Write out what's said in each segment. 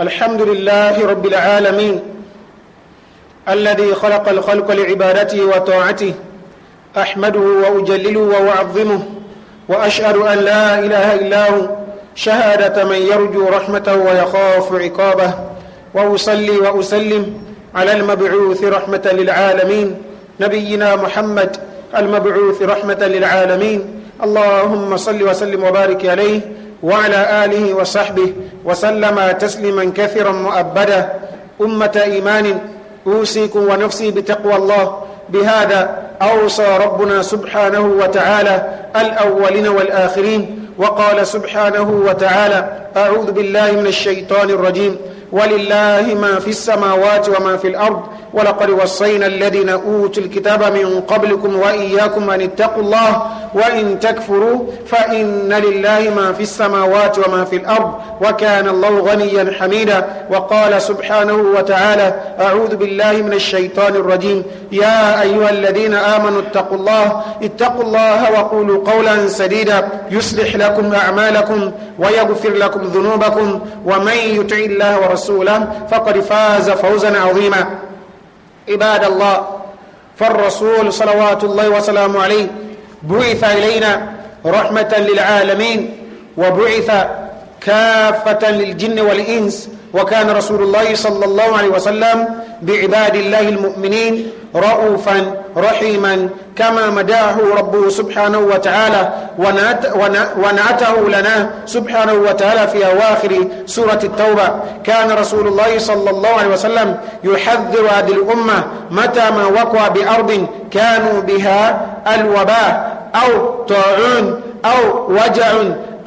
الحمد لله رب العالمين الذي خلق الخلق لعبادته وطاعته أحمده وأجلله وأعظمه وأشهد أن لا إله إلا هو شهادة من يرجو رحمته ويخاف عقابه وأصلي وأسلم على المبعوث رحمة للعالمين نبينا محمد المبعوث رحمة للعالمين اللهم صل وسلم وبارك عليه وعلى آله وصحبه وسلم تسليما كثيرا مؤبدا أمة إيمان أوصيكم ونفسي بتقوى الله بهذا أوصى ربنا سبحانه وتعالى الأولين والآخرين وقال سبحانه وتعالى أعوذ بالله من الشيطان الرجيم ولله ما في السماوات وما في الأرض ولقد وصينا الذين أوتوا الكتاب من قبلكم وإياكم أن اتقوا الله وإن تكفروا فإن لله ما في السماوات وما في الأرض وكان الله غنيا حميدا وقال سبحانه وتعالى أعوذ بالله من الشيطان الرجيم يا أيها الذين آمنوا اتقوا الله اتقوا الله وقولوا قولا سديدا يصلح لكم أعمالكم ويغفر لكم ذنوبكم ومن يطع الله ورسوله ورسوله فقد فاز فوزا عظيما عباد الله فالرسول صلوات الله وسلامه عليه بعث إلينا رحمة للعالمين وبعث كافة للجن والإنس وكان رسول الله صلى الله عليه وسلم بعباد الله المؤمنين رؤوفا رحيما كما مداه ربه سبحانه وتعالى ونعته لنا سبحانه وتعالى في أواخر سورة التوبة كان رسول الله صلى الله عليه وسلم يحذر هذه الأمة متى ما وقع بأرض كانوا بها الوباء أو طاعون أو وجع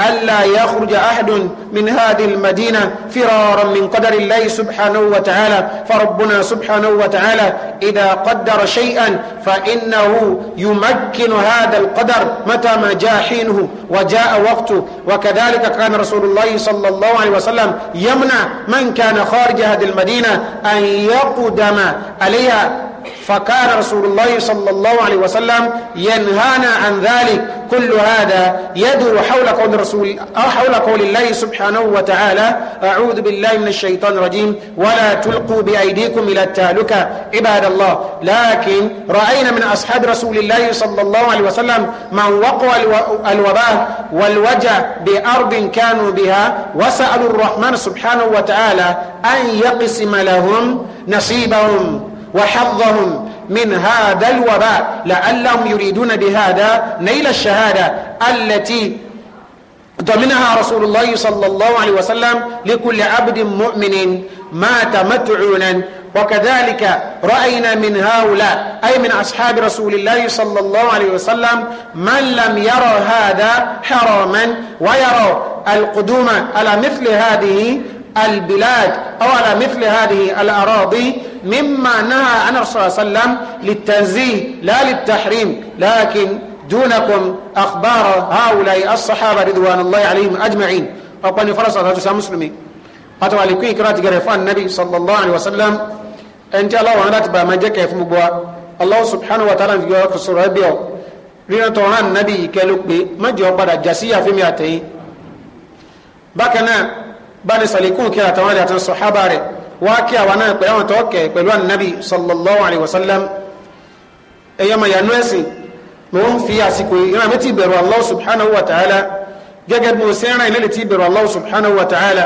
ألا يخرج أحد من هذه المدينة فرارا من قدر الله سبحانه وتعالى فربنا سبحانه وتعالى إذا قدر شيئا فإنه يمكن هذا القدر متى ما جاء حينه وجاء وقته وكذلك كان رسول الله صلى الله عليه وسلم يمنع من كان خارج هذه المدينة أن يقدم عليها فكان رسول الله صلى الله عليه وسلم ينهانا عن ذلك كل هذا يدور حول قول رسول حول قول الله سبحانه وتعالى أعوذ بالله من الشيطان الرجيم ولا تلقوا بأيديكم إلى التالكة عباد الله لكن رأينا من أصحاب رسول الله صلى الله عليه وسلم من وقع الوباء والوجع بأرض كانوا بها وسألوا الرحمن سبحانه وتعالى أن يقسم لهم نصيبهم وحظهم من هذا الوباء لعلهم يريدون بهذا نيل الشهادة التي ضمنها رسول الله صلى الله عليه وسلم لكل عبد مؤمن مات متعونا وكذلك رأينا من هؤلاء أي من أصحاب رسول الله صلى الله عليه وسلم من لم يرى هذا حراما ويرى القدوم على مثل هذه البلاد أو على مثل هذه الأراضي مما نهى عن الرسول صلى الله عليه وسلم للتنزيه لا للتحريم لكن دونكم أخبار هؤلاء الصحابة رضوان الله عليهم أجمعين أقول فرصة هذا مسلمي أتوا لكي كرات النبي صلى الله عليه وسلم أنت الله وأنا تبا ما جاك في مبوا الله سبحانه وتعالى في يوم كسر ربيو رينا تونا النبي كلوك ما جوا بدأ جسيا في مئتين بكنا bani salikun kí àtàwọn àti àtàwọn sọ̀hábà rẹ̀ wá kí àwa náà pẹ̀lú àwọn tọ́ọ̀kẹ̀ pẹ̀lú ànábì sallallahu alayhi wa sallam ẹ̀yọ́ mọ̀ yànú ẹ̀sìn mo ń fi àsìkò ìran mi ti bẹ̀rù allah subhanahu wa ta'ala gẹ́gẹ́ bí mo ṣe ń ràn ilé ti bẹ̀rù allah subhanahu wa ta'ala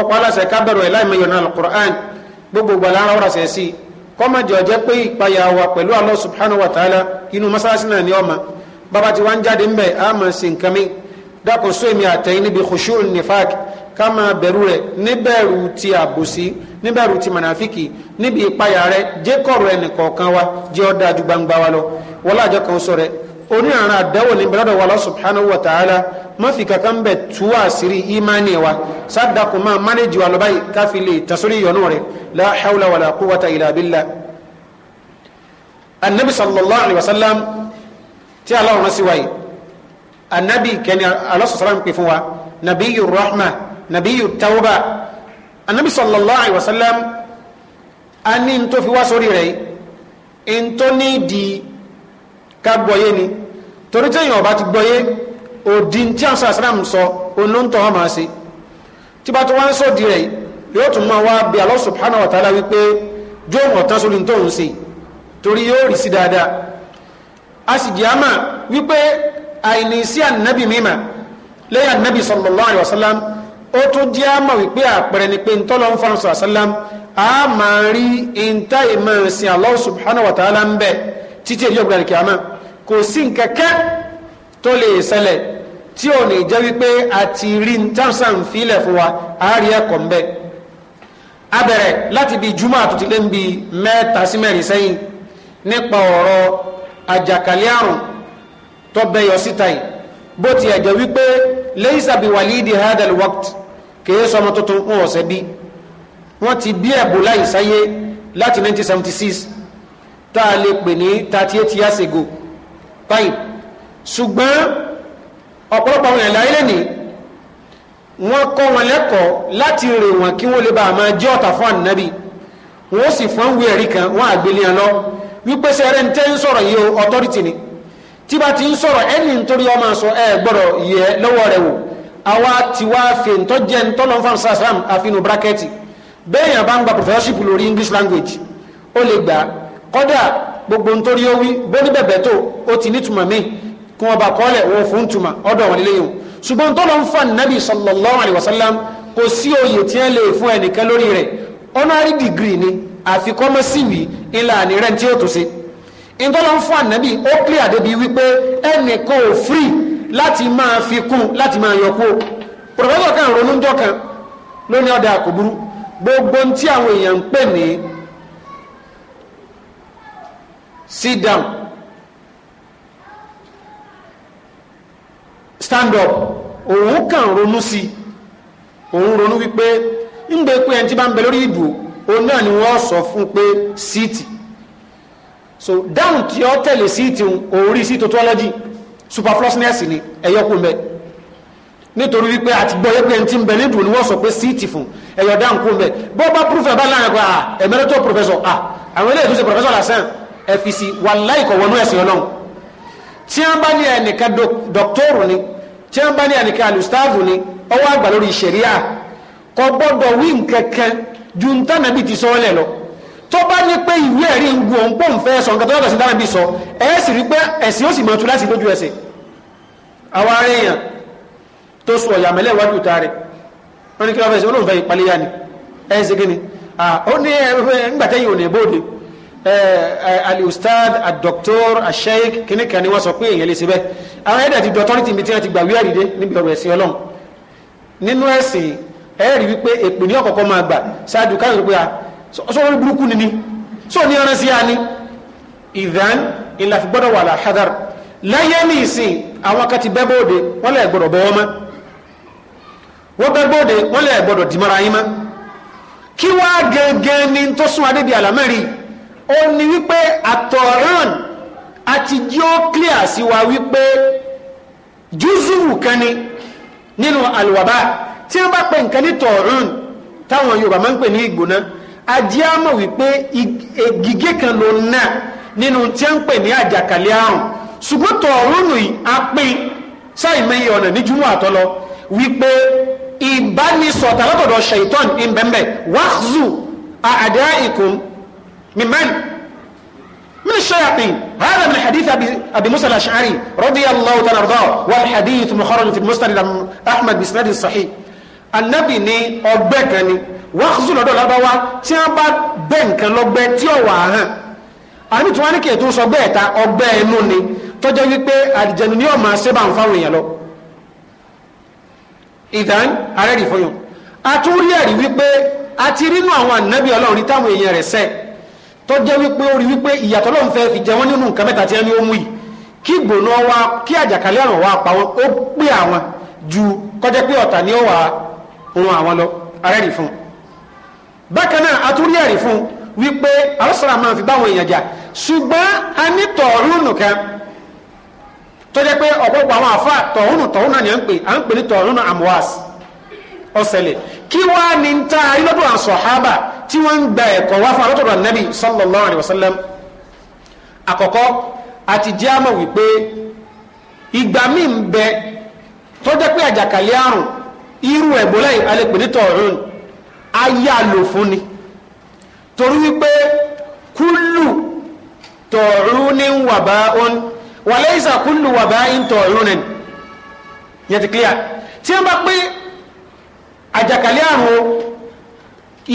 ọ̀pọ̀ aláṣẹ ká bẹ̀rù ẹ̀ láì ká máa bẹ̀rù rẹ̀ níbẹ̀rù ti àbòsí níbẹ̀rù ti mànàfíkì níbi ìpayà rẹ̀ jẹ́ kọ̀rọ̀ ẹnìkọ̀ọ̀kan wa jẹ́ ọ́ dájú gbangba wa lọ wọlé àjọ kan sọ rẹ̀ onírànà àdáwò ní bẹ̀rẹ̀ wà Allah subhanahu wa ta'ala má fi kankan bẹ̀ tú àṣírí ìmánì wa sádàkù máa mánéjì wa lọ́bàá káfí lè tasórí ìyọnú rẹ̀ la hawla wala quwwata illa billah nàbíyù tawba anabi sallallahu alayhi wa sallam a ní n tó fi wá sórí rẹ̀ n tó ní di ká gbọ́yé ni torí tẹ́yìn ọba ti gbọ́yé òdì tí a sọ àsìlám sọ onóńtọ́ ọmọ àṣẹ tí bá tó wá ń sọ di rẹ̀ yóò tún máa wá bí Allah subhanahu wa ta'ala wípé jóòmù ọ̀tán sórí tó ń ṣe torí yóò rí sí dáadáa a sì jẹ́ àmà wípé àìní sí ànábì mímà lẹ́yìn ànábì sallallahu alayhi ó tún jẹ́ àmọ̀ wípé àpẹẹrẹ ni pé ntọ́lọ́ ń fara sọ̀rọ̀ a máa rí ìntà ìmọ̀ ìsìn Allah subhanahu wa ta'ala ń bẹ̀ títí èyí ọ̀gbìn àdìkì àmọ́ kò sí nkẹ́kẹ́ tó lè ṣẹlẹ̀ tí ò ní jẹ́ wípé a ti rí ntàǹsàn fílẹ̀ fún wa a rí ẹ̀kọ́ ń bẹ̀ abẹ̀rẹ̀ láti bí júmọ́ àtútílé ń bi mẹ́ta sí mẹ́rin sẹ́yìn nípa ọ̀rọ̀ àjàkálẹ̀ àrùn tó bẹ́yọ síta yìí bó ti ẹ̀jẹ̀ wípé laysa bi walidi hadha alwaqt kìí sọmọ tuntun ń ọ̀sẹ̀ bí wọ́n ti bí ẹ̀bùlá ìsáyé láti 1976 tá a lè pè ní 38 years ago báyìí ṣùgbọ́n ọ̀pọ̀lọpọ̀ àwọn ẹ̀là ilé ní wọ́n kọ́ wọn lẹ́kọ̀ọ́ láti rè wọ́n kí wọ́n lè bá àmọ́ jẹ́ ọ̀tà fún ànábì wọ́n sì fọ́n wí ẹ̀rí kan wọ́n àgbélé ẹ̀ lọ wípé sẹ́rẹ̀ ń tẹ́ ń sọ̀rọ̀ yìí authority ni tí bá ti ń sọ̀rọ̀ ẹni nítorí ọmọ sọ ẹ gbọ́dọ̀ yẹ lọ́wọ́ rẹ̀ wò àwa ti wá fè ń tọ́jẹ́ ń tọ́nà fún sàsàm àfinú bírákẹ́tì bẹ́ẹ̀ yàn bá ń gba professorship lórí English language ó lè gbà kọ́dà gbogbo nítorí ó wí bóní bẹ̀bẹ̀ tó ó ti ní tùmọ̀ míì kí wọ́n bá kọ́lẹ̀ wọ́n fún tùmọ̀ ọ̀dọ̀ wọn lélẹ́yìn ṣùgbọ́n tọ́nà ń fa nàbì sallallahu alayhi wa sallam kò sí oyè tí wọ́n ni àfikọ́mọ́síwì ìtọ́lọ́ ń fún ànábì ó clear débi wípé ẹnìkan ò free láti máa fi kún láti máa yọ kú pòròfẹ́sọ̀ kan ronú jọ kan lónìí ọ̀dà àkóbúrú gbogbo tí àwọn èèyàn ń pè ní sit down stand up òun kan ronú sí òun ronú wípé ń gbé pé ẹni tí bá ń bẹ lórí ìbò òun náà ni wọ́n sọ fún pé síìtì so dáhùn tí ó tẹ̀lé sí ti orí sí tautology superfluousness ni ẹ̀yọ́kù mẹ́ nítorí wípé àti gbọ́yé pé ẹntì ń bẹ nídùú ni wọ́n sọ pé síìtì fún ẹ̀yọ̀ dáhùn kú mẹ́ bó bá prúfẹ̀ bá láàrin pa ẹ̀mẹ́rẹ́tọ̀ professor à ah, àwọn ilé ìtúnṣe professor lásán ẹ̀fìsì wà láìkọ̀ wọnú ẹ̀sìn ọlọ́run tí wọ́n bá ní ẹnìkan dọ́kítọ́rù ni tí wọ́n bá ní ẹnìkan alùstáàfù ni ọwọ́ àgbà lórí ìṣẹ̀ríà kò gbọ́dọ̀ wí nkankan ju ntánàbì ti sọ́ọ́lẹ̀ lọ tó bá ní pé ìwé ẹ̀rí ń gu òun pòun fẹ́ sọ nǹkan tó yàtọ̀ sí dára bí sọ ẹ sì rí pé ẹ̀sìn ó sì mọ̀ tú láti lójú ẹsẹ̀ àwọn ará èèyàn tó sọ ọ̀yà mẹ́lẹ̀ wájú ta rẹ̀ wọ́n ní kí wọ́n fẹ́ sọ olóhùn fẹ́ ni ẹ̀ ń ó ní ẹgbàtẹ́yìn òní ìbòde alìustad adoktor asheik kìnnìkan ni wọ́n sọ pé èèyàn lè ṣe bẹ́ẹ̀ àwọn ẹ̀dẹ̀ ti dọ̀tọ́rìtì mi tí wọ́n ti gbà wíwẹ̀ dìde níbi ọ̀rọ̀ ẹ̀rí wípé èpè ní ọ̀kọ̀ọ̀kọ̀ máa gbà ṣáájú káyọ̀ pé sọ́wọ́n burúkú ni ni sọ ní ọ̀rẹ́ sí ya ni ìdán ilà fi gbọ́dọ̀ wà láhádàr láyé ní ìsìn àwọn kan ti bẹ́ bóde wọ́n lè gbọ́dọ̀ bọ́ wọ́n mọ́ wọ́n bẹ́ bóde wọ́n lè gbọ́dọ̀ dìmọ́ra yín mọ́ kí wá gẹ́gẹ́ ni tó sún adébí àlámẹ́rì ó ní wípé àtọ̀rán àti jí clear sí wa wípé júzùwù kan ni nínú àlùwàbá tí wọ́n bá pè nǹkan ní tọ̀rán táwọn Yorùbá máa ń pè ní ìgbóná ajé á mọ̀ wípé gígé kan ló náà nínú tí ń pè ní àjàkálẹ̀ àrùn ṣùgbọ́n tọ̀ọ̀rùnù yìí á pín sáìmẹ́yẹ ọ̀nà ní júmọ́ àtọ́lọ wípé ìbánisọ̀tà látọ̀dọ̀ ṣèitán ìbẹ̀m̀bẹ̀ wàhzù àdá ìkùn mímẹ́n من الشياطين هذا من حديث أبي, أبي موسى الأشعري رضي الله تعالى عنه والحديث مخرج في المسند أحمد بإسناد الصحيح anabi ní ọgbẹ́ kan ni wàhásù lọ́dọ̀ lábáwá tí wọ́n bá bẹ́ nǹkan lọ́gbẹ́ tí ọ̀wà hàn àbí tí wọ́n ní kí ètò sọ bẹ́ẹ̀ ta ọgbẹ́ ẹnu ni tọ́jọ́ wípé àdìjẹnu ni ọ̀ma ṣe bá ń fáwọn èèyàn lọ ìdán arẹ́rì fọyàn a tún rí ẹ̀rí wípé a ti rínú àwọn ànábì ọlọ́run rí táwọn èèyàn rẹ̀ sẹ́ẹ̀ tó wípé ó wípé ìyàtọ̀ ló ń fẹ́ fi jẹ wọ́n nínú nǹkan mẹ́ta tí ẹni ó mú yìí kí gbóná wa kí àjàkálẹ̀ àrùn wa pa wọn ó pé àwọn ju kọjá pé ọ̀tà ni ó wà ohun àwọn lọ arẹ́rì fún fún wípé àwọsàrà máa fi báwọn èèyàn jà ṣùgbọ́n a ní tọ̀ọ̀rùnù kan tó jẹ́ pé ọ̀pọ̀pọ̀ àwọn àfa tọ̀ọ̀rùnù tọ̀ọ̀rùnù ni à ń pè à ń pè ní tọ̀ọ̀rùnù amwas ọ̀sẹ̀lẹ̀ kí wá ní ta ayélujára gba ẹ̀kọ́ wá fún sallallahu irú ẹ̀gbọ́lẹ́yìn alẹ́pẹ̀lẹ́tọ̀ ọ̀run ayálò fún ni torí wípé kúlù tọ̀ọ̀rún ní wàbá ọ́n wà lẹ́yìnsà kúlù wàbá ń tọ̀ọ̀rún ni yẹn ti clear tí wọ́n bá pé àjàkálẹ̀ àrùn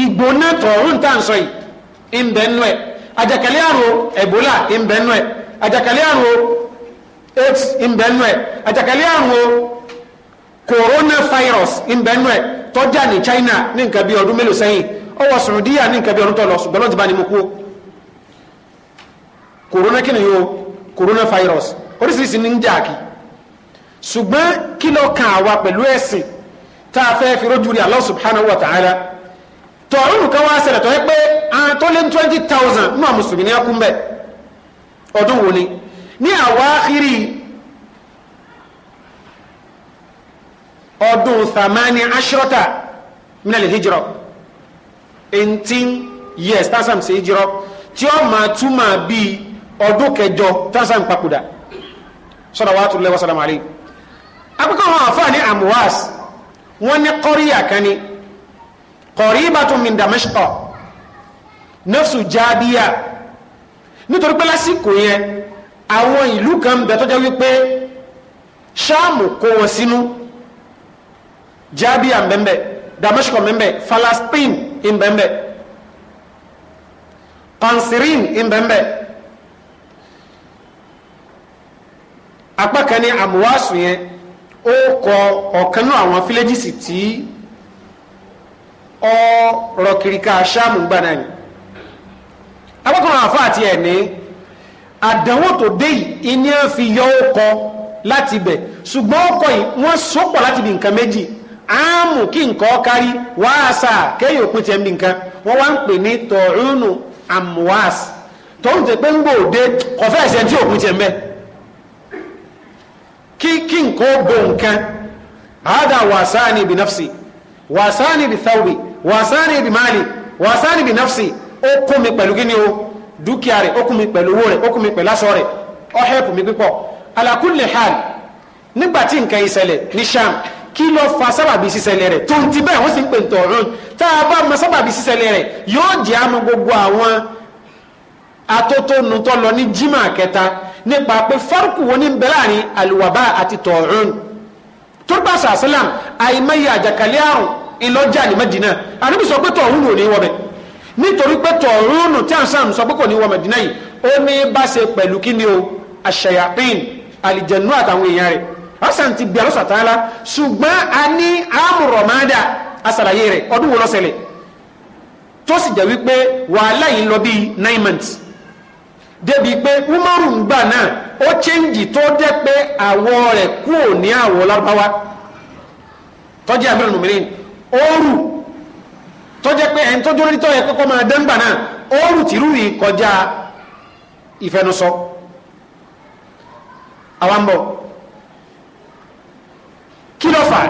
ìgbóná tọ̀ọ̀rún tá ń sọ yìí ń ẹ̀ àjàkálẹ̀ àrùn coronavirus ìbẹ̀nu ẹ̀ tọ́jà ní China ní nǹkan bí ọdún mélòó sẹ́yìn ọwọ́ sùnúdíyà ní nǹkan bí ọdún tọ́lọ ṣùgbọ́n lọ́n ti bá ní mú kú corona kí ni yóò coronavirus oríṣiríṣi ní ń jà kí ṣùgbọ́n kí ló kan àwa pẹ̀lú ẹ̀sìn tá a fẹ́ fi rójú rí Allah subhanahu wa ta'ala tọ̀rún kan wá ṣẹlẹ̀ tọ́ yẹ pé àwọn tó lé twenty thousand náà mùsùlùmí ní akúmbẹ̀ ọdún wo ni ní àwa àkírí ọdún samani ashrota minale hijrọ eighteen years tasam sí hijrọ tí ó máa túmọ̀ bíi ọdún kẹjọ tasam papòdà salawatullahi wa salamu alayhi akọ́kọ́ wọn àfáà ní amuwas wọ́n ní kọ́ríyà kan ní qaribatun min damashqa nafsu jábíyà nítorí pé lásìkò yẹn àwọn ìlú kan bẹ̀ tọ́jọ́ wípé ṣáàmù kó wọn sínú jaabiya mbembe damashko mbembe falastin imbembe pansirin imbembe apá kan ní àmúwáṣù yẹn ó kọ ọ̀kan náà àwọn fílẹ́jìsì tí ọ rọ kìríkà sáàmù gbà náà ni abọ́kùnrin àfọ́ àti ẹ̀ ní àdánwò tó dé yìí ní à ń fi yọ ó áàmù kí nǹkan kárí wáásà kéyìn òpin tiẹ̀ ní nǹkan wọ́n wá ń pè ní tọ̀rúnù amwas tọ́hún ti pé ń gbòde kọ̀fẹ́ ẹ̀sẹ̀ tí òpin tiẹ̀ mẹ́ kí kí nǹkan ó bo nǹkan hada wasani bi nafsi wasani bi thawbi wasani bi mali wasani bi nafsi ó kún mi pẹ̀lú o dúkìá rẹ̀ ó kún mi pẹ̀lú owó rẹ̀ ó kún mi pẹ̀lú aṣọ rẹ̀ ala nǹkan ìṣẹ̀lẹ̀ ní sham kí ló fa sábàbí sísẹlẹ̀ rẹ̀ tó ń ti bẹ́ẹ̀ wọ́n sì ń pè tọ̀rọ̀ tá a bá mọ sábàbí sísẹlẹ̀ rẹ̀ yóò jẹ́ àmọ́ gbogbo àwọn atótónu tó lọ ní jimá kẹta nípa pé fárúkù wo ní bẹ láàrin àlùwàbá àti tọ̀rọ̀ tó bá sàásílám àìmọye àjàkálẹ̀ àrùn ìlọ́jà ní Mẹ́dínà àdúgbò sọ pé tọ̀rọ̀ ò ní wọbẹ̀ nítorí pé tọ̀rọ̀ nù tí à ń sàn sọ pé kò ní wọ Mẹ́dínà yìí ó ní bá ṣe pẹ̀lú kí ni o àṣàyàpín àlìjẹ̀nú àtàwọn èèyàn rẹ̀ hasan ti bí alọ́sọ̀ tààlà ṣùgbọ́n a ní amúrọ̀mádà asàlàyé rẹ̀ ọdún wo lọ́sẹ̀lẹ̀ tó sì jẹ́ wípé wàhálà yìí lọ bíi nine months débi pé umaru ń gbà náà ó chẹ́ǹgì tó dẹ́ pé àwọ̀ rẹ̀ kúò ní àwọ̀ lárúbáwá tọ́jú àbúrò nùmírìn ooru tó jẹ́ pé ẹni tó dúró nítọ́ yẹ máa dẹ́ ń náà ooru tìrú yìí kọjá ìfẹnusọ àwọn ń kí ló fà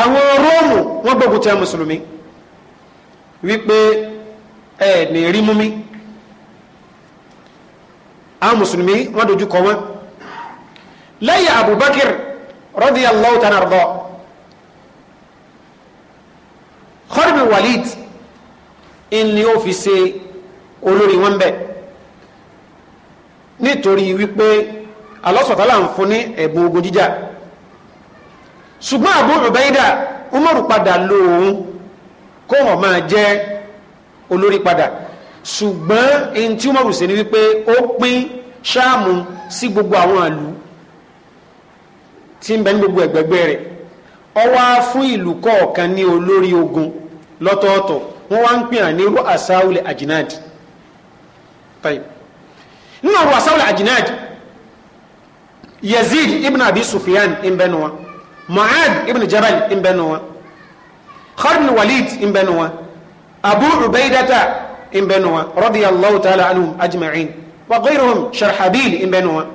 àwọn róòmù wọ́n gbógun tẹ mùsùlùmí wípé ẹ ní rí mú mi àwọn mùsùlùmí wọ́n dojú kọ wọn lẹ́yìn abubakar radiyallahu ta'ala rọ khalid walid ni ó fi ṣe olórí wọn bẹ́ẹ̀ nítorí wípé alọ́sọ̀tálà ń fún ní ẹ̀bùn ogun jíjà ṣùgbọ́n Abu Ubaida Umaru padà lóòun kó wọ́n máa jẹ́ olórí padà ṣùgbọ́n in tí Umaru ṣe ni wípé ó pín ṣáàmù sí gbogbo àwọn alu tí ń bẹ ní gbogbo ẹ̀gbẹ̀gbẹ̀ rẹ̀ ilu fún ìlú kọ̀ọ̀kan ogun lọ́tọ̀ọ̀tọ̀ wọ́n wá ń pè hàn ní ru asáwùlẹ̀ àjìnáàdì nínú ru asáwùlẹ̀ àjìnáàdì Yazid ibn Abi Mu'ad ibn Jabal ń bẹnu wọn Khalid Walid ń bẹnu wọn Abu Ubaidata ń bẹnu wọn radiyallahu ta'ala anhum ajma'in wa ghayruhum Sharhabil ń bẹnu wọn.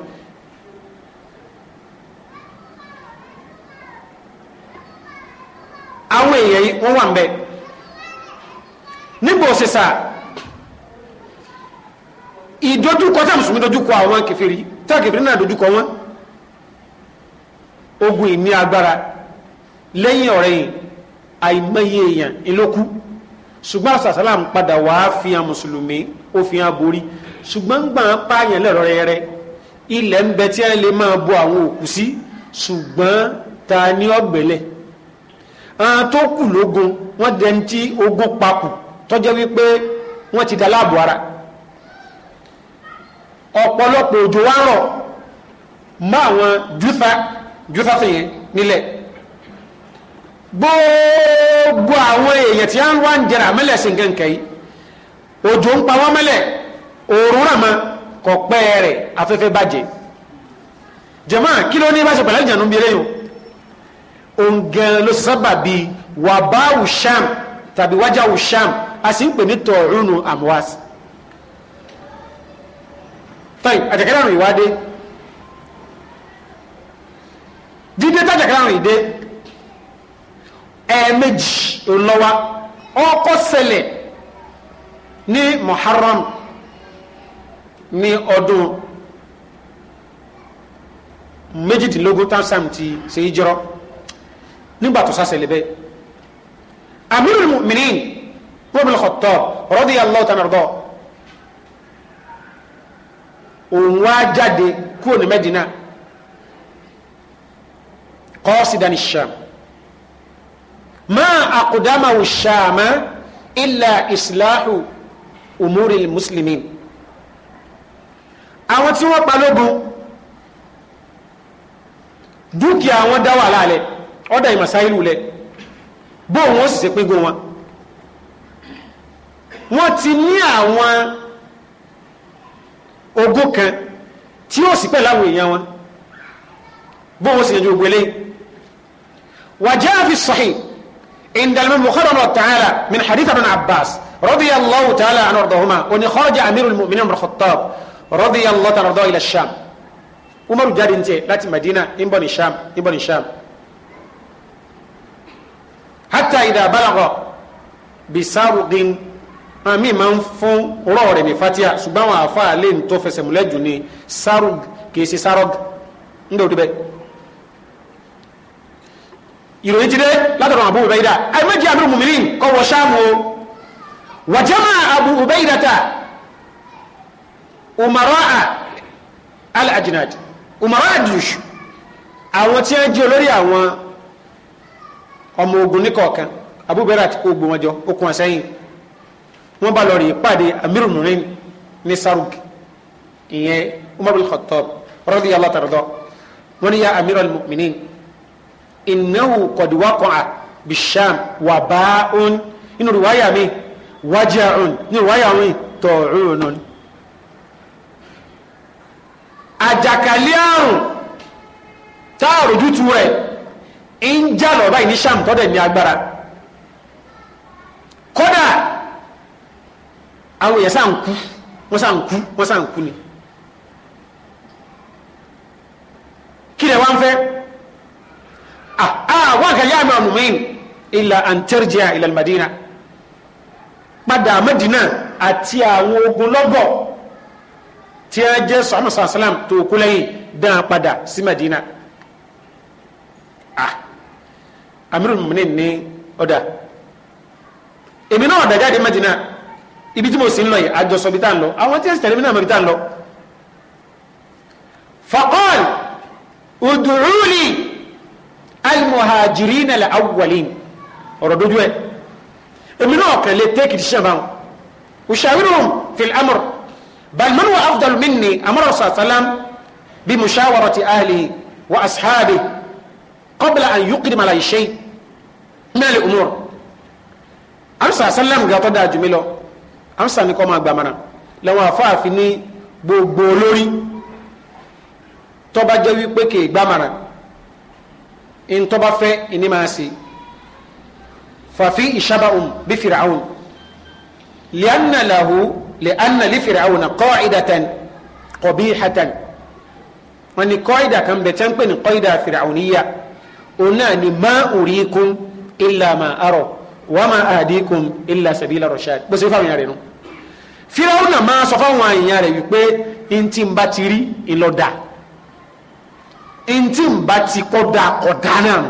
àwọn èèyàn yìí wọ́n wà ń bẹ níbo sísà ìdójúkọ tá mùsùlùmí dójúkọ àwọn kèfèrí tá kèfèrí náà dójúkọ wọn ogun ìní agbára lẹ́yìn ọ̀rẹ́ yìí àìmọye èèyàn ìlókù ṣùgbọ́n àṣàṣàlám padà wà á fi hàn mùsùlùmí ó fi hàn borí ṣùgbọ́n ń gbà ń pààyàn lẹ́rọ̀ rẹ́rẹ́ ilẹ̀ ń bẹ tí a lè máa bo àwọn òkú sí ṣùgbọ́n ta ni ọ̀gbẹ́lẹ̀ àwọn tó kù lógun wọ́n dẹni tí ogun papò tọ́jọ́ wípé wọ́n ti da ara ọ̀pọ̀lọpọ̀ òjò wá mọ́ àwọn júfà jùsàfin yẹn nílẹ̀ gbogbo àwọn èèyàn tí a ń wá ń jẹrà mẹ́lẹ̀ sí nǹkan kẹ́yì òjò ń pa wọ́n mẹ́lẹ̀ òórùn rà mọ́ kọ̀ pẹ́ rẹ̀ afẹ́fẹ́ bàjẹ́ jẹ̀mọ́ kí ló ní bá ṣe pẹ̀lẹ́ ìjànú bí eléyìí òun ló sábà bíi wàbáwù sham tàbí wájáwù sham a sì ń pè ní tọ̀ọ̀rùn àmúwásí. tọ́yì àjẹkẹ́rẹ́ àrùn ìwádé dídé tájàkárà rìn dé ẹ̀ẹ̀mejì òlọ́wà ọkọ̀ ṣẹlẹ̀ ní Muharram ní ọdún méjìdínlógún tásàm ti ṣe ìjọrọ nígbà tó sásẹ̀lẹ̀ bẹ́ẹ̀ Amirul Mu'minin Umar Khattab radiyallahu ta'ala anhu òun wá jáde kúrò ní Mẹ́dínà qasidan الشام ما ma الشام إلا إصلاح أمور المسلمين. umuri al-muslimin àwọn tí wọ́n pa lógun dúkìá wọn dá wà lálẹ́ ọ̀dà ìmọ̀sáìlú lẹ bóun ó sì ṣe pín gun wọn wọ́n ti ní àwọn ogún kan tí ó sì pẹ̀ èèyàn wọn bóun ó sì yanjú ogun eléyìí وجاء في الصحيح عند البخاري رضي تعالى من حديث ابن عباس رضي الله تعالى عنه وارضاهما ان خرج امير المؤمنين عمر الخطاب رضي الله تعالى عنه الى الشام عمر جاري انت لاتي مدينه امبن الشام امبن الشام حتى اذا بلغ بسرق àmì máa ń fún rọ́ọ̀ rẹ̀ ní fatia ṣùgbọ́n àwọn àfa àlè ń tó fẹsẹ̀ múlẹ̀ jù sarug kì í ṣe sarug ń dòdò bẹ́ẹ̀ ìròyìn ti dé látọ̀rọ̀ Abu Ubaida àìmẹ́jì àmì mùmìnì kọ́ wọ ṣáàmù o wàjẹ́mà Abu Ubaida ta umara'a al-ajnad umara'a jush àwọn tí wọ́n jẹ́ olórí àwọn ọmọ ogun níkọ̀ọ̀kan Abu Ubaida ti kó ogun wọn jọ okùn àsẹ́yìn wọ́n bá lọ rí pàdé amiru nurin ní sarug ìyẹn Umar bin Khattab radiyallahu ta'ala wọ́n ní ya amiral mu'minin innahu qad waqa'a bisham waba'un inú riwaya mi waja'un inú riwaya mi ta'unun àjàkálẹ̀ àrùn tá a rojú tu rẹ̀ ń jà lọ báyìí ní sham tọ́dẹ̀ ní agbára kódà àwọn èèyàn sáà ń kú wọ́n sáà ń ni kí lè wá Ah, ah, wákàtí yá àmà nùmín ilà àǹtẹ̀rìjìà ilà Madina padà Madina àti àwọn ogun lọ́gọ̀ tí a jẹ́ sọ́mọ́ sàlám tó kú lẹ́yìn dáa padà sí Madina ah, amirul muminin ní ọ̀dà èmi náà ọ̀dà jáde Madina ibi tí mo sì ń lọ yìí àjọsọ bí tá ń lọ àwọn tí ń tẹ̀lé mi náà mọ̀ bí tá ń lọ. faqal ud'uni almuhajirin alawwalin ọ̀rọ̀ dojú ẹ̀ èmi náà kàn lè tẹ́kì tí sẹ́fà ò ṣàwírùn fil amr balman wa afdal minni amara sàlám bi mushawarati ahlihi wa ashabi qabla an yuqdim ala shay min al umur amsa sàlám gàtọ́ dáa jùmí lọ amsa ni kọ́ máa gbàmọ́ra làwọn afáàfin ní gbogbo olórí tọ́ba jẹ́ wípé kì í gbàmọ́ra ntọba fẹ́ ẹni máa ṣe fafi ishabaun bi firaun lianna lahu lianna li firaun qaidatan qabihatan wọ́n ní qaida kan bẹ tẹ́ ń pè ní qaida firauniya òun náà ni ma urikum illa ma arọ wa ma ahdikum illa sabila rashad bó ṣe fáwọn èèyàn rẹ firaun náà máa sọ fáwọn èèyàn rẹ wípé ntí n bá ti rí ìlọ́dà. ntí mba ti kọ́ da náà nù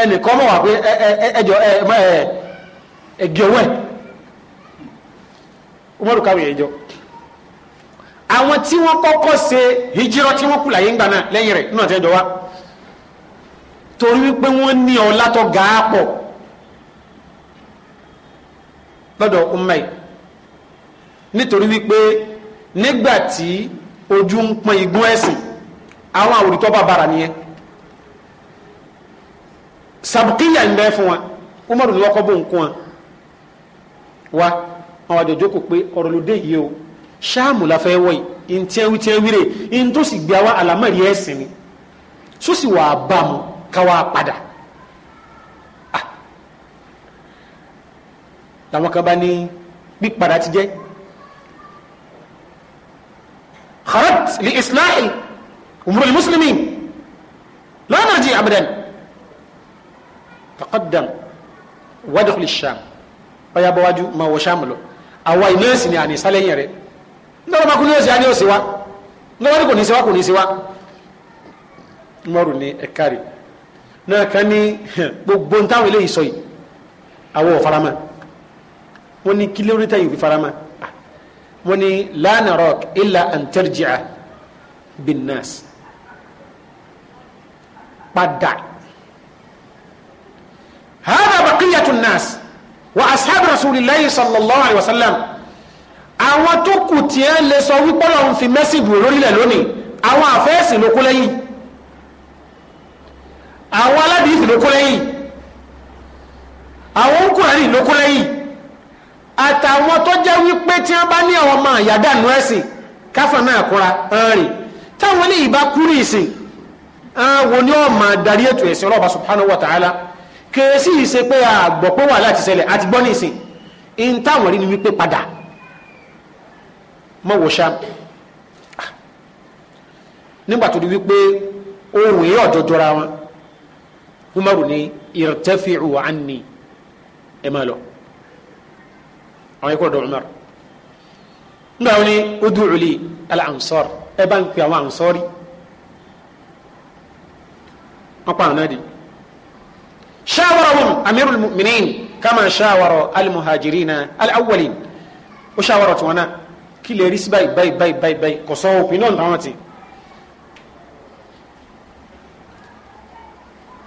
ẹnì pé ẹjọ ẹ ẹ ẹgì owó ẹ umaru káwé àwọn tí wọ́n kọ́kọ́ ṣe hijirọ tí wọ́n kú láyé ń gbà náà lẹ́yìn ga nítorí wípé nígbà tí ojú ń pọn àwọn àwòrítọ́ bá bára nìyẹn sàbùkíyà ń bẹ fún wa umaru ni wọ́n kọ́ bó ń kún wa wa àwọn àjọjọ́ kò pé ọ̀rọ̀ ló dé yìí o ṣáàmù la fẹ́ wọ̀ yìí ntẹ́wí tẹ́wí rè ntó sì gbé wa àlámọ̀rí ẹ̀sìn ni sósì wà á bá mu ká wà á padà làwọn kan bá ní pípadà ti jẹ́ kharat li islahi. أمور المسلمين لا نرجع أبدا تقدم وادخل الشام ويا بواجو ما هو شامله àwa ìlẹ́sìn ni àní sálẹ́yìn rẹ̀ lọ́wọ́ bá kú ní òsì á ní òsì wá lọ́wọ́ ní kò ní sí wá kò ní sí wá mọ́rù ní ẹ̀ka rẹ̀ náà kan ní gbogbo ń táwọn eléyìí sọ yìí àwọ̀ ọ̀farama wọ́n ní kílómítà yìí farama wọ́n ní lánàá rock illa an tarji'a bin nas padà hada baqiyatu nas wa ashabu rasulillahi sallallahu alayhi wa sallam àwọn tó kù tí ẹ lè sọ wípé Ọlọ́run fi mẹ́sì dùn lórílẹ̀ lónìí àwọn àfẹ́ẹ̀sì ló kú lẹ́yìn àwọn aládìísì ló kú lẹ́yìn àwọn òǹkùnrin ló kú lẹ́yìn àtàwọn tó jẹ́ wípé tí wọ́n bá ní àwọn ọmọ àyàdánù ẹ̀sìn káfọ́n náà kúra ẹ̀rìn táwọn ní ìbá kú ní ìsìn àwọn ni ó máa darí ètò ẹ̀sìn ọlọ́ọ̀bá subhanahu wa ta'ala kèésì ìse pé àgbọ̀ pé wà láti ṣẹlẹ̀ àti gbọ́ nísìn in táwọn rí ni wípé padà mọ́ wò ṣá nígbà tó di wípé ohun èyí ọ̀dọ́ jọra wọn umaru ni irtafi'u anni ẹ máa lọ àwọn ikú ọ̀dọ̀ umaru nígbà wọn ni ud'u li al-ansar ẹ bá ń pè àwọn ansari wọn pa àwọn náà di. shawarahum amirul mu'minin kama shawara almuhajirina alawwalin ó shawara tiwọn náà kí lè rí sí báyìí báyìí báyìí báyìí báyìí kò sọ òpin náà táwọn ti.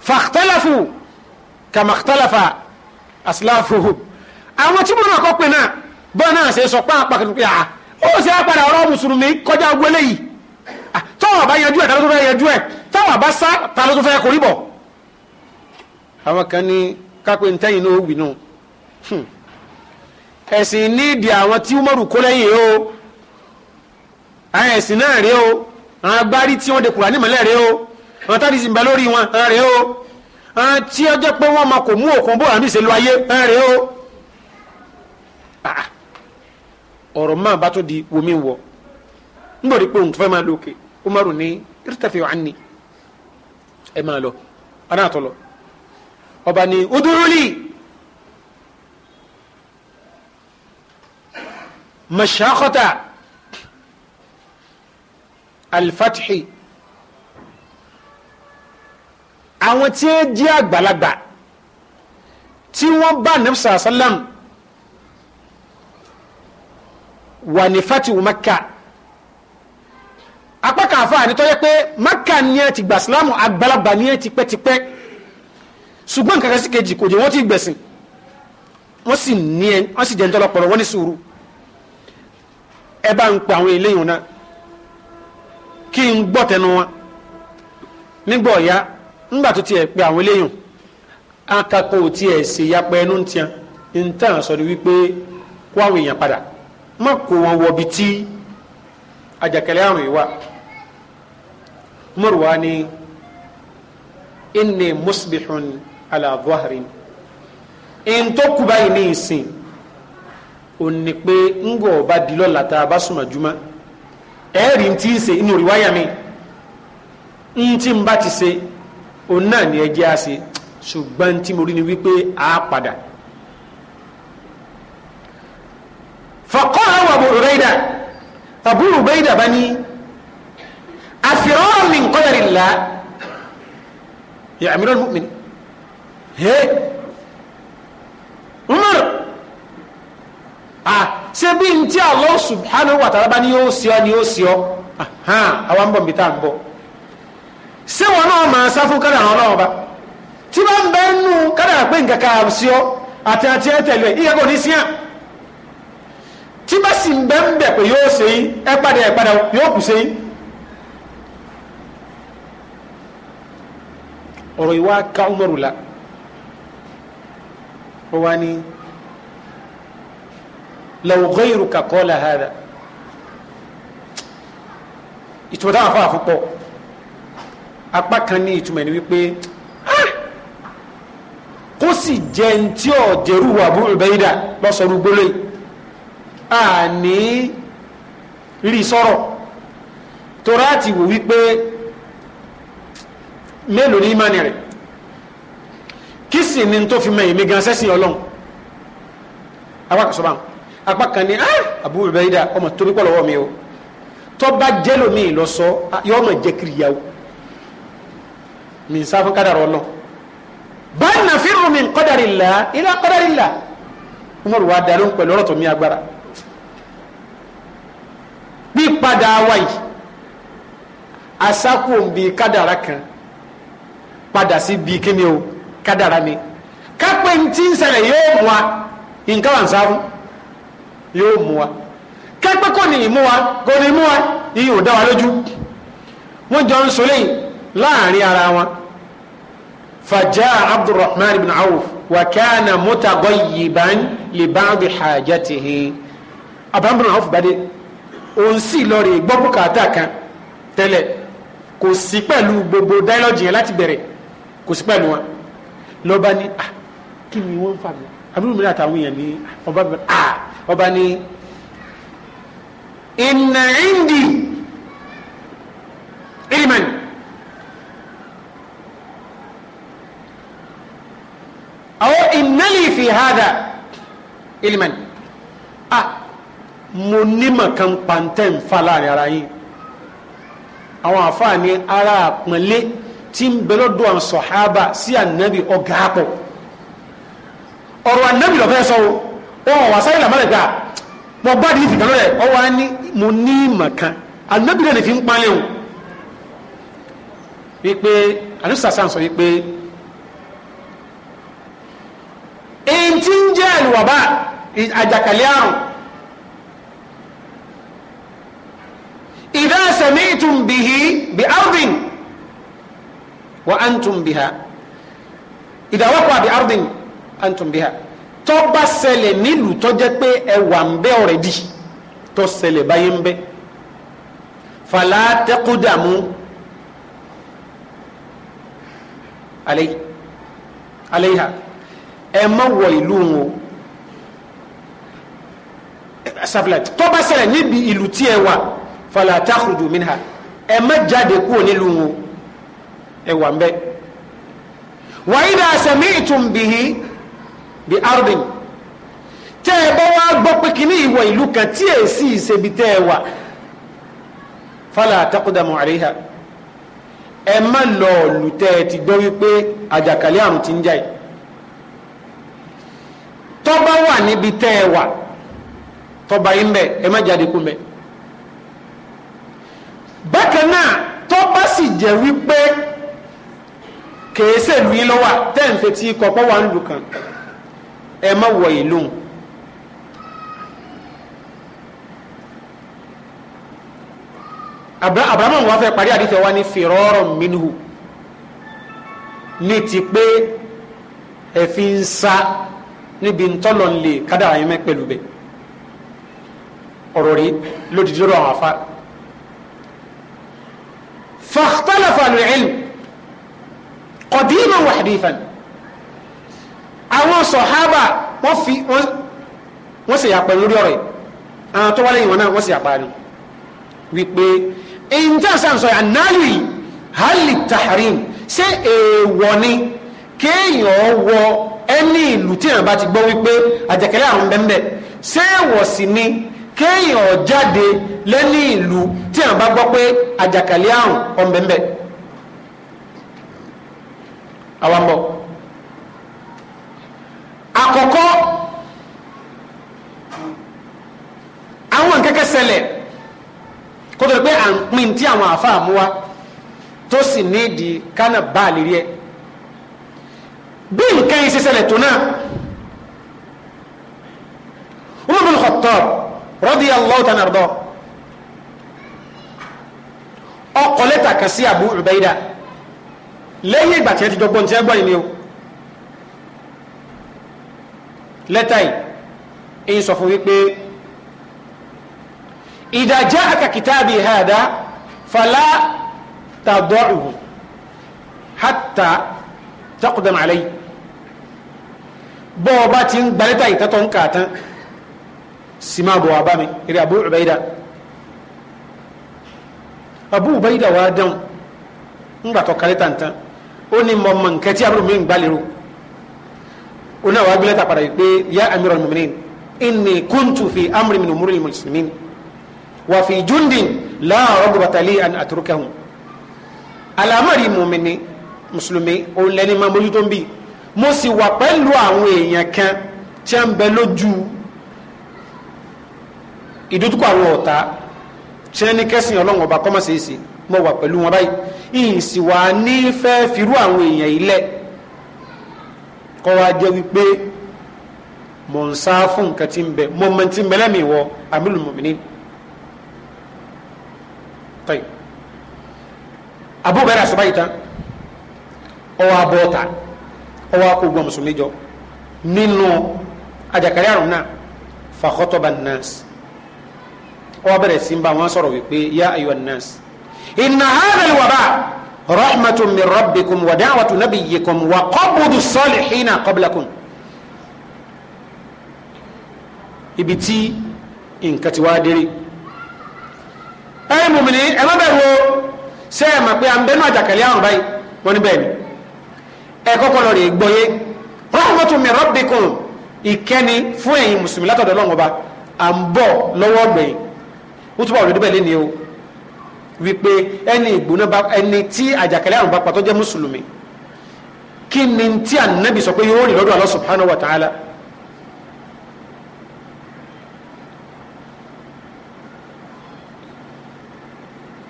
fàtàlàfù kàmàtàlàfà asláfùhù àwọn tí mo náà kọ́ pé náà bọ́ọ̀ náà ṣe sọ pé àpàkùn pé ó ṣe é padà ọ̀rọ̀ mùsùlùmí kọjá gbélé yìí Ah, tọ́wọ́ bá yanjú ẹ̀ tálọ́ tó fẹ́ yanjú ẹ̀ tọ́wọ́ bá sá tálọ́ tó fẹ́ korí bọ̀. àwọn kan ní kápẹ́ ntẹ́yìn náà ó wì náà hmm. ẹ̀sìn nídìí àwọn tí Umaru kó lẹ́yìn o àwọn ẹ̀sìn náà rèé o àwọn agbárí tí wọ́n de kùrà nímọ̀lẹ́ rèé o àwọn táàdì sì ń bẹ lórí wọn rèé o àwọn tí ó jẹ́ pé wọ́n máa kò mú òkun bó àmì ìṣèlú ayé rèé o ah, ọ̀rọ̀ máa bá tó di wòmí wọ̀ nígbà tí pé òun tó fẹ́ máa lókè umaru ní irtafi anni ẹ máa lọ ọ̀nà àtọ̀lọ̀ ọba ní uduruli mashakota alfathi àwọn tí ó jẹ́ àgbàlagbà tí wọ́n bá nafsa sallam wà ní fatihu makka apá afọ àfa pé maka ni ẹ ti gbà sílámù àgbàlagbà ni ẹ ti pẹ́tipẹ́ ṣùgbọ́n nǹkan kan sí kejì kò jẹ́ wọ́n ti gbẹ̀sìn wọ́n sì ní ẹ wọ́n sì jẹ́ ń tọ́lọpọ̀lọ́ wọ́n ní sùúrù ẹ bá ń pa n gbọ́ wọn nígbà ọ̀ya ńgbà tó tiẹ̀ pe àwọn eléyìí akakọ tiẹ̀ ṣe yapa ẹnu ń tiẹ̀ ń tàn wípé kó àwọn èèyàn padà má kó àjàkálẹ̀ àrùn yìí wà Umar wa ni inni musbihun ala dhahrin ntọ́kù báyìí ní ìsìn òní pé ńgọ̀ ọba di lọ́la tá a bá súnmọ́ juma ẹ̀ẹ́rì ń ti ń ṣe inú mi ń tí ń bá ti ṣe òun náà ni ẹ a ṣe ṣùgbọ́n tí mo rí ni wípé a padà. faqala Abu Hurairah. Abu Ubaida bá ní àfihàn min qadarillah ya amiral mu'minin he Umar ah ṣe bí n tí Allah subhanahu wa ta'ala bá ní yóò sí ọ ni yóò sí ọ àwọn ń bọ̀ nbí tá à ń bọ̀ ṣé wọn náà máa sá fún kádàrá ọlọ́run ọba tí bá ń bẹ́ẹ̀ nù kádàrá pé nǹkan kan àbùsí ọ àti àti ẹ̀ tẹ̀lé ìyẹ́kọ̀ ní síyàn tí bá sì ń bẹ́ ń bẹ̀ pé yóò ṣe yí ẹ padà ẹ padà yóò kù ṣe yí. ọ̀rọ̀ ìwà ká Umaru la ó wá ní law ghayruka qala hada ìtumọ̀ táwọn afọ àfọpọ̀ apá kan ní ìtumọ̀ ni wípé ah! kó sì jẹ́ ntí ọ̀jẹ̀rú wà Abu Ubaida lọ́sọ̀rọ̀ gbólóyìí àní rí sọ̀rọ̀ torá ti wò wípé mélòó ní ìmánì rẹ̀ kí sì ni tó fi mẹ́yìn mi gan sẹ́sìn ọlọ́run apákasọ́bà apákan ni ah, Abu Ubaida ọmọ torí pọ̀ lọ́wọ́ mi o tọ́ bá jẹ́ lómi ìlọsọ yọ ọmọ jẹ́ kiri yàwó min safin kadar ọlọ bal nafiru min qadari Allah ila qadari Allah Umaru wa darí pẹ̀lú ọ̀rọ̀ tó mi agbára yípadà wa yìí asákò ń bi kádàrá kan padà sí bi kíni o kádàrá ni kápẹ́ ntí ń ṣẹlẹ̀ yóò mú wa nǹkan wà ń sáfù yóò mú wa kápẹ́ kò ní ìmú wa kò ní ìmú wa iye ò dá wa lójú wọ́n jọ ń sọlẹ̀ láàrin ara wọn fàjà abdulrahman ibn awf wàkàna mutagayyiban li ba'di hajatihi abdulrahman ibn awf bàdé òun sì lọ rè gbọ́ bùkátà kan tẹ́lẹ̀ kò sí pẹ̀lú gbogbo dáílọ́jì yẹn láti bẹ̀rẹ̀ kò sí pẹ̀lú wọn lọ́ba ní à ah, kí ni wọ́n ń fà mí àbúrò mi àtàwọn èèyàn ní ọba mi à ah, ọba ní ìnà ìndì ìrìmọ̀nì. àwọn ìnálì fi hàdà ah mo nímọ̀ kan pàǹtẹ́ ń fa láàrin ara yín àwọn àfààní ara àpọ́nlé tí ń bẹ lọ́dọ̀ àwọn sọ̀hábà sí ànábì ọ̀gá àpọ̀ ọ̀rọ̀ ànábì lọ́fẹ́ sọ o wọn wà sáyé làmọ́lẹ̀ gbà mo gbá di ìfìkan lọ́rẹ̀ ọ wá ní mo ní ìmọ̀ kan ànábì náà lè fi ń palẹ̀ o wípé àdúsà sàn sọ wípé èyí tí ń jẹ́ àlùwàbà àjàkálẹ̀ àrùn إذا سمعتم به بأرض وأنتم بها إذا وقع بأرض أنتم بها tó bá ṣẹlẹ̀ nílùú tó jẹ́ pé ẹ wà ń bẹ ọ̀rẹ́dì tó ṣẹlẹ̀ báyé ń bẹ fàlà tẹ́kùdàmú aléyà ẹ má wọ ìlú wọn sàfìlà tó bá ṣẹlẹ̀ níbi ìlú tí ẹ wà fala takhruju minha ẹ má jáde kúrò nílùú wọn ẹ wà ń bẹ. wa idha sami'tum bihi bi ardin tẹ́ ẹ bá wá gbọ́ pé kíní ìwọ ìlú kan tí ẹ sì ṣebi tẹ́ ẹ wà fala taqdamu alayha ẹ má lọ ọ̀lù ti gbọ́ wípé àjàkálẹ̀ àrùn ti ń jà yìí tọ́ba wà níbi tẹ́ ẹ wà tọ́ba yín bẹ́ẹ̀ ẹ má jáde kú mẹ́ẹ̀ bákan náà tó bá sì jẹ́ wípé kèése lu yín lọ́wọ́ tẹ́ǹfẹ̀ tí kọ̀pọ̀ wà ń lù kàn ẹ má wọ ìlú abrahamu wọn fẹ́ parí àdìsẹ́ wa ní fìrọ́rọ̀ minhu ní ti pé ẹ fi ń sa níbi ntọ́lọ̀ ń lè kádàrá yín pẹ̀lú bẹ́ẹ̀ ọ̀rọ̀ rí lódìdí lọ́dọ̀ àwọn afárá. فاختلف العلم قديما وحديثا àwọn sọ̀hábà wọ́n fi wọ́n sì yàpẹ̀ lórí ọ̀rọ̀ àwọn tó wá lẹ́yìn wọn náà wọ́n sì yàpẹ̀ ni wípé ìjọ sàǹsọ̀ ànálù yìí hali tahrim ṣé èèwọ̀ ni kéèyàn wọ ẹni ìlú tí èèyàn bá ti gbọ́ wípé àjẹkẹ́lẹ́ àrùn bẹ́ẹ̀ ṣé èèwọ̀ sì ni kéèyàn jáde lẹ́ni ìlú tí à ń bá gbọ́ pé àjàkálẹ̀ àrùn ọ̀mẹ́mbẹ́ àwọn bọ̀ àkọ́kọ́ àwọn kẹ́kẹ́ ṣẹlẹ̀ kó tó pé à ń pín tí àwọn àáfàá mú wa tó sì ní ìdí kánà bá a lè rí ẹ bí nǹkan yìí ṣe ṣẹlẹ̀ tó náà Umar bin Khattab radiyallahu ta'ala anhu ọkọ̀ lẹ́tà kan sí Abu Ubaida lẹ́yìn ìgbà tí wọ́n ti jọ gbọ́n tí wọ́n gbọ́ ìní o lẹ́tà yìí èyí sọ fún wípé idha ja'aka kitabi hada fala tada'uhu hatta taqdam alayhi bọ́ọ̀ ti ń gbalẹ́tà ìtẹ́tọ̀ ń kà sima bọ̀ wá bá mi eré Abu Ubaida Abu Ubaida wàá dẹ́hùn ńgbà tó kálí tàǹtàn ó ní mọ̀ mọ̀ nkẹ́ tí àbúrò mi ń gbàlérò ó náà wàá gbélé ta padà yìí pé ya amiral mu'minin inni kuntu fi amri min umuri muslimin wa fi jundin la ragbata li an atrukahum alamari mu'mini mùsùlùmí òun lẹni máa mójútó ń bì mo sì wà pẹ̀lú àwọn èèyàn kan tí a lójú ìdójúkọ àwọn ọ̀tá tí wọ́n ní kẹ́sìn ọlọ́run ọba kọ́mọ̀ ṣe é ṣe mọ̀ wà pẹ̀lú wọn báyìí ìyìn sì wà ní fẹ́ firú àwọn èèyàn ilẹ̀ kọ́ wa jẹ́ wípé mọ̀ ń sá fún nǹkan tí ń bẹ mọ̀ mọ̀ tí ń bẹ lẹ́mìí wọ amílù mọ̀mìnì. abúbẹ̀rẹ̀ àṣọ tán ọwọ́ abọ́ta ọwọ́ akógbọ́n mùsùlùmí jọ nínú àjàkálẹ̀ àrùn náà fa khotaba wọ́n bẹ̀rẹ̀ sí ń bá wọn sọ̀rọ̀ wípé ya ayyuhan nas inna hadha alwaba rahmatun min rabbikum wa da'watu nabiyyikum wa qabdu salihina qablakum ibi tí nǹkan ti wá dérè ẹ̀rìn mùmìnì ẹ má bẹ̀rù o ṣé ẹ mọ̀ pé à ń bẹ́nu àjàkálẹ̀ àrùn báyìí wọ́n ní bẹ́ẹ̀ ni ẹ kọ́kọ́ lọ rè é gbọ́yé rahmatun min rabbikum ìkẹ́ni fún ẹ̀yin mùsùlùmí látọ̀dọ̀ Ọlọ́run à ń bọ̀ lọ́wọ́ gbẹ̀yìn ó túbọ̀ ọ̀rọ̀ débẹ̀ lẹ́ni o wípé ẹni ìgbóná bá ẹni tí àjàkálẹ̀ àrùn bá pàtó jẹ́ mùsùlùmí kí ni tí ànábì sọ pé yóò rìn lọ́dọ̀ Allah subhanahu wa ta'ala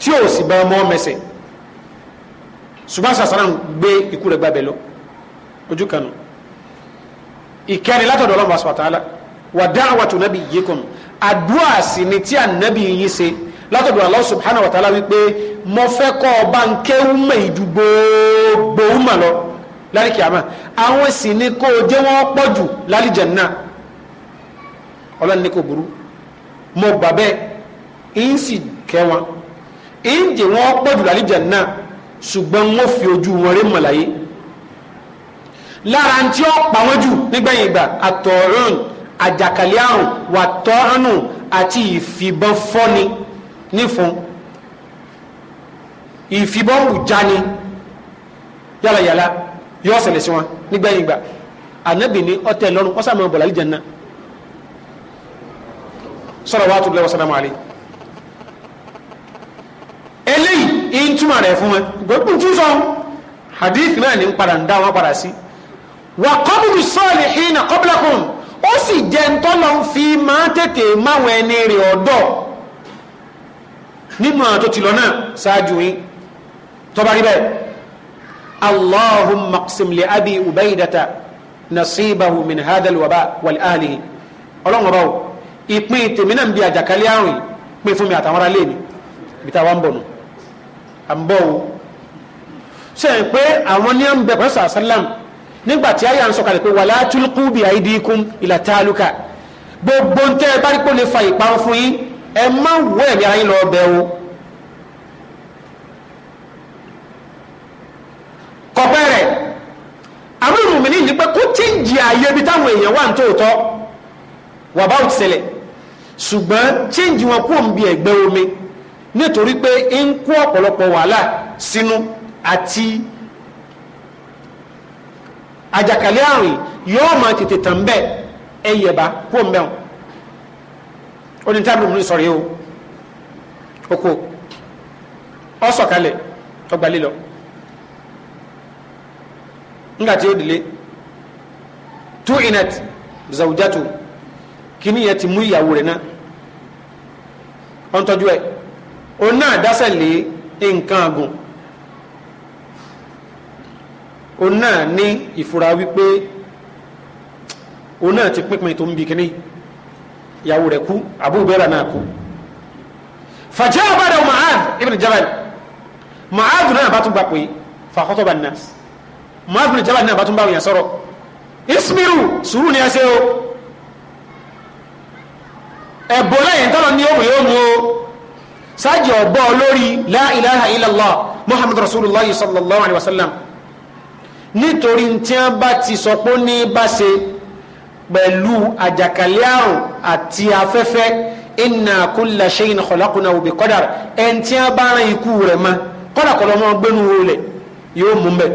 tí ò sì bá ọmọ mẹsẹ̀ ṣùgbọ́n sàṣàrà ń gbé ikú rẹ̀ gbàbẹ̀ lọ ojú kanu ìkẹrin látọ̀dọ̀ Allah subhanahu wa ta'ala wa da'watu nabiyyikum àdúrà sì ni tí ànábì yìí ṣe látọ̀dọ̀ Allah subhanahu wa ta'ala wípé mo fẹ́ kọ́ ọba ń ké wúmọ̀ ìdú gbogbo wúmọ̀ lọ lálẹ́ kìámà àwọn sì ni kó o jẹ́ wọ́n pọ̀ jù lálẹ́ jẹ̀nà ọlọ́run ní kò burú mo gbà bẹ́ẹ̀ ń sì kẹ́ wọn ń jẹ́ wọ́n pọ̀ jù lálẹ́ jẹ̀nà ṣùgbọ́n wọ́n fi ojú wọn rí mọ̀láyé lára tí ó pa wọ́n jù nígbẹ̀yìn ìgbà àtọ̀rún àjàkálẹ̀ àrùn wà tọ́rùnù àti ìfìbọn fọ́ni nífun ìfìbọn wùjáni yálàyàlà yóò ṣẹlẹ̀ sí wọn nígbẹ̀yìn ìgbà ànábì ní ọtẹ lọ́rùn ọ̀sán mi bọ̀lá ìjẹun náà sọ̀rọ̀ wa tó lẹ́wọ̀ sàdámù àlẹ́ eléyìí ń túmọ̀ rẹ̀ fún wọn gbogbo tún sọ hadith náà ní padà ń dá wọn padà sí wà qablu salihin qablakum ó sì jẹ́ ntọ́lọ́ ń fi máa tètè máwọn ẹni rẹ̀ ọ̀dọ̀ nínú àwọn tó ti lọ náà ṣáájú yín tọ́ba rí bẹ́ẹ̀ allahumma qsim li abi ubaidata nasibahu min hadal waba wal ahlihi ọlọ́run ọba o ìpín tèmi náà ń àjàkálẹ̀ àrùn pín fún mi àtàwọn ará léèmí ibi táwa ń bọ̀ nù à o ṣe pé àwọn ní à ń bẹ̀ pẹ̀lú sàásálàmù nígbàtí ayé à ń sọ̀kalẹ̀ pé wàlá tulqu bi aydikum ìlà tálùkà gbogbo ń tẹ́ ẹ bá rí pé ó lè fa ìparun fún yín ẹ má wọ ẹ̀mí ara yín lọ bẹ̀ o. kọ̀pẹ́ rẹ̀ àwọn ìrùmí ní pé kó chíǹjì ààyè ibi táwọn èèyàn wà ń tóòtọ́ wà bá òtí ṣẹlẹ̀ ṣùgbọ́n chíǹjì wọn kú òun ẹ̀gbẹ́ omi nítorí pé ń kó ọ̀pọ̀lọpọ̀ wàhálà sínú àti àjàkálẹ̀ àrùn yóò máa tètè tàn bẹ́ẹ̀ ẹ yẹ̀bá kó mẹ́wọ̀n ó ní tábìlì mi sọ̀rọ̀ yìí o oko ọ sọ̀kalẹ̀ ọgbà lílọ nígbà tí ó dìle tú inet zawjatu kíní yẹn ti mú ìyàwó rẹ̀ náà ó ń tọ́jú ẹ̀ ó náà dásẹ̀ lé nǹkan àgùn òun náà ní ìfura wípé òun náà ti pínpín tó ń bi kíní ìyàwó rẹ̀ kú Abu Huraira náà kú fàjẹ́ àbádọ́ Mu'adh ibn Jabal Mu'adh náà bá tún gbà pé fàkọ́tọ̀bà nas Mu'adh ibn Jabal náà bá tún bá wìyàn sọ̀rọ̀ ismiru sùúrù ni ẹ ṣe o ẹ̀bùn lẹ́yìn tọ́lọ ní òmù o sáàjì ọ̀bọ̀ lórí la ilaha illallah Muhammad rasulullah sallallahu alaihi wasallam nítorí tí wọ́n bá ti sọ pé ó ní bá ṣe pẹ̀lú àjàkálẹ̀ àrùn àti afẹ́fẹ́ inna kulla shay'in khalaqnahu bi qadar ẹni tí wọ́n bá rán ikú rẹ̀ mọ́ kọ́dà kọ́ lọ́mọ gbẹ́nu wo lẹ̀ yóò mú mbẹ́.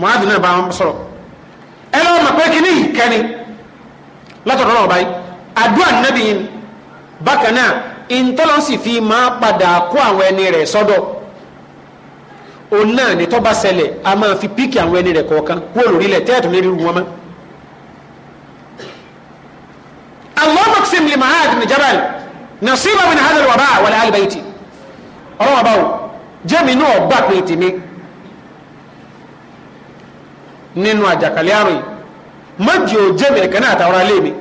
muhammed náà bá wọn sọ̀rọ̀ ẹ lọ́wọ́ mọ̀ pé kíní yìí kẹ́ni náà báyìí àdúrà nàbìyìn bákan náà ìntọ́lọ́sì fi máa padà kó àwọn ẹni rẹ̀ sọ́dọ̀ òun náà ní tọ́ba ṣẹlẹ̀ a máa fi píkì àwọn ẹni rẹ̀ kọ̀ọ̀kan kú olórílẹ̀ tẹ́ẹ̀tù ní rírun wọn mọ́. Allahumma qsim li Mu'adh bin Jabal nasiba min hadha al-waba' wa li ahli bayti ọlọ́wọ́ báwo jẹ́mi náà gbà pé tèmi nínú àjàkálẹ̀ àrùn yìí mọ́jì ò jẹ́mi ẹ̀kan náà àtàwọn alẹ́ mi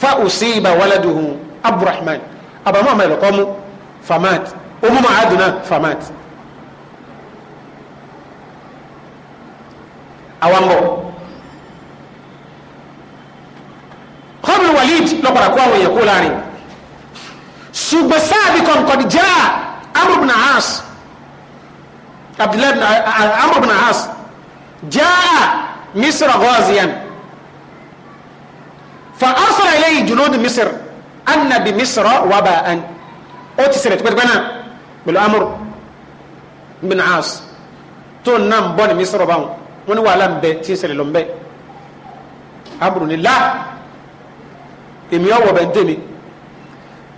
fa usiba waladuhu Abdurrahman abrahamu ama ẹlẹkọ mu famat ọmọ mu aduna famat awambo kọmi walid lọkọra kó àwọn yẹn kó láàrin ṣùgbọ́n sáàbì kọ̀ǹkọ̀dì jẹ́ amr ibn as abdullahi amr ibn as jẹ́ misra ghaziyan fa arsala ilayhi junud misra annabi misra wà bá an ó ti ṣẹlẹ̀ tipẹ́tipẹ́ náà pẹ̀lú amúr bin as tó náà ń bọ́ ní misra báwọn wọ́n ní wàhálà ń bẹ tí ń ṣẹlẹ̀ lọ ń bẹ amúr ní láà èmi ọ̀wọ̀ bẹ̀ ń tèmi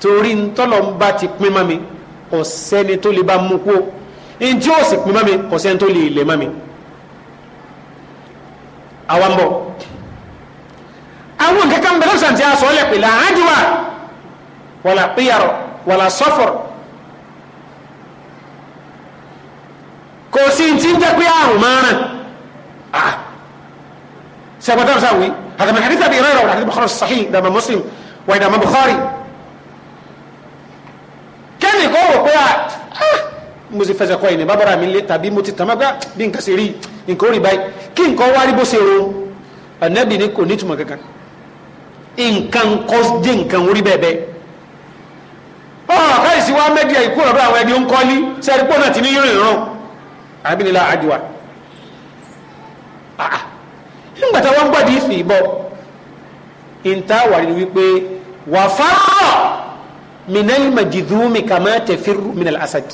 torí ntọ́lọ̀ ń bá ti pín mọ́ kò sẹ́ni tó lè bá mú kú ó ntí ó sì pín mọ́ kò sẹ́ni tó lè lè mọ́ àwọn bọ̀ àwọn kankan bẹ̀rẹ̀ sàǹtì àsọ̀ọ́lẹ̀ pẹ̀lú àádìwà. ولا qiyarọ ولا صفر kò sí ti ń jẹ́ pé àrùn máa ràn ah هذا من حديث أبي هريرة والحديث البخاري الصحيح ده من مسلم وده من بخاري kẹ́ni kọ́ wò pé à ah, ah, mo sì fẹsẹ̀ kọ́ ìnìbá bọ́ra mi lé tàbí mo ti tàn máa gbá bí nǹkan ṣe rí nǹkan ó rí báyìí kí nǹkan wá rí bó ṣe ro ànábì ni kò nítumọ̀ kankan nǹkan kọ́ dé nǹkan orí bẹ́ẹ̀ bẹ́ẹ̀ ọ̀rọ̀ ah, káyì sí wá mẹ́díà ìkú ọ̀rọ̀ àwọn ẹni ó ń kọ́lí sẹ́rí pọ́ náà ti ní yúrìn rán àbínilá àdìwà ah, ah. nígbàtà wọ́n gbọ́dí ìfì ìbọ̀ ìntà wà ní wípé wà fárọ̀ minal majidumi kàmá tẹ̀fìrù minal asad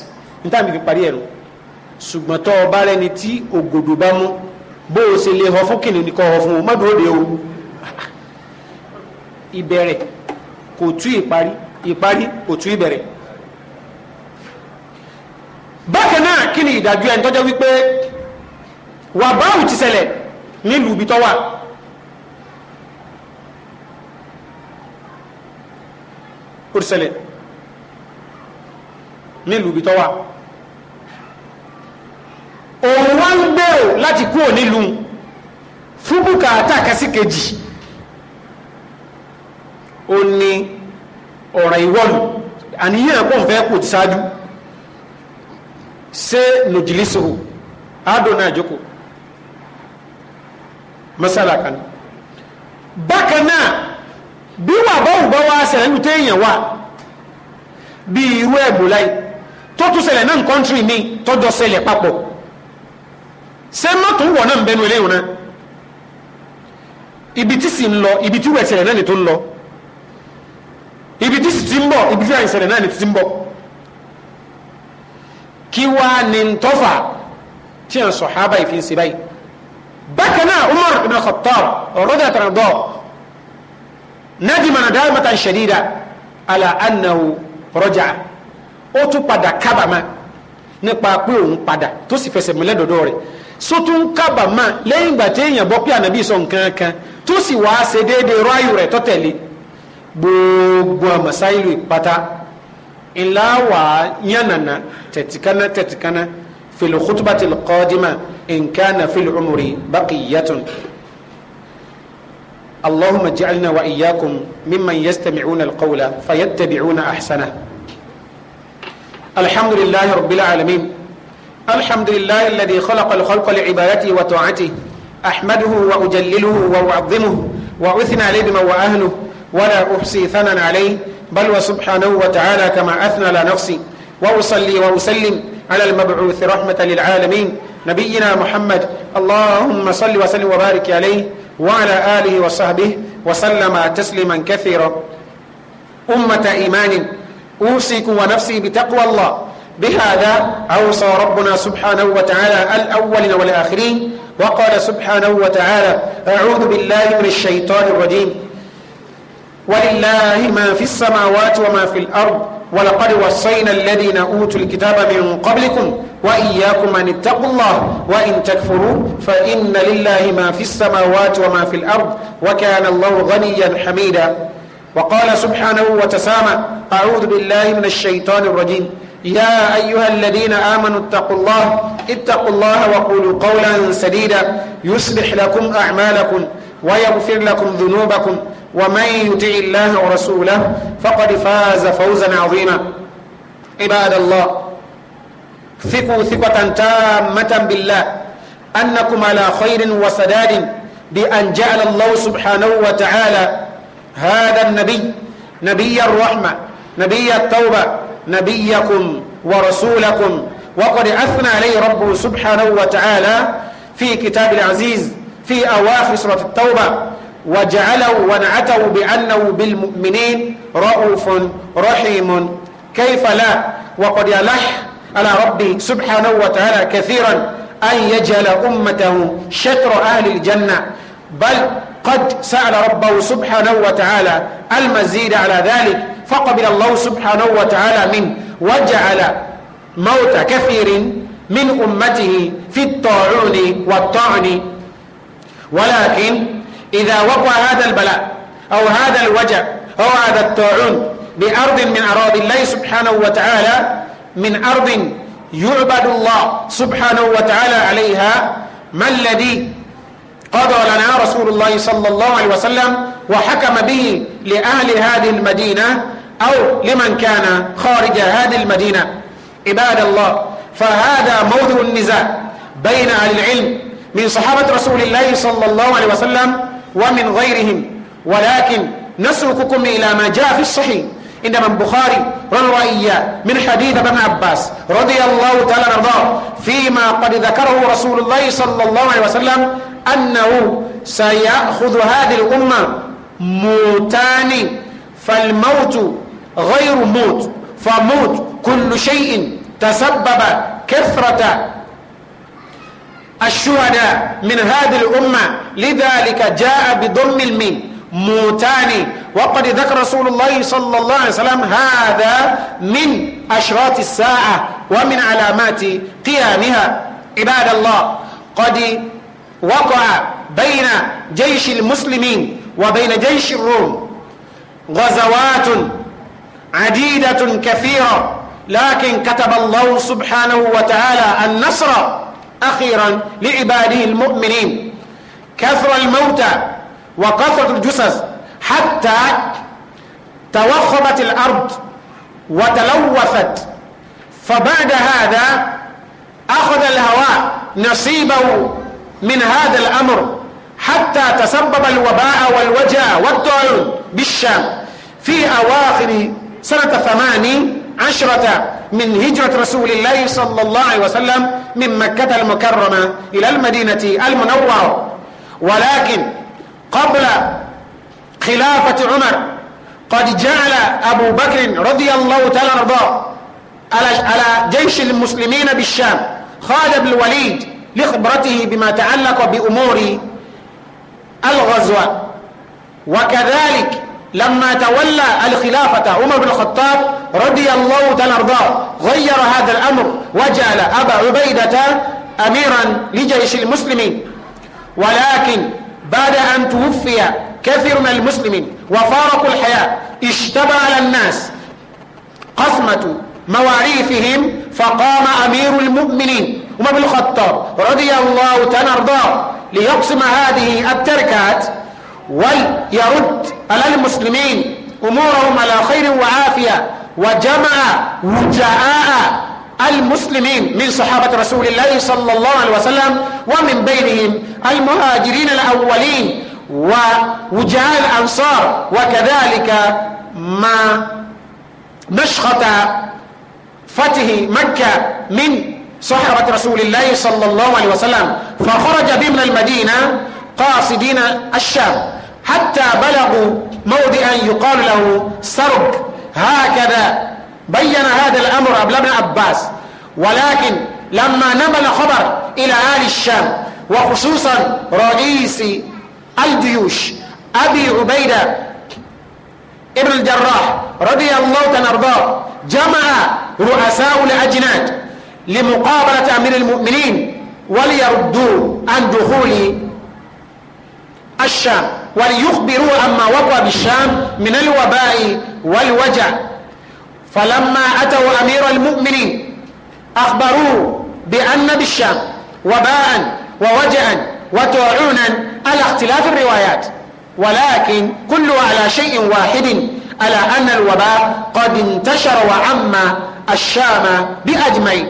ìntà mi fi parí ẹ̀rù ṣùgbọ́n tọ́ ọba rẹni tí ògòdò bá mú bó o ṣe lè họ fún kìnìún nìkan họ fún o mọ́dún ó de o ìbẹ̀rẹ̀ kò tú ìparí ìparí òtún ìbẹ̀rẹ̀ bákan náà kí ni ìdájọ́ ẹni tọ́jọ́ wípé wà báwù ti ṣẹlẹ̀ nílùú ibi tọ́wà ó ti ṣẹlẹ̀ nílùú ibi tọ́wà òun wá ń gbèrò láti kúrò nílùú fúbùkà àtàkásí kejì ó ní ọ̀rọ̀ ìwọ́lù àníyàn pọ̀ ń fẹ́ kò ti ṣáájú ṣé nùjìlísìhù àádọ́nà àjókò mọ́sálà kan bákan náà bí wà báwù bá wá ṣẹlẹ̀ ní téèyàn wà bí irú ẹ̀bù láì tó tún ṣẹlẹ̀ náà kọ́ńtírì mi tọ́jọ́ ṣẹlẹ̀ papọ̀ ṣé mọ́tò wọ̀ náà bẹnu eléyìí náà ibi tí sì ń lọ ibi tí wẹ̀ṣẹ̀lẹ̀ náà ni tó ń lọ ti ń bọ̀ ibi tí àìsàn náà ni ti ń bọ̀ kí wá ní tọ́fà tí à ń sọ hábà ìfi ń ṣe báyìí bákan náà Umar ibn Khattab rọ́dà tàràdọ́ nadima nadamatan shadida ala annahu rọ́jà ó tún padà kábàámà nípa pé òun padà tó sì fẹsẹ̀ mọ́lẹ̀ dọ̀dọ̀ rẹ̀ sótún kábàámà lẹ́yìn ìgbà tí èèyàn sọ nǹkan kan tó sì wàá ṣe déédéé ráyù rẹ̀ tọ́tẹ̀lé gbogbo àmàsáìlú ìpátá ńlá wà yánnàna tẹ̀tìkánná tẹ̀tìkánná fil khutbati alqadima in kana fil umri baqiyatun اللهم اجعلنا وإياكم ممن يستمعون القول فيتبعون أحسنه الحمد لله رب العالمين الحمد لله الذي خلق الخلق لعبادته وطاعته أحمده وأجلله وأعظمه وأثنى عليه بما وأهله ولا أحصي ثنا عليه بل وسبحانه وتعالى كما أثنى على نفسي وأصلي وأسلم على المبعوث رحمة للعالمين نبينا محمد اللهم صل وسلم وبارك عليه وعلى آله وصحبه وسلم تسليما كثيرا أمة إيمان أوصيكم ونفسي بتقوى الله بهذا أوصى ربنا سبحانه وتعالى الأولين والآخرين وقال سبحانه وتعالى أعوذ بالله من الشيطان الرجيم ولله ما في السماوات وما في الأرض ولقد وصينا الذين أوتوا الكتاب من قبلكم وإياكم أن اتقوا الله وإن تكفروا فإن لله ما في السماوات وما في الأرض وكان الله غنيا حميدا وقال سبحانه وتسامى أعوذ بالله من الشيطان الرجيم يا أيها الذين آمنوا اتقوا الله اتقوا الله وقولوا قولا سديدا يصلح لكم أعمالكم ويغفر لكم ذنوبكم ومن يطع الله ورسوله فقد فاز فوزا عظيما عباد الله ثقوا ثقة تامة بالله أنكم على خير وسداد بأن جعل الله سبحانه وتعالى هذا النبي نبي الرحمة نبي التوبة نبيكم ورسولكم وقد أثنى عليه ربه سبحانه وتعالى في كتاب العزيز في أواخر سورة التوبة وجعلوا ونعتوا بأنه بالمؤمنين رؤوف رحيم كيف لا وقد يلح على ربي سبحانه وتعالى كثيرا أن يجعل أمته شطر أهل الجنة بل قد سأل ربه سبحانه وتعالى المزيد على ذلك فقبل الله سبحانه وتعالى منه وجعل موت كثير من أمته في الطاعون والطعن ولكن إذا وقع هذا البلاء أو هذا الوجع أو هذا الطاعون بأرض من أراضي الله سبحانه وتعالى من أرض يعبد الله سبحانه وتعالى عليها ما الذي قضى لنا رسول الله صلى الله عليه وسلم وحكم به لأهل هذه المدينة أو لمن كان خارج هذه المدينة عباد الله فهذا موضوع النزاع بين أهل العلم من صحابة رسول الله صلى الله عليه وسلم ومن غيرهم ولكن نسوقكم إلى ما جاء في الصحيح إن من بخاري روى من حديث ابن عباس رضي الله تعالى رضاه فيما قد ذكره رسول الله صلى الله عليه وسلم أنه سيأخذ هذه الأمة موتان فالموت غير موت فموت كل شيء تسبب كثرة الشهداء من هذه الأمة لذلك جاء بضم الميم موتان وقد ذكر رسول الله صلى الله عليه وسلم هذا من أشراط الساعة ومن علامات قيامها عباد الله قد وقع بين جيش المسلمين وبين جيش الروم غزوات عديدة كثيرة لكن كتب الله سبحانه وتعالى النصر أخيرا لعباده المؤمنين كثر الموتى وكثرة الجثث حتى توخمت الأرض وتلوثت فبعد هذا أخذ الهواء نصيبه من هذا الأمر حتى تسبب الوباء والوجع والطعن بالشام في أواخر سنة ثماني عشرة من هجرة رسول الله صلى الله عليه وسلم من مكة المكرمة إلى المدينة المنورة ولكن قبل خلافة عمر قد جعل أبو بكر رضي الله تعالى عنه على جيش المسلمين بالشام خالد بن الوليد لخبرته بما تعلق بأمور الغزوة وكذلك لما تولى الخلافة عمر بن الخطاب رضي الله تعالى غير هذا الأمر وجعل أبا عبيدة أميرا لجيش المسلمين ولكن بعد أن توفي كثير من المسلمين وفارقوا الحياة اشتبع على الناس قسمة مواريثهم فقام أمير المؤمنين عمر بن الخطاب رضي الله تعالى ليقسم هذه التركات ويرد على المسلمين أمورهم على خير وعافية وجمع وجاء المسلمين من صحابة رسول الله صلى الله عليه وسلم ومن بينهم المهاجرين الأولين ووجهاء الأنصار وكذلك ما نشخة فتح مكة من صحابة رسول الله صلى الله عليه وسلم فخرج بهم المدينة قاصدين الشام حتى بلغوا موضعا يقال له سرب هكذا بين هذا الأمر ابن ابن عباس ولكن لما نبل خبر إلى أهل الشام وخصوصا رئيس الجيوش أبي عبيدة ابن الجراح رضي الله عنه أرضاه جمع رؤساء الأجناد لمقابلة أمير المؤمنين وليردوا عن دخول الشام وليخبروا عما وقع بالشام من الوباء والوجع فلما أتوا أمير المؤمنين أخبروه بأن بالشام وباء ووجعا وتوعونا على اختلاف الروايات ولكن كله على شيء واحد على أن الوباء قد انتشر وعم الشام بأجمعين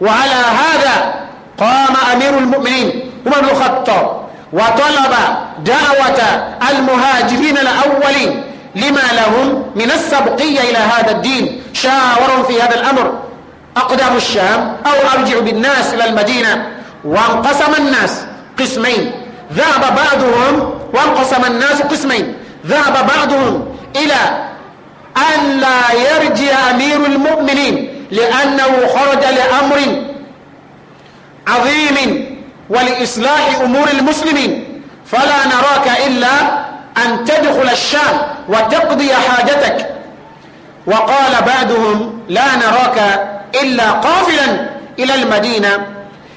وعلى هذا قام أمير المؤمنين عمر بن الخطاب وطلب دعوة المهاجرين الأولين لما لهم من السبقية إلى هذا الدين شاورهم في هذا الأمر أقدم الشام أو أرجع بالناس إلى المدينة وانقسم الناس قسمين ذهب بعضهم وانقسم الناس قسمين ذهب بعضهم إلى أن لا يرجع أمير المؤمنين لأنه خرج لأمر عظيم ولإصلاح أمور المسلمين فلا نراك إلا أن تدخل الشام وتقضي حاجتك وقال بعضهم لا نراك إلا قافلا إلى المدينة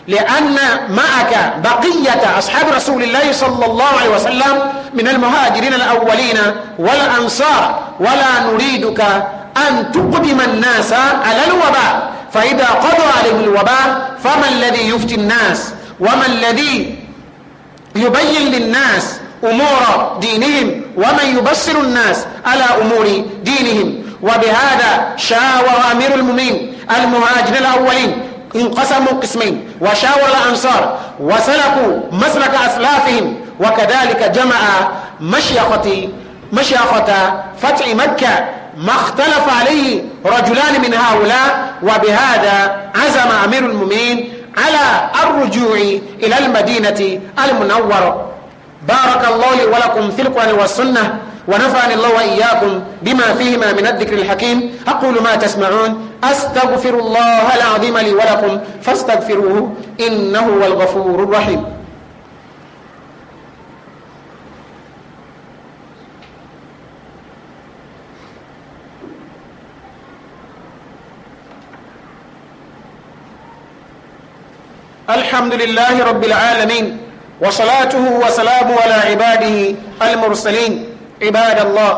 لأن معك بقية أصحاب رسول الله صلى الله عليه وسلم من المهاجرين الأولين والأنصار ولا نريدك أن تقدم الناس على الوباء فإذا قضى عليهم الوباء فما الذي يفتي الناس وما الذي يبين للناس أمور دينهم ومن يبصر الناس على أمور دينهم وبهذا شاور أمير المؤمنين المهاجرين الأولين انقسموا قسمين وشاور الأنصار وسلكوا مسلك أسلافهم وكذلك جمع مشيخة مشيخة فتح مكة ما اختلف عليه رجلان من هؤلاء وبهذا عزم أمير المؤمنين على الرجوع إلى المدينة المنورة بارك الله لي ولكم في القرآن والسنة ونفعني الله وإياكم بما فيهما من الذكر الحكيم أقول ما تسمعون أستغفر الله العظيم لي ولكم فاستغفروه إنه هو الغفور الرحيم الحمد لله رب العالمين وصلاته وسلامه على عباده المرسلين عباد الله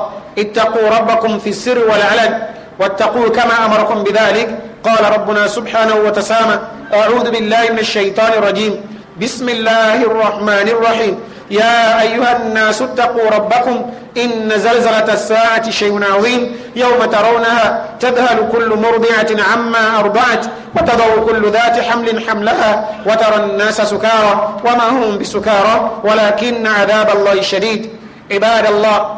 اتقوا ربكم في السر والعلن واتقوا كما أمركم بذلك قال ربنا سبحانه وتسامى أعوذ بالله من الشيطان الرجيم بسم الله الرحمن الرحيم يا أيها الناس اتقوا ربكم إن زلزلة الساعة شيء عظيم يوم ترونها تذهل كل مرضعة عما أرضعت وتضع كل ذات حمل حملها وترى الناس سكارى وما هم بسكارى ولكن عذاب الله شديد عباد الله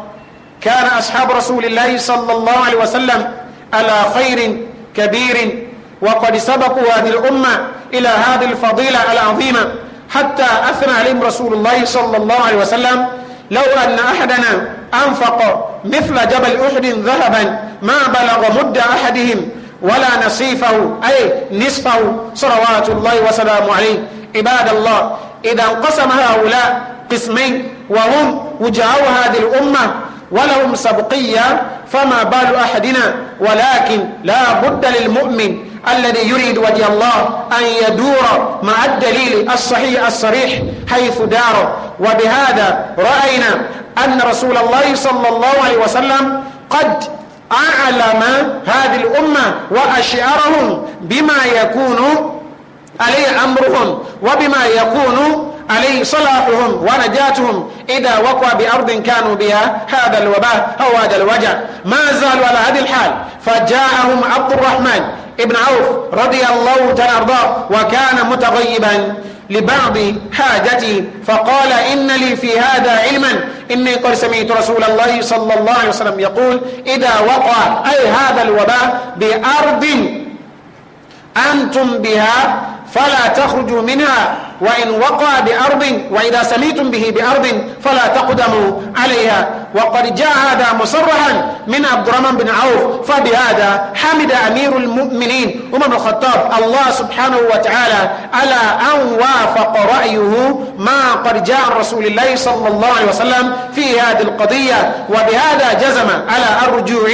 كان أصحاب رسول الله صلى الله عليه وسلم على خير كبير وقد سبقوا هذه الأمة إلى هذه الفضيلة العظيمة حتى أثنى عليهم رسول الله صلى الله عليه وسلم لو أن أحدنا أنفق مثل جبل أحد ذهبا ما بلغ مد أحدهم ولا نصيفه أي نصفه صلوات الله وسلامه عليه عباد الله إذا انقسم هؤلاء قسمين وهم وجعوا هذه الأمة ولهم سبقية فما بال أحدنا ولكن لا بد للمؤمن الذي يريد وجه الله أن يدور مع الدليل الصحيح الصريح حيث دار وبهذا رأينا أن رسول الله صلى الله عليه وسلم قد أعلم هذه الأمة وأشعرهم بما يكون عليه أمرهم وبما يكون عليه صلاحهم ونجاتهم إذا وقع بأرض كانوا بها هذا الوباء أو هذا الوجع ما زالوا على هذه الحال فجاءهم عبد الرحمن ابن عوف رضي الله تعالى عنه وكان متغيبا لبعض حاجتي فقال إن لي في هذا علما إني قد سمعت رسول الله صلى الله عليه وسلم يقول إذا وقع أي هذا الوباء بأرض أنتم بها فلا تخرجوا منها وإن وقع بأرض وإذا سليتم به بأرض فلا تقدموا عليها وقد جاء هذا مصرحا من عبد الرحمن بن عوف فبهذا حمد أمير المؤمنين عمر أمم بن الخطاب الله سبحانه وتعالى على أن وافق رأيه ما قد جاء رسول الله صلى الله عليه وسلم في هذه القضية وبهذا جزم على الرجوع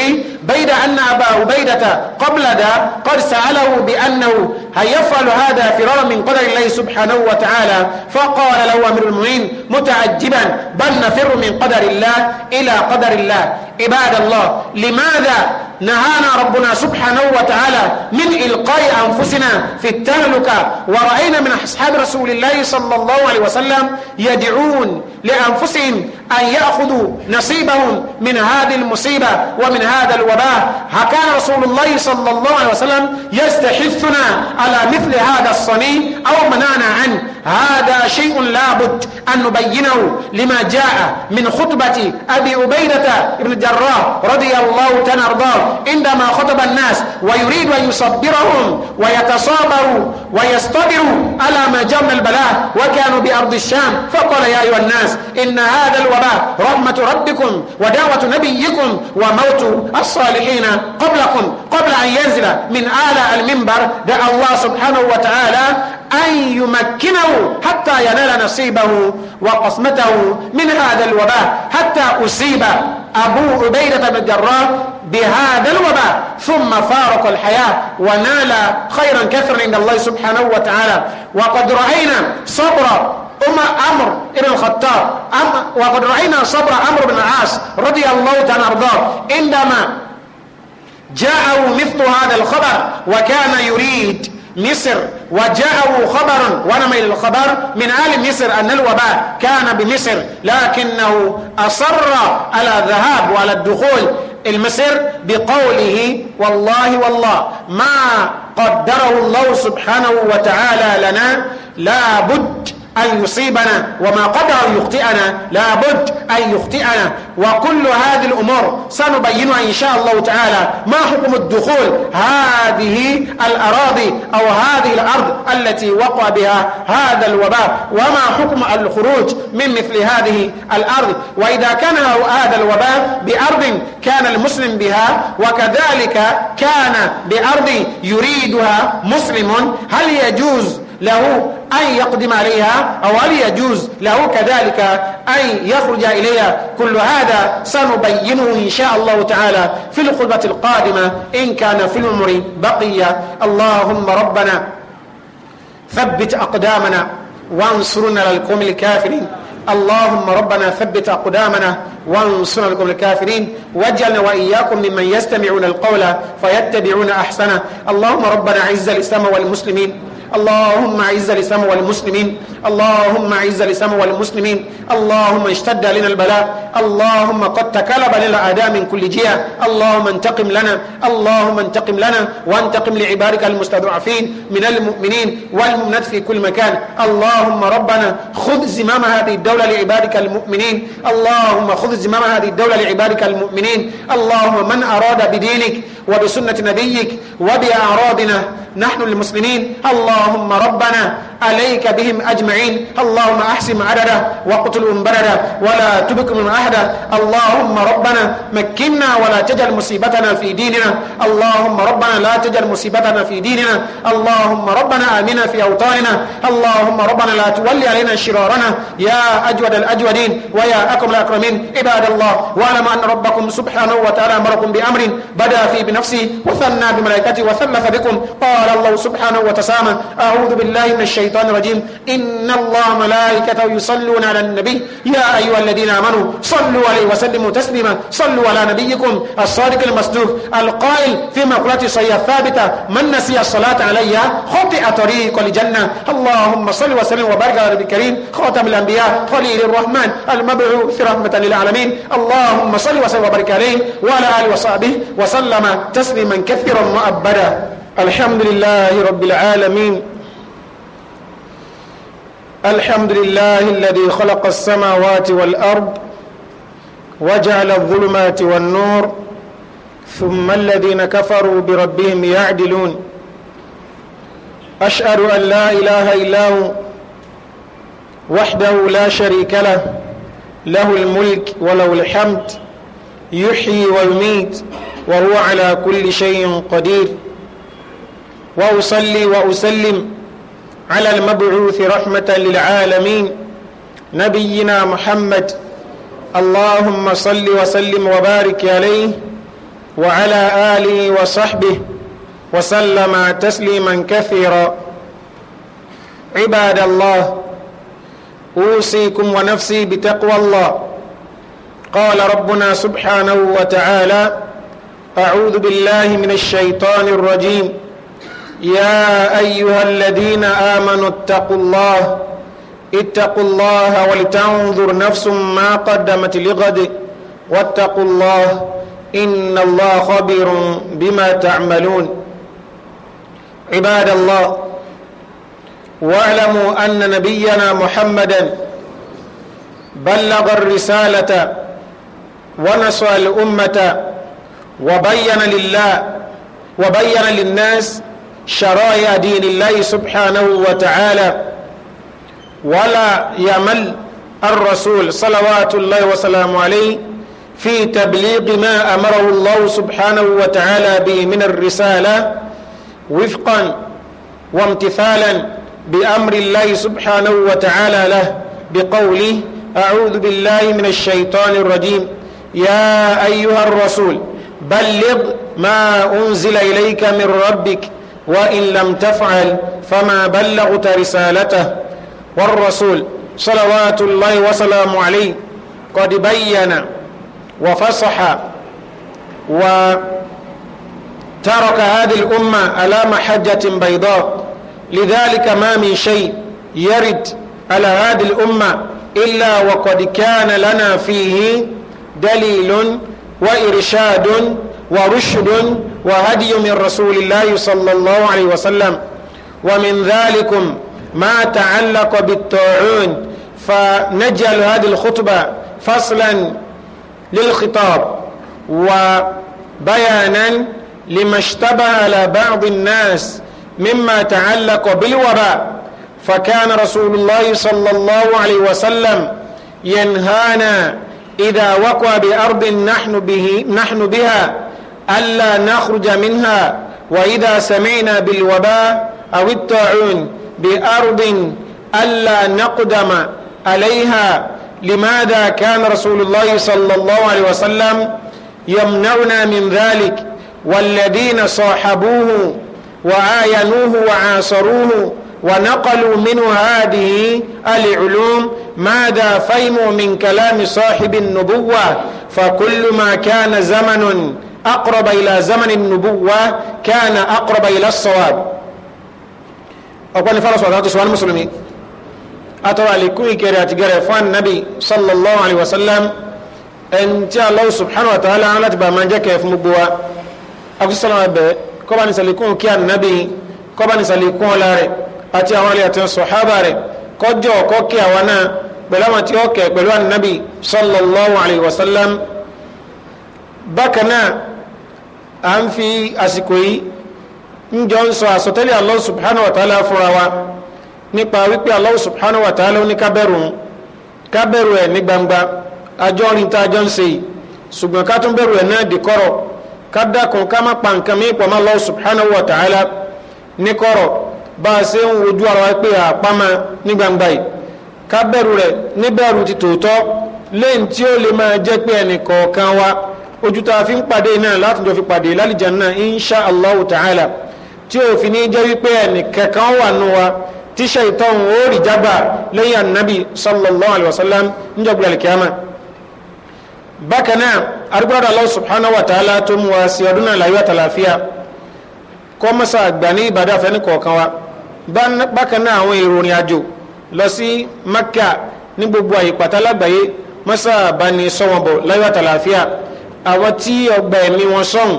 بيد أن أبا عبيدة قبل ذا قد سأله بأنه هيفعل هذا فرارا من قدر الله سبحانه وتعالى وتعالى فقال له أمير المؤمنين متعجبا بل نفر من قدر الله إلى قدر الله عباد الله لماذا نهانا ربنا سبحانه وتعالى من إلقاء أنفسنا في التهلكة ورأينا من أصحاب رسول الله صلى الله عليه وسلم يدعون لأنفسهم أن يأخذوا نصيبهم من هذه المصيبة ومن هذا الوباء هكذا رسول الله صلى الله عليه وسلم يستحثنا على مثل هذا الصني أو منعنا عنه هذا شيء لابد أن نبينه لما جاء من خطبة أبي أبيدة بن الجراح رضي الله تعالى عندما خطب الناس ويريد أن يصبرهم ويتصابروا ويصطبروا على ما جرى البلاء وكانوا بأرض الشام فقال يا أيها الناس الناس إن هذا الوباء رحمة ربكم ودعوة نبيكم وموت الصالحين قبلكم قبل أن ينزل من آلاء المنبر دعا الله سبحانه وتعالى أن يمكنه حتى ينال نصيبه وقسمته من هذا الوباء حتى أصيب أبو عبيدة بن الجراح بهذا الوباء ثم فارق الحياة ونال خيرا كثيرا عند الله سبحانه وتعالى وقد رأينا صبر أما أمر بن الخطاب أم وقد رأينا صبر أمر بن العاص رضي الله تعالى أرضاه عندما جاءه مثل هذا الخبر وكان يريد مصر وجاءه خبر ونمى الخبر من آل مصر أن الوباء كان بمصر لكنه أصر على الذهاب وعلى الدخول المصر بقوله والله والله ما قدره الله سبحانه وتعالى لنا لابد أن يصيبنا وما قدر أن يخطئنا لابد أن يخطئنا وكل هذه الأمور سنبينها إن شاء الله تعالى ما حكم الدخول هذه الأراضي أو هذه الأرض التي وقع بها هذا الوباء وما حكم الخروج من مثل هذه الأرض وإذا كان هذا الوباء بأرض كان المسلم بها وكذلك كان بأرض يريدها مسلم هل يجوز له أن يقدم عليها أو هل يجوز له كذلك أن يخرج إليها كل هذا سنبينه إن شاء الله تعالى في الخطبة القادمة إن كان في العمر بقية اللهم ربنا ثبت أقدامنا وانصرنا للقوم الكافرين اللهم ربنا ثبت أقدامنا وانصرنا لكم الكافرين واجعلنا وإياكم ممن يستمعون القول فيتبعون أحسنه اللهم ربنا عز الإسلام والمسلمين اللهم اعز الاسلام والمسلمين اللهم اعز الاسلام والمسلمين اللهم اشتد علينا البلاء اللهم قد تكلب لنا الاعداء من كل جهه اللهم انتقم لنا اللهم انتقم لنا وانتقم لعبادك المستضعفين من المؤمنين والمؤمنات في كل مكان اللهم ربنا خذ زمام هذه الدوله لعبادك المؤمنين اللهم خذ زمام هذه الدوله لعبادك المؤمنين اللهم من اراد بدينك وبسنه نبيك وباعراضنا نحن المسلمين اللهم اللهم ربنا عليك بهم أجمعين اللهم أحسم عددا وقتلهم بردا ولا تبكم أحدا اللهم ربنا مكنا ولا تجعل مصيبتنا في ديننا اللهم ربنا لا تجعل مصيبتنا في ديننا اللهم ربنا آمنا في أوطاننا اللهم ربنا لا تولي علينا شرارنا يا أجود الأجودين ويا أكرم الأكرمين عباد الله واعلم أن ربكم سبحانه وتعالى أمركم بأمر بدأ فيه بنفسه وثنى بملائكته وثلث بكم قال الله سبحانه وتسامى أعوذ بالله من الشيطان الرجيم إن الله ملائكته يصلون على النبي يا أيها الذين آمنوا صلوا عليه وسلموا تسليما صلوا على نبيكم الصادق المصدوق القائل في مقولة صحية ثابتة من نسي الصلاة علي خطئ طريق لجنة اللهم صل وسلم وبارك على الكريم خاتم الأنبياء خليل الرحمن المبعوث رحمة للعالمين اللهم صل وسلم وبارك عليه وعلى آله وصحبه وسلم تسليما كثيرا مؤبدا الحمد لله رب العالمين الحمد لله الذي خلق السماوات والأرض وجعل الظلمات والنور ثم الذين كفروا بربهم يعدلون أشهد أن لا إله إلا هو وحده لا شريك له له الملك وله الحمد يحيي ويميت وهو على كل شيء قدير وأصلي وأسلم على المبعوث رحمة للعالمين نبينا محمد اللهم صل وسلم وبارك عليه وعلى آله وصحبه وسلم تسليما كثيرا عباد الله أوصيكم ونفسي بتقوى الله قال ربنا سبحانه وتعالى أعوذ بالله من الشيطان الرجيم يا أيها الذين آمنوا اتقوا الله اتقوا الله ولتنظر نفس ما قدمت لغد واتقوا الله إن الله خبير بما تعملون عباد الله واعلموا أن نبينا محمدا بلغ الرسالة ونصر الأمة وبين لله وبين للناس شرايع دين الله سبحانه وتعالى ولا يمل الرسول صلوات الله وسلامه عليه في تبليغ ما أمره الله سبحانه وتعالى به من الرسالة وفقا وامتثالا بأمر الله سبحانه وتعالى له بقوله أعوذ بالله من الشيطان الرجيم يا أيها الرسول بلغ ما أنزل إليك من ربك وإن لم تفعل فما بلغت رسالته والرسول صلوات الله وسلامه عليه قد بين وفصح وترك هذه الأمة على محجة بيضاء لذلك ما من شيء يرد على هذه الأمة إلا وقد كان لنا فيه دليل وإرشاد ورشد وهدي من رسول الله صلى الله عليه وسلم ومن ذلكم ما تعلق بالطاعون فنجعل هذه الخطبة فصلا للخطاب وبيانا لما اشتبه على بعض الناس مما تعلق بالوباء فكان رسول الله صلى الله عليه وسلم ينهانا إذا وقع بأرض نحن, به نحن بها ألا نخرج منها وإذا سمعنا بالوباء أو الطاعون بأرض ألا نقدم عليها لماذا كان رسول الله صلى الله عليه وسلم يمنعنا من ذلك والذين صاحبوه وعاينوه وعاصروه ونقلوا من هذه العلوم ماذا فهموا من كلام صاحب النبوة فكل ما كان زمن أقرب إلى زمن النبوة كان أقرب إلى الصواب أقول فرس وقالت سؤال المسلمين. أترى لكي كريات غرفان نبي صلى الله عليه وسلم أن جاء الله سبحانه وتعالى على تبا من جاك يفمبوا أقول صلى عليكم. عليه وسلم كما نسلكون كيان نبي كما نسلكون لاري أتي أولي أتي الصحابة كجو كوكي وانا بلما تيوكي بلوان النبي صلى الله عليه وسلم بكنا à ń fi àsìkò yìí ń jọ ń sọ àsọtẹ́lẹ̀ Allah subhanahu wa ta'ala fúnra wa nípa wípé Allah subhanahu wa ta'ala ní kábẹ́rù ń kábẹ́rù ẹ̀ ní gbangba tá a jọ ń ṣe yìí ṣùgbọ́n ká tún bẹ̀rù ẹ̀ náà di kọ́rọ̀ ká dákun ká má pa nǹkan mi pọ̀ Allah subhanahu wa ta'ala ní kọ́rọ̀ bá a ṣe ń wojú ara wa pé àpamọ́ ní gbangba yìí rẹ̀ níbẹ̀rù ti tòótọ́ tí ó lè máa jẹ́ pé ojú tá a fi ń pàdé náà láti jọ fi pàdé lálìjánnà insha allah ta'ala tí ó fi ní jẹ́ wípé ẹnì kankan wà nù wa tí ṣaitan ó rí jábà lẹ́yìn ànábì sallallahu alayhi wa sallam ń jọ gbẹ̀lẹ̀ kíámà bákan náà arúgbára allah subhanahu wa ta'ala tó mú wa sí ọdún náà láyé àtàlàfíà kọ́ mọ́sá àgbà ní ìbàdí àfẹ́ni kọ̀ọ̀kan wa bákan náà àwọn èrò àjò lọ sí Mẹ́kà ní gbogbo àyè pàtàlágbàyé mọ́sá àbáni sọ́wọ́n bọ̀ láyé àtàlàfíà àwọn tí ọgbà ẹ̀mí wọn sọ̀hún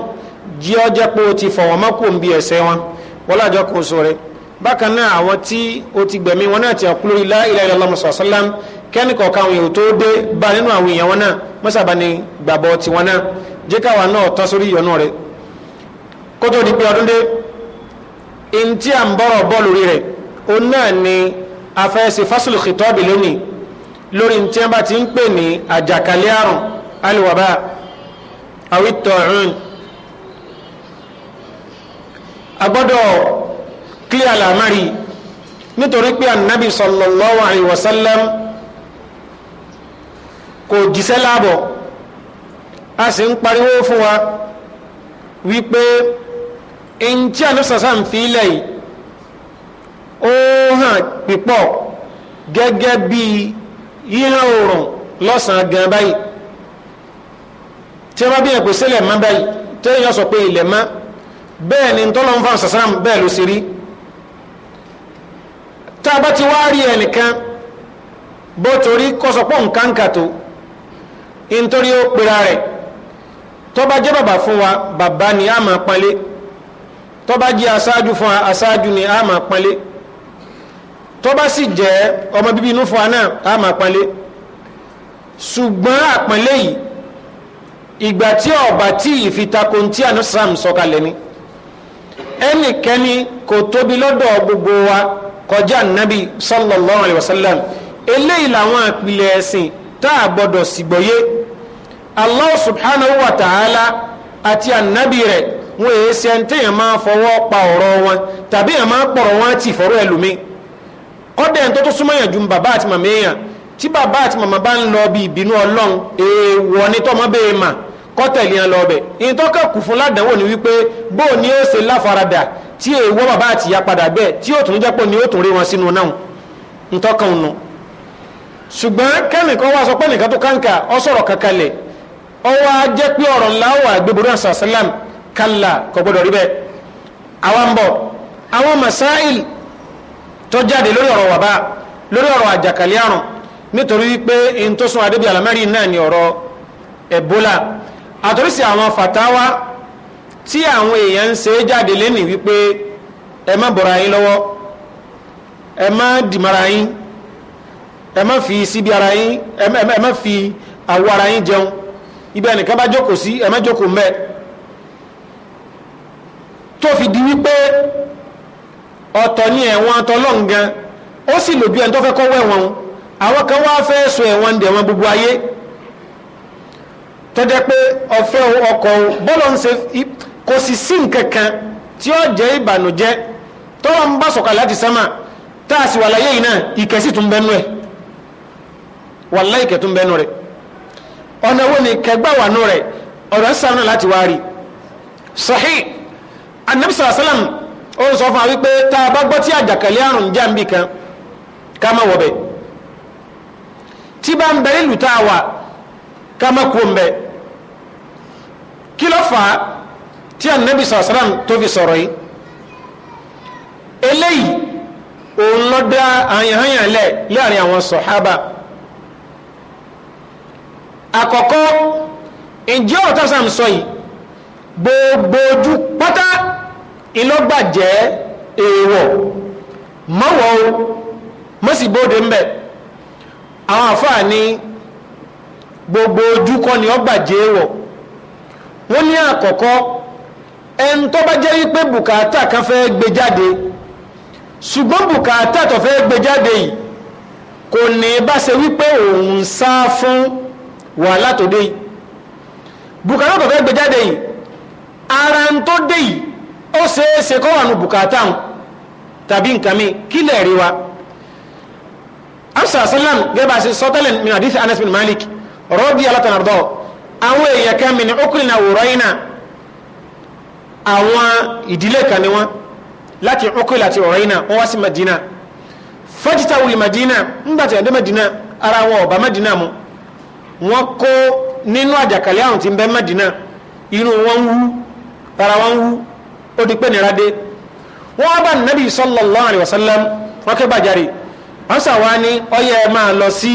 jí ọ jẹ́ pé o ti fọ̀ wọ́n mọ́kò ń bi ẹ̀ṣẹ̀ wọn wọ́n lájọ kò so rẹ̀ bákan náà àwọn tí o ti gbẹ̀mí wọn náà ti ọkú lórí la ilaha illallah mùsàlám kẹ́ni kọ̀ọ̀kan àwọn èèyàn tó dé bá nínú àwọn èèyàn wọn náà mọ́sàbá ni gbàgbọ́ tiwọn náà jẹ́ káwa náà tọ́ sórí ìyọnu rẹ̀ kótó di pé ọdún dé ntí à ń bọ̀rọ̀ bọ́ lórí rẹ̀ òun náà ni afẹ́sẹ̀ fásilù lórí ntí wọn bá ti ń pè ní àjàkálẹ̀ àrùn alìwàbá àwí tọ̀ọ̀rún agbọ́dọ̀ kí alamari nítorí pé annabi sallallahu alaihi wasallam kò jíṣẹ́ láàbọ̀ a sì ń pariwo fún wa wípé in tí a ní sàsán fi ilẹ̀ yìí ó hàn pípọ̀ gẹ́gẹ́ bí yíyan oòrùn lọ́sàn-án gan báyìí tí a bá bí ẹ̀pẹ́ sílẹ̀ má báyìí tẹ́yìn ọ̀sọ̀ pé ilẹ̀ má bẹ́ẹ̀ ni tọ́lọ́ ń fa sàsánàm bẹ́ẹ̀ ló sì rí tá a bá ti wá rí ẹnìkan bó torí kọ́sọ̀pọ̀ nǹkan kàtó nítorí ó pera rẹ̀ tọ́ba jẹ́ bàbá fún wa bàbá ni a máa tọ́ba jẹ́ aṣáájú fún wa aṣáájú ni a máa tọ́ba sì jẹ́ ọmọ bíbí inú fún wa náà a máa ṣùgbọ́n àpọ́nlé yìí ìgbà tí ọba tí ìfitako tí anusram sọ̀kalẹ̀ ni ẹnikẹ́ni kò tóbi lọ́dọ̀ gbogbo wa kọjá nabi sallallahu alayhi wa sallam eléyìí làwọn àpilẹ̀ ẹ̀sìn tá a gbọ́dọ̀ sígbọ́yé allah subhanahu wa ta'ala àti anabi rẹ̀ wọn èyí ṣe ń tẹ̀yàn máa fọwọ́ pa ọ̀rọ̀ wọn tàbí yàn máa pọ̀rọ̀ wọn àti ìfọ̀rọ̀ ẹlòmíì kọ́dẹ̀ ń tó tó súnmọ́ yàn ju bàbá àti màmá èèyàn tí bàbá àti màmá bá ń lọ bí ìbínú ọlọ́run èèwọ̀ ni tọ́mọ bẹ́ẹ̀ mà kọ́tẹ̀lì hàn lọ bẹ̀ ní tọ́kà kù fún ládàáwò ni wípé bó ni ó ṣe láfaradà tí èèwọ́ bàbá àti ìyá padà bẹ́ẹ̀ tí ó tún jẹ́pọ̀ ni ó tún rí wọn sínú náà ntọ́kàn nù ṣùgbọ́n kẹ́nìkan wá sọ pé nìkan tó kàǹkà ọ sọ̀rọ̀ kankanlẹ̀ ọwọ́ á jẹ́ pé ọ̀rọ̀ ńlá wà gbẹ̀bùrú àṣà sálàm kálà kò gbọdọ̀ rí bẹ́ẹ̀ àwọn ń bọ̀ àwọn masáìl tó jáde lórí ọ̀rọ̀ wàbá lórí ọ̀rọ̀ àjàkálẹ̀ àrùn nítorí wípé ntọ́sùn adébíyàlámẹ́rin náà ni ọ̀rọ̀ ẹ̀bólà àtúrísí àwọn fàtáwá tí àwọn èèyàn ń ṣe jáde lẹ́nìí wípé ẹ má bọ̀ra yín lọ́wọ́ ẹ má dìmara yín ẹ má fi síbi ara yín ẹ má fi àwọ̀ ara yín jẹun ibẹ̀ nìkan bá jókòó sí ẹ má jókòó mbẹ́ tó fi di wípé ọ̀tọ̀ ni ẹ̀wọ̀n atọ́lọ́ǹgan ó sì lòdù ẹni tó fẹ́ kọ́ wẹ̀wọ̀n àwọn kan wá fẹ́ sọ ẹ̀wọ̀n dẹ̀wọ̀n gbogbo ayé tó jẹ́ pé ọ̀fẹ́ ọkọ̀ bọ́lọ̀ ń ṣe kò sì sí nǹkan kan tí ó jẹ́ ìbànújẹ́ tó wọ́n ń bá sọ̀kà láti sánmà tá a sì wà láyé yìí náà ìkẹ́ sì tún bẹ́nu ẹ̀ wàláhì ìkẹ́ tún bẹ́nu rẹ̀ ọ̀nà wo ni kẹgbà wà nù rẹ̀ ọ̀rọ̀ sàmúnà láti wá rí sahih anabi sàlám ó sọ fún wa wípé tá a bá gbọ́ tí àjàkálẹ̀ àrùn ń jàǹbì kan ká má wọ̀ bẹ́ẹ̀ tí bá ń bẹ̀rẹ̀ lù tá a wà ká má kú ń bẹ́ẹ̀ kí fa fà á tí anabi sàlám tó fi sọ̀rọ̀ yìí eléyìí òun ló dá àyànhàyàn lẹ̀ láàrin àwọn sọ̀hábà àkọ́kọ́ ǹjẹ́ ọ̀tá sàm sọ yìí gbogbo ojú pátá ìlọ́gbàjẹ́ èèwọ̀ mọ́wọ́ o mọ́sibóde ńbẹ̀ àwọn àfáà ní gbogbo ojú kọ́ ni ọgbàjẹ́ èèwọ̀ wọ́n ní àkọ́kọ́ ẹn tó bá jẹ́ wípé bùkátà kan fẹ́ gbé jáde ṣùgbọ́n bùkátà tó fẹ́ gbé jáde yìí kò ní bá ṣe wípé òun ń sá fún wàhálà tó dé yìí bùkátà tó fẹ́ gbé jáde yìí ara ń tó dé yìí ó ṣeéṣe kó wà nù bùkátà hùn tàbí nǹkan mi kí lè rí wa absalom gẹ́gẹ́ bá ṣe sọ tẹ́lẹ̀ min hadith anas bin malik rọ́bì alátànàdọ́ àwọn èèyàn kan mi ní okùnrin àwòrán yìí àwọn ìdílé kan ni wọn láti okùnrin àti ọ̀rọ̀ yìí wọ́n wá sí Madina fọ́jítà wùlì Madina ara wọn ọba Madina mu wọ́n kó nínú àjàkálẹ̀ àwọn ti ń bẹ Madina inú wọn wú ara wọn wú ó di pé nira dé wọ́n bá nàbì sallallahu lọ sí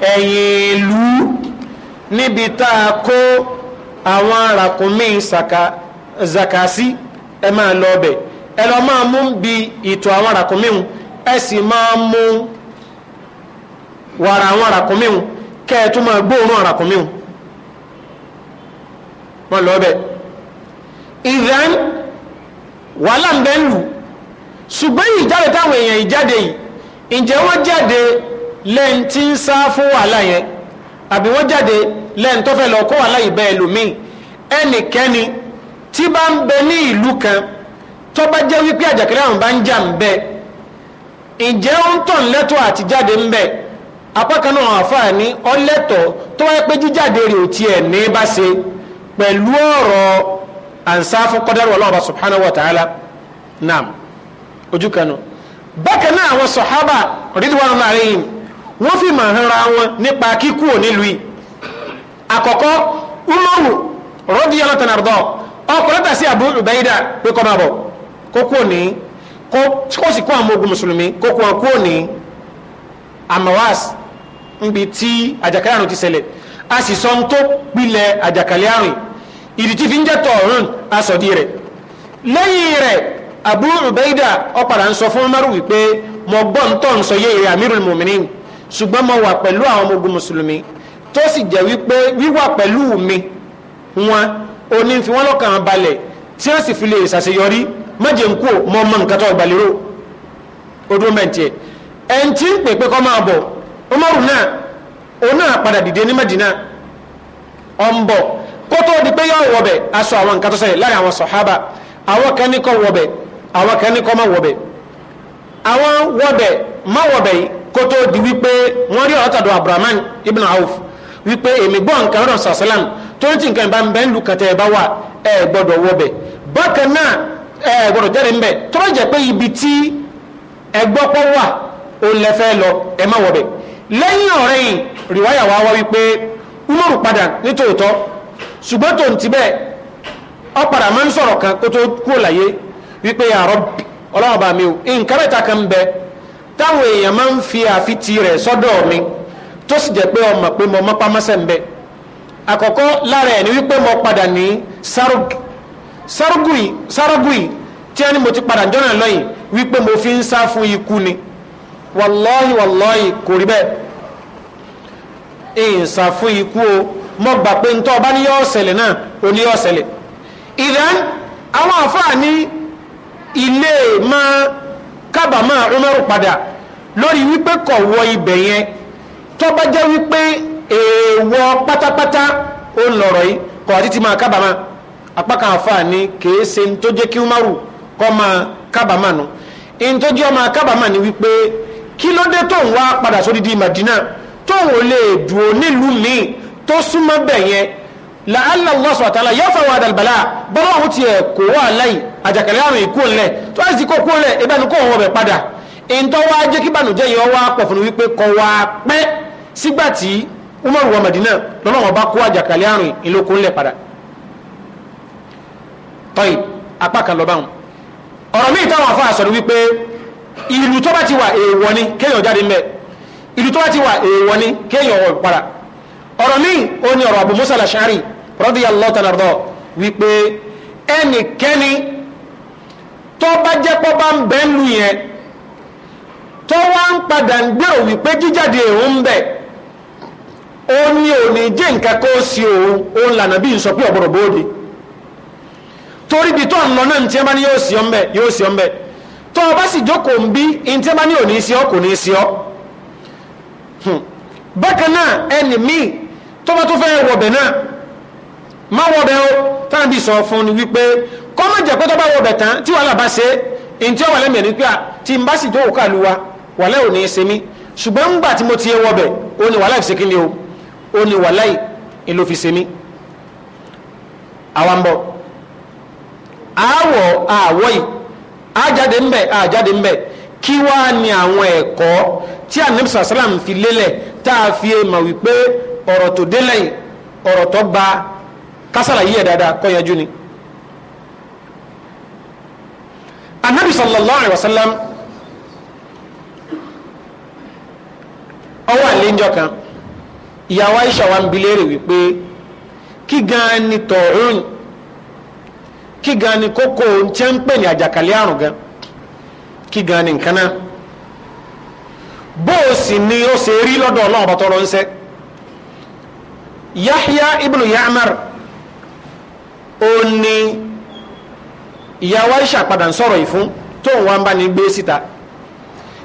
ẹ̀yìn níbi tá a kó àwọn arákùnmí zakasi ẹ máa lọ ọbẹ̀ ẹ lọ máa mú bi ìtọ̀ àwọn arákùnmí wọn ẹ sì máa mú wàrà àwọn arákùnmí wọn kẹ ẹ tún máa gbóòórùn arákùnmí wọn wọn lọ ọbẹ̀ ìdán wàhálà ń bẹ ń lù ṣùgbọ́n ìjáde táwọn èèyàn ìjáde yìí ǹjẹ́ wọ́n jáde lẹ́yìn tí ń sá fún wàhálà yẹn àbí wọ́n jáde lẹ́yìn tó fẹ́ lọ kó wà láyé bẹ́ẹ̀ lómìn ẹnikẹ́ni tí bá ń bẹ ní ìlú kan tó bá jẹ́ wípé àjàkálẹ̀ àrùn bá ń jà ń bẹ ǹjẹ́ ó ń tàn lẹ́tọ̀ àti jáde ń bẹ apákan náà àfààní ọlẹ́tọ̀ tó wáyé pé jíjáde rè ò tiẹ̀ ní bá ṣe pẹ̀lú ọ̀rọ̀ ànsá fún kọ́dárù ọlọ́ọ̀bá subhanahu wa ta'ala naam ojú kanu bákan náà àwọn sọ̀hábà ridwanullahi alayhim wọ́n fi mọ̀ ra wọn nípa kíkú onílùú yìí àkọ́kọ́ umaru radiyallahu anhu ọkùnrin tàṣí Abu Ubaida pé kọ́ máa bọ̀ kó kú òní kó sì kó àwọn ogun mùsùlùmí kó kú wọn òní amawas níbi tí àjàkálẹ̀ àrùn ti a sì sọ ń tó pilẹ̀ àjàkálẹ̀ àrùn ìdí tí fi ń jẹ́ asọ̀dí Abu ń sọ fún umaru wípé ń sọ yé ṣùgbọ́n mo wà pẹ̀lú àwọn ọmọ ogun mùsùlùmí tó sì jẹ́ wípé wíwà pẹ̀lú mi wọn òní fi wọn lọ́kàn balẹ̀ tí wọ́n sì fi lè ṣàṣeyọrí méje ń kó mọ́ mọ́ nǹkan tó gbàlérò odúró mẹ́ǹtì ẹ̀ ẹni tí ń pè pé kọ́ máa bọ̀ Umaru náà òun náà padà dìde ní Madina ọ̀ ń bọ̀ kó tó di pé yọ wọ̀bẹ̀ aṣọ àwọn nǹkan tó ṣẹlẹ̀ láàrin àwọn sọ̀hábà àwọn kan ní kọ́ wọ̀bẹ̀ àwọn kan kọ́ má wọ̀bẹ̀ àwọn wọ̀bẹ̀ má wọ̀bẹ̀ yìí kó tó di wípé wọ́n rí ọ̀tọ̀dọ̀ ibn Auf wípé èmi gbọ́ nǹkan rọ̀ sàṣálàm tó ń tì nǹkan ìbá ń ń lu kàtẹ́ ẹ̀ wà ẹ̀ gbọ́dọ̀ wọ bẹ̀ bákan náà ibi tí ẹgbọ́pọ̀ wà ó lẹ fẹ́ lọ ẹ má wọ bẹ̀ lẹ́yìn ọ̀rẹ́ yìí rìwáyà wa wá wípé Umaru padà ṣùgbọ́n tó ń ti bẹ́ẹ̀ ọ padà máa ń sọ̀rọ̀ kan kó tó táwọn èèyàn máa ń fi àfitì rẹ̀ sọ́dọ̀ mi tó sì jẹ́ pé ọmọ pé mo mọ́pá mọ́sẹ̀ ń bẹ àkọ́kọ́ lára ẹ̀ ni wípé mo padà ní sárúgùì tí a mo ti padà jọ́nà lọ́yìn wípé mo fi ń sá fún ikú ni wàlọ́ọ̀hì wàlọ́ọ̀hì kò rí bẹ́ẹ̀ èèyàn sá fún o mo gbà pé ń ọba ní yóò ṣẹlẹ̀ náà ó ní ṣẹlẹ̀ àwọn àfáà kábàámà Umaru padà lórí wípé kọ̀ wọ ibẹ̀ yẹn tó bá jẹ́ wípé èèwọ̀ pátápátá ó ń lọ̀rọ̀ yìí kọ̀ àti ti máa kábàámà apá àfààní kìí ṣe ń tó jẹ́ kí Umaru kọ́ máa kábàámà nu ń tó jẹ́ ọmọ kábàámà ni wípé kí ló dé tó ń wá padà sódìdí Madina tó ń lè dùn nílùú míì tó súnmọ́ bẹ̀ yẹn la'alla allah subhanahu wa ta'ala yafa wa dal bala bọ́lá òun ti ẹ̀ kó wà láì àjàkálẹ̀ àrùn ìkú ńlẹ̀ tó àti kó kú ńlẹ̀ ìbánu kó òun ọbẹ̀ padà ìntọ́ wa jẹ́ kí bànújẹ́ yìí wá pọ̀ fún wípé kọ́ wa pẹ́ sígbà tí umar wa madina lọ́nà wọn bá kó àjàkálẹ̀ àrùn ìlókun ńlẹ̀ padà. tọ́yì apá kan lọ́ba wọn ọ̀rọ̀ míì táwọn afọ àsọ̀rọ̀ wípé ìlú tó bá ti wà èèwọ̀ ni kéèyàn jáde ńbẹ̀ ìlú tó bá ti wà èèwọ̀ ni kéèyàn ọ̀rọ̀ padà ọ̀rọ̀ míì ó ní ọ̀rọ̀ Abu Musa al radiyallahu ta'ala rọ̀ wípé ẹnikẹ́ni tó bá jẹ́ pọ́ bá ń bẹ́ lu yẹn tó wá ń padà ń gbèrò wípé jíjáde òun bẹ̀ ó ní òní jẹ́ nǹkan kó sí òun òun lànà bí n sọ pé ọ̀bọ̀rọ̀ bóde torí bí tó ń lọ náà ní tí wọ́n bá ní yóò sí ọ́ ń bẹ̀ yóò sí ọ́ ń bẹ̀ tó o bá sì jókòó ń bí ní tí bá ní òní sí ọ́ kò ní sí ọ́ hmm. bákan náà ẹni míì tó bá tó fẹ́ wọ̀bẹ̀ náà má wọbẹ̀ o táwọn bí sọ fún ni wípé kọ́mọ̀ jẹ́ pé tó bá wọbẹ̀ tán tí wàhálà bá ṣe é ntí ó wà lẹ́mìí ẹni pé à tí n bá sì jó òkú àlùwà wàhálà ò ní í ṣe mí ṣùgbọ́n ńgbà tí mo ti yẹ wọbẹ̀ ó ní wàhálà ìfisèkí ni o ó ní wàhálà ìlò fi ṣe mí. àwa ń bọ̀ àwọ̀ àwọ̀ yìí àjáde ńbẹ̀ àjáde ńbẹ̀ kí wàá ní àwọn ẹ̀kọ́ tí Ànábì fi lélẹ̀ tá a fi èèmọ̀ wípé ọ̀rọ̀ tó délẹ̀ ọ̀rọ̀ tó gba kásàlà yíyẹ dáadáa kọ́ yanjú ni anabi sallallahu alayhi wa sallam ọwọ́ àléjọ kan ìyàwó Aisha wa ń bi léèrè wípé kí gan ni tọ̀hún kí gan ni kókó tí ń pè ní àjàkálẹ̀ àrùn gan kí gan ni nǹkan náà bó o sì ni ó ṣe rí Yahya ibnu Ya'mar. Ya ó ní ìyàwó Aisha padà ń sọ̀rọ̀ yìí fún tóun wá ń bá ní gbé síta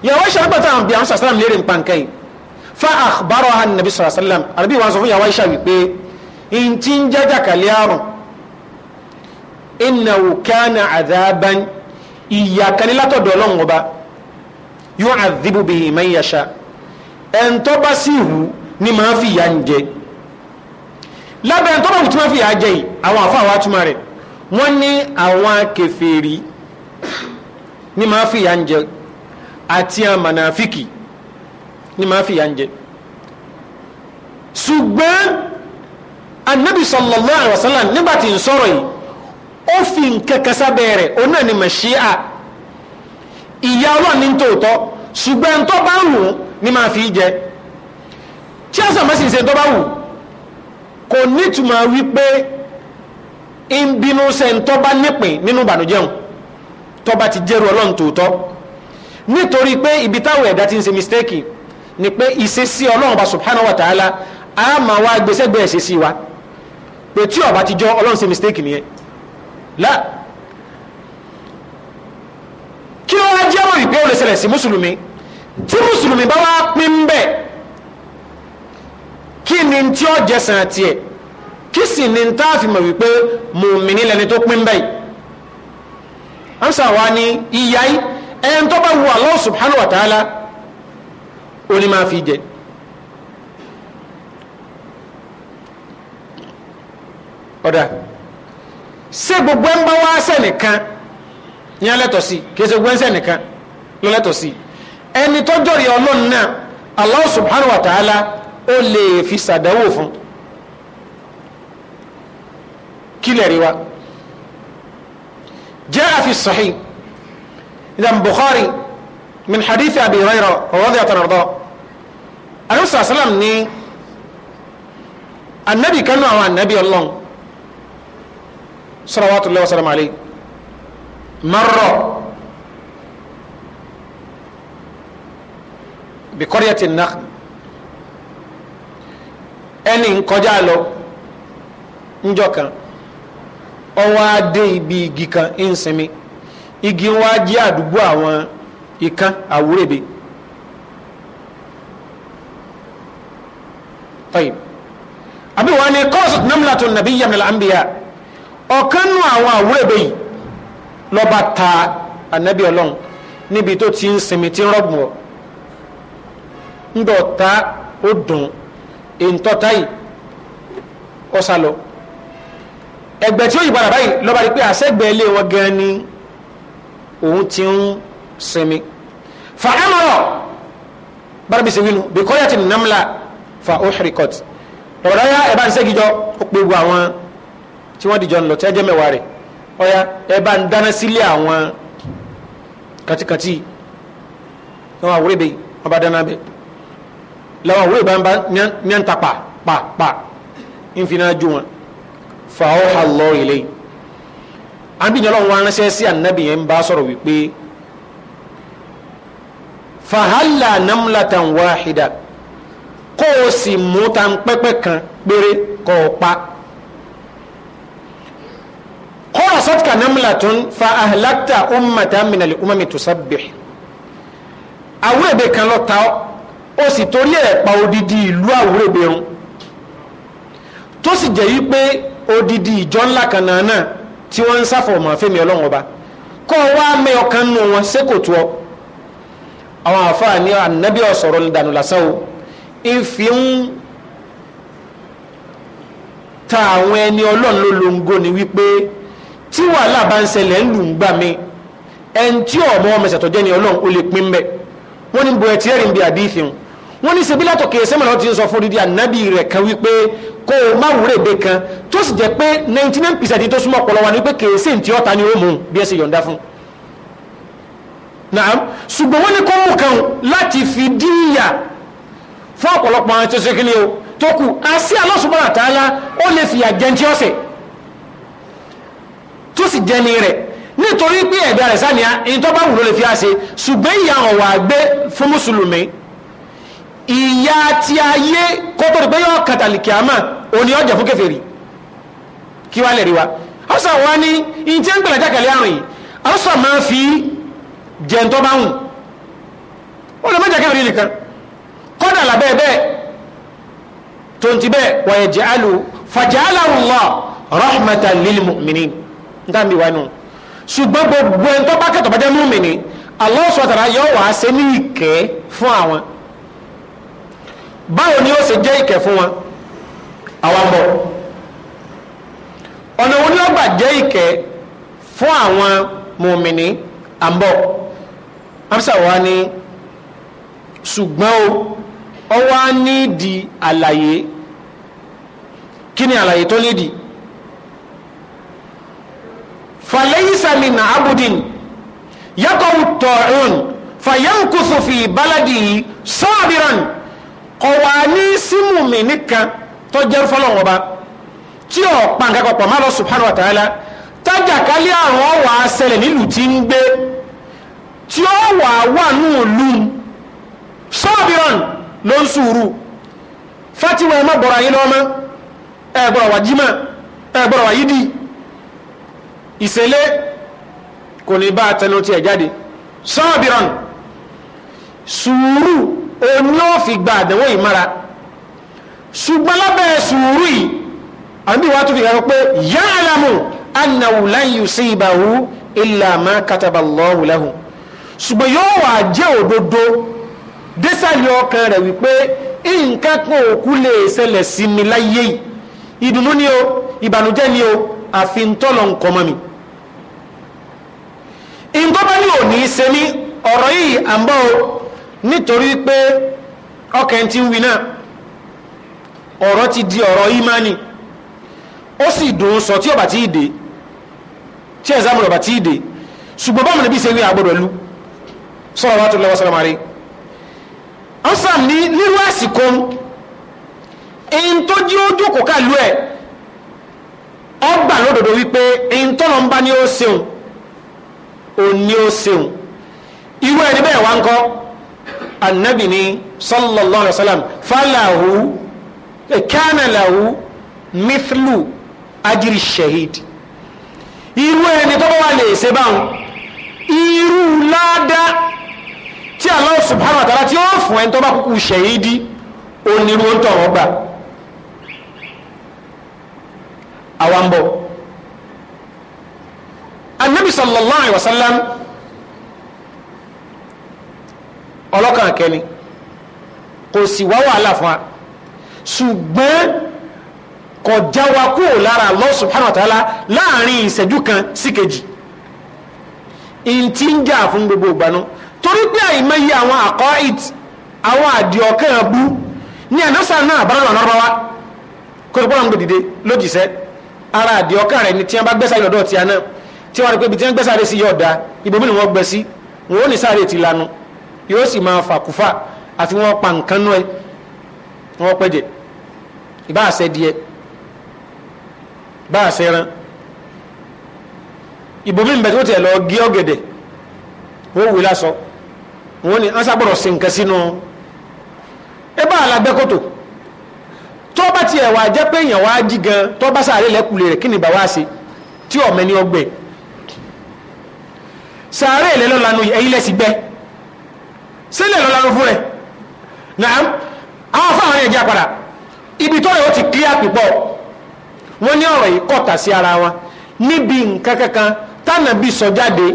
ìyàwó Aisha pàtó àwọn bí àwọn sàlám lérè nǹkan nǹkan yìí fa àkbárọ̀ ha nàbí sàlám àbí wọn sọ fún ìyàwó Aisha wípé ntí ń jájà kàlẹ́ àrùn innahu kana adhaban ìyà kanilátọ̀dọ̀ ọlọ́run ọba yu'adhibu bihi man yasha ẹ̀ńtọ́ bá sí ìhù ni màá fi ìyà ń jẹ lábẹ́rẹ́ tó bàbù tí wọ́n fi yà á jẹ yìí àwọn àfáà wa túmọ̀ rẹ̀ wọ́n ní àwọn kèfèrí ní máa fi yà ń jẹ àti àmànàfíkì ní máa fi yà ń jẹ ṣùgbọ́n anabi sallallahu alaihi wasallam nígbà tí ń sọ̀rọ̀ yìí ó fi nǹkan kasa bẹ̀rẹ̀ ó náà ni màṣíà ìyá ọlọ́run ní tòótọ́ ṣùgbọ́n tó bá wù ní máa fi jẹ tí a sọ ma sì ń ṣe tó bá wù kò nítumọ̀ wípé ń bínú sẹ́ńtọ́ bá nípìn nínú ìbànújẹ́hùn tọ́ba ti jẹ́rú ọlọ́run tòótọ́ nítorí pé ibi táwọn ẹ̀dá ti ń ṣe mistake ni pé ìṣesí ọlọ́run ọba subhanahu wa ta'ala a máa wá gbèsègbè ẹ̀ṣẹ̀ sí wa pé tí ọba ti jọ ọlọ́run ṣe mistake nìyẹn la kí wọ́n á jẹ́rọ ìpé olùsẹ̀lẹ̀ sí mùsùlùmí tí mùsùlùmí bá wá pín bẹ́ẹ̀ kí ni tí ó jẹsàn àti ẹ̀ kí sì ni tá a fi mọ̀ wípé mùmìnì lẹni tó pín bẹ́ẹ̀ ansa wa ni ìyá yìí ẹni tó bá wu Allah subhanahu wa ta'ala ó ní máa fi jẹ. ọ̀dà ṣé gbogbo ẹ̀ ń bá wá sẹ́nìkan ní alẹ́tọ̀ sí kí ṣe gbogbo ẹ̀ ń sẹ́nìkan lọ́lẹ́tọ̀ sí ẹni tó jọ̀rì ọlọ́run náà Allah subhanahu wa ta'ala ó lè fi sàdánwò fún kílẹ̀ rí wa jaa fi sahih ìdàn Bukhari min hadith Abi Hurairah radiyallahu anhu àtàràdọ́ anúsà sálàm ní annabi kanu àwọn annabi ọlọ́run salawatullahi wa sallam alayhi marra bi qaryati an ẹni nkọjá lọ njọ ọ ọwọ́ adé ibi igi kan ń igi wọn á àdúgbò àwọn ikán àwúrẹ́bẹ̀ tayib wọn ni kọ́sùt namlatun nabiyya minal anbiya ọ̀kan nù àwọn àwúrẹ́bẹ̀ yìí lọ́ba ta ànábì ọlọ́run níbi ti ń ti tí ntọ́tayì ọ̀sálọ ẹgbẹ́ tí ó yìí padà báyìí lọ́ba rí pé àṣẹgbẹ́ ilé wọn gan ni òun ti ń sinmi fa amọ̀rọ̀ bára bí ṣe wínú ti nàmlà fa ohrikot lọ́wọ́dá yá ẹ bá ń ṣẹ́gijọ́ ó pe gbogbo àwọn tí wọ́n dìjọ́ ń lọ tẹ́jẹ́ mẹ́wàá rẹ̀ ọ̀yá ẹ bá àwọn katikati wọn àwúrẹ́ bẹ́ẹ̀ wọn bá dáná bẹ́ẹ̀ làwọn òwe ìbá ń bá ní ń ta pa pa pa ń fi náà ju wọn fa ọha lọ ilé àbíyàn lọ́wọ́ wọn ránṣẹ́ sí ànábì yẹn ń bá sọ̀rọ̀ wípé fàhálà namlatan wáhidà kó o sì mú tan kan péré kó pa kọ́ra sọ́tìkà namlatun fa ahlakta ummata minali umami tusabbih àwọn ó sì torí ẹ̀ pa odidi ìlú àwúrẹ́bẹ̀rún tó sì jẹ́ wípé odidi ìjọ ńlá kan náà náà tí wọ́n ń sáfọ̀ mọ̀ fẹ́mi ọlọ́run ọba kọ́ wá mẹ́ọ̀ kan nù wọn ṣé kò tó ọ àwọn àfáà ní ànábì ọ̀sọ̀rọ̀ ní dànù lásán o ìfi ń ta àwọn ẹni ọlọ́run ló longo ni wípé tí wàhálà bá ń ṣẹlẹ̀ ń lù ń gbà mí ẹni tí ọmọ ọmọ ìṣàtọ̀jẹ́ ni ọlọ́run ó lè pín bẹ́ẹ̀ wọ́n ní bo ẹ̀ tí ẹ̀rìn bí àdífihàn wọ́n ní sebilatọ̀ kìí sẹ́mọ̀lá ti sọ fún dídí ànábì rẹ̀ kan wípé kó o má wúrè bẹ kan tó sì jẹ́ pé ninety nine percent tó súnmọ́ ọ̀pọ̀lọ́ wa ni pé kìí sí ti ọ̀ta ni ó mú bí ẹ ṣe yọ̀ǹda fún. naam ṣùgbọ́n wọ́n ní kó mú kan láti fi díyà fún ọ̀pọ̀lọpọ̀ àwọn tó ṣe kí ni o tó kù àṣì Allah subhanahu wa ó lè fìyà jẹntì ọ̀sẹ̀ tó sì jẹ́ ni rẹ̀ nítorí pé ẹ̀dá rẹ̀ sáni à ń tọ́ bá wù ìyá ti ayé kótó ni pé yọ kàtàlìkì àmà òní ọjà fún kèfèrí kí wàá lè rí wa ọsọ wa ni ìtí ń gbìyànjú àkàlẹ àrùn yìí ọsọ máa fi jẹntọ bá wù ó lè má jẹ kèfèrí nìkan kọ́dà làbẹ́ bẹ́ẹ̀ tó ń ti bẹ́ẹ̀ wọ̀nyẹ̀ jẹ́ àlù fàjàlàwù lọ rahmatan lil mu'minin n bí wa nù ṣùgbọ́n gbogbo ẹni bá kẹ́tọ̀ bá jẹ́ mùmìnì Allah subhanahu yọ wàá ṣe ìkẹ́ fún àwọn báwo ni ó ṣe jẹ́ ìkẹ́ fún wọn àwọn bọ̀ ọ̀nà wo ni ó gbà jẹ́ ìkẹ́ fún àwọn mùmìnì àmbọ̀ amsa wa ni ṣùgbọ́n o ọ wá nídìí àlàyé kí ni àlàyé tó nídìí falaysa min abudin yàtọ̀ tọ̀ọ̀rùn fayankusu fi baladihi sabiran. kọ̀wá ní símùmí nìkan tó jẹ́ fọlọ́wọ́n ọba tí ò pa nǹkan kan pọ̀ má lọ subhanahu wa ta'ala tájà kálí àrùn ọ̀wà ṣẹlẹ̀ nílùú tí ń gbé tí ó wà wà ní òlu sọ́ọ̀bìrán ló ń sùúrù fatiwa ẹ̀ má bọ̀rọ̀ ayé lọ́mọ ẹ̀ bọ̀rọ̀ wà jimá ẹ̀ bọ̀rọ̀ wà yídì ìṣẹ̀lẹ̀ kò ní bá tẹnu tí ẹ̀ jáde sọ́ọ̀bìrán sùúrù òní ó fi gba àdánwò yìí mára ṣùgbọ́n lábẹ́ sùúrù yìí àbí wàá tún fi hàn pé ya'lamu annahu lan yusibahu illa ma kataba Allahu lahu ṣùgbọ́n yóò wà jẹ́ òdodo désàlẹ̀ ọkàn rẹ̀ wípé nǹkan kan òkú lè ṣẹlẹ̀ sí mi láyé ìdùnnú ni o ìbànújẹ́ ni o àfi ń tọ́lọ̀ nǹkan mọ́ mi nǹkan bá ní òní ṣe mí ọ̀rọ̀ yìí à nítorí pé ọkẹ̀ tí ń wí náà ọ̀rọ̀ ti di ọ̀rọ̀ ìmánì ó sì dùn sọ tí ọba tí ì dé tí ẹ̀zámù ọba tí ì dé ṣùgbọ́n báwọn níbi ìṣẹ́wé àgbọ̀dọ̀ lu sọ́rọ̀ wá tó lọ́wọ́ sọ́rọ̀ máa rí ọ́sàm ní nírú àsìkò ẹ̀yìn tó jí ó jókòó ká lú ẹ̀ ọgbà lódodo wípé ẹ̀yìn tó lọ ń bá ní ó ṣeun ò ní ó ṣeun irú ẹni bẹ́ẹ̀ wá ń kọ́ anabi ni sallallahu alayhi wa sallam falahu e, kana lahu mithlu ajiri shahid irú ẹni tó bá wà lè ṣe báwọn irú ládá tí Allah subhanahu wa ta'ala tí ó fún ẹni tó bá kúkú shahidi onírú ń tọ̀rọ̀ gbà àwọn bọ̀ anabi sallallahu alayhi wa sallam ọlọ́kàn kẹni kò sì wá wàhálà fún wa ṣùgbọ́n kò já wa kúrò lára Allah subhanahu wa ta'ala láàrin ìṣẹ́jú kan sí kejì ìntí ń jà fún gbogbo ìgbànú torí pé àìmọye àwọn àkọ́ it àwọn àdìọ̀kẹ́ bú ní ànásà náà bára lọ́nà rọ́wá kó tó bọ́lá ń gbèdìde lójìṣẹ́ ara àdìọ̀kẹ́ rẹ̀ ni tí wọ́n bá gbẹ́sà ìlọ́dọ̀ tí a náà tí wọ́n rí pé ibi tí wọ́n gbẹ́sà rẹ̀ sí yọ̀ọ̀dá ibòmínú wọn gbẹ sí wọn ò ní sáré ti lanu yóò sì máa fàkúfà àfi wọ́n pa nǹkan nú ẹ wọ́n pẹ́ jẹ ìbá àṣẹ díẹ̀ bá ran ìbomi nbẹ tí wọ́n tiẹ̀ lọ gé ọ̀gẹ̀dẹ̀ wọ́n wí lásọ wọ́n ní ansa gbọ́dọ̀ sí nǹkan sínú ẹ bá àlàgbẹ́ kòtò tó bá tiẹ̀ wá jẹ́ pé èèyàn wá jí gan tó bá sáré lẹ́kùlé rẹ̀ kí ni bàwá ṣe tí ọ̀mẹ́ni ọgbẹ́ sáré ìlẹ́lọ́lanu ẹ̀yìn lẹ́sìn gbẹ́ sílẹ̀ lọ́la ló fún rẹ̀ náà àwọn afáwọn ẹ̀jẹ̀ àpàdà ibi tó rẹ̀ ó ti clear pípọ̀ wọ́n ní ọ̀rọ̀ yìí kọ̀tà sí ara wọn níbi nǹkan kankan tánàbí sọ jáde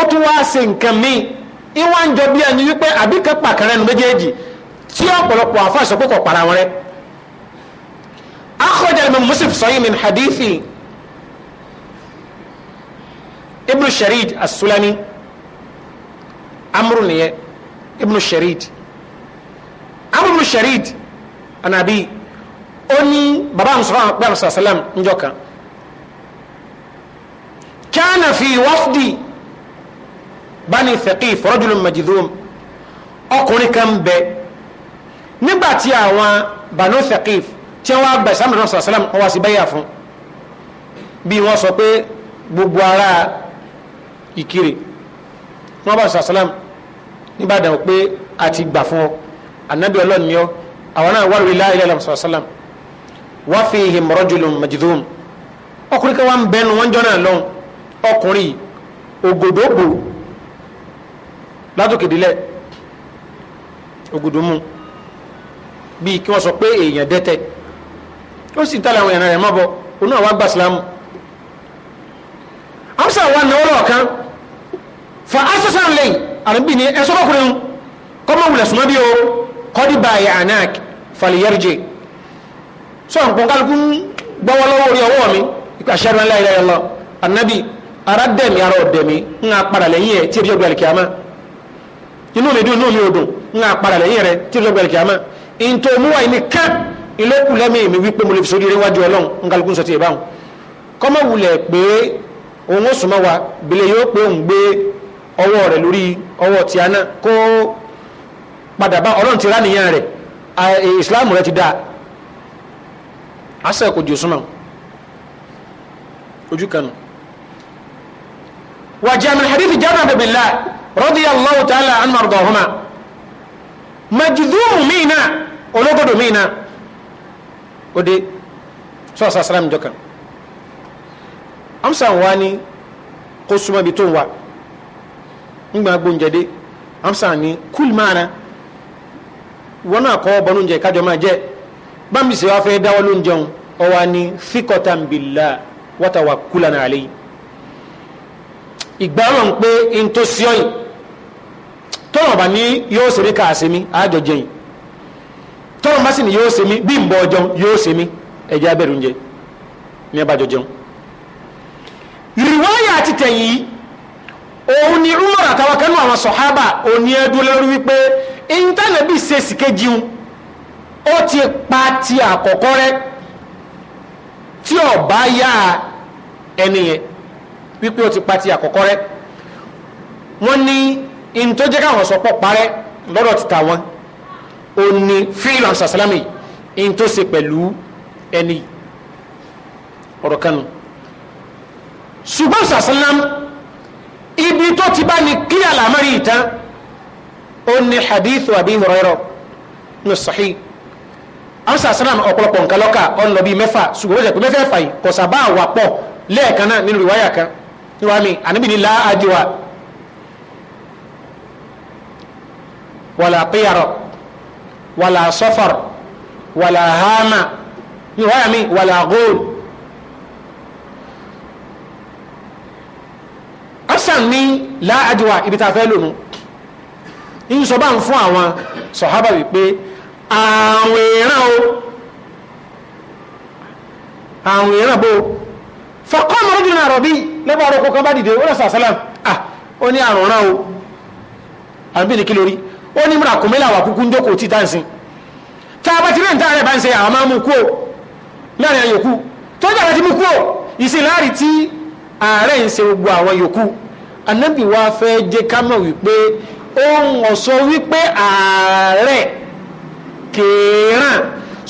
ó tún wá ṣe nǹkan míì ìwà ń jọ bí ẹni wípé àbí pàkàrẹ́ nu méjèèjì tí ọ̀pọ̀lọpọ̀ àfáà pé kò para wọn rẹ̀ akhraj al-imam muslim sahih hadithi ibn sharid as-sulami nìyẹn ibnu sharid abu ibnu sharid anabi ó ní baba àmsọ̀rọ̀ àpẹ́ àmsọ̀ àsálàm níjọ́ kan kana fi wafdi bani thaqif rajulun majdhum ọkùnrin kan bẹ nígbàtí àwọn banu thaqif tí wọ́n bẹ̀ sàmì náà sàlám wọ́n wá sí fún bí wọ́n sọ pé gbogbo ara ìkiri wọ́n bá sàlám nìbàdàn pé a ti gbà fún ọ anabi ọlọ́run ni ọ àwọn náà wà lórí láàyè lẹ́la mùsùlùmí sálàm wà fi him rajulun majdhum ọkùnrin kan wà ń bẹnu wọn jọ náà lọ́hùn ọkùnrin ògòdògbò látòkèdélẹ̀ ògòdòmù bíi kí wọ́n sọ pé èèyàn dẹ́tẹ̀ ó sì ń tàlẹ̀ àwọn èèyàn rẹ̀ mọ́ bọ́ òun náà wá gbà wa náwó lọ́ọ̀kan fa asọ́sàn lẹ́yìn àrùbí ni ẹ sọ́kọ̀ kúrin kọ́mọ wulẹ̀ sùnmọ́ bí o kọ́dí báyìí anak faliyarje sọ nǹkan kálukú gbọ́wọ́ lọ́wọ́ orí ọwọ́ mi ìpà anabi ara dẹ̀mí ara ọ̀dẹ̀mí ń ga padà lẹ́yìn ẹ̀ tí ebi ọgbẹ̀lì kìámà inú mi dùn inú mi ò dùn ń ga padà lẹ́yìn rẹ̀ tí ebi ọgbẹ̀lì kìámà ìntò òmùwà yìí ọwọ́ rẹ̀ lórí ọwọ́ tí a náà kó padà bá ọlọ́run ti rá nìyàn rẹ̀ ìsìláàmù e, rẹ̀ ti dáa àṣẹ kò jù súnmọ́ ojú kanu wàjẹ́ àmì hadithi jábà bèbèlá radiyallahu ta'ala anhu ardahuma majidúmù mína ológodò mína òde sọ́ọ̀sà sàrámì jọkàn amsa wa ni kó súnmọ́ ibi tó ń wa ńgbà gbóúnjẹ dé amsa ni kúl máa na wọn náà kọ́ bọ́nú oúnjẹ kájọ máa jẹ bámi sì wá fẹ́ dáwọ́ ló ń jẹun ọwọ́ ni fíkọ́tà ń bìlà wọ́tà wà kúlà náà lẹ́yìn ìgbà wọn pé n tó sí ọyìn tọ́wọ̀n bá ní yóò ṣe mí káà òun ni Umar àtàwọn kanú àwọn sọ̀hábà òní ẹdú lórí wípé intanẹ́bì ṣe sìkejì un ó ti pa ti àkọ́kọ́ rẹ tí ọba yá ẹni yẹn wípé ó ti pa ti àkọ́kọ́ rẹ wọ́n ní in tó jẹ́ káwọn parẹ́ lọ́dọ̀ títà wọn ò ní fíìlù àṣàṣàlámì pẹ̀lú ẹni ọ̀rọ̀ kanu ṣùgbọ́n àṣàṣàlámì ibi tó ti bá ní kí àlàmọ́rí ìtàn ó ní hadith àbí ìrọ̀rọ̀ ní sahih amsa salam ọ̀pọ̀lọpọ̀ nǹkan lọ́kà ọ̀nà bíi mẹ́fà ṣùgbọ́n ó jẹ́ pé mẹ́fẹ̀ẹ̀fà yìí kò sábà wà pọ̀ lẹ́ẹ̀kan náà nínú ìwáyà kan níwá mi àníbi ní láàdìwà wàlà péyàrọ̀ wàlà sọ́fàr wàlà háàmà níwáyà mi wàlà góòlù Hasan ní láàjúwà ibi tàfẹ́ lónú ń sọ bá ń fún àwọn sọ̀hábà wípé àwọn ìran o àwọn ìran bó fọ́kọ́ mọ́rọ́dún náà rọ̀bí lẹ́bàá ọ̀rọ̀ kọ̀ọ̀kan bá dìde ó lọ́sà sálàm ah ó ní àrùn rán o àbí ní kí lórí ó ní múra kò mílà wà kúkú ń dókò tí táǹsì tá a bá ti rẹ̀ ń bá ń ṣe àwọn máa mú kú o láàrin àyòkú tó jà bá ti mú kú o ìsìn láàrin tí ààrẹ ń ṣe gbogbo àwọn yòókù anábì wa fẹ́ jẹ́ ká mọ̀ wípé ohun ọ̀sọ́ wípé ààrẹ kèèràn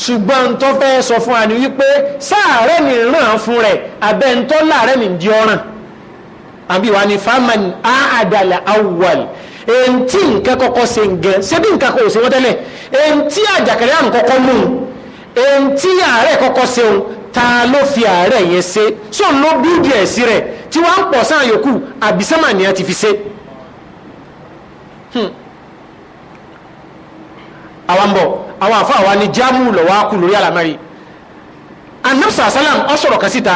ṣùgbọ́n tó fẹ́ sọ fún àní wípé sáàrẹ́ mi ràn fún rẹ̀ abẹ́ ń tọ́ láàrẹ́ mi di ọ̀ràn àbí wà ní fáman àádàlà awwal èyí tí nǹkan kọ́kọ́ ṣe ń gẹ̀ ṣébí nǹkan kò ṣe wọ́n tẹ́lẹ̀ èyí tí àjàkálẹ̀ mú un èyí tí kọ́kọ́ ṣe òun ta ló fi àárẹ̀ yẹn ṣe so ló bídì ẹ̀ sí rẹ̀ tí wọ́n ń pọ̀ sáà yòókù àbísẹ́mà ni a ti fi ṣe. Hmm. àwọn bọ̀ àwọn àfa àwa ni jámù lọ́wọ́ kù lórí àlámẹ́rì anamsa salam ọ sọ̀rọ̀ kan síta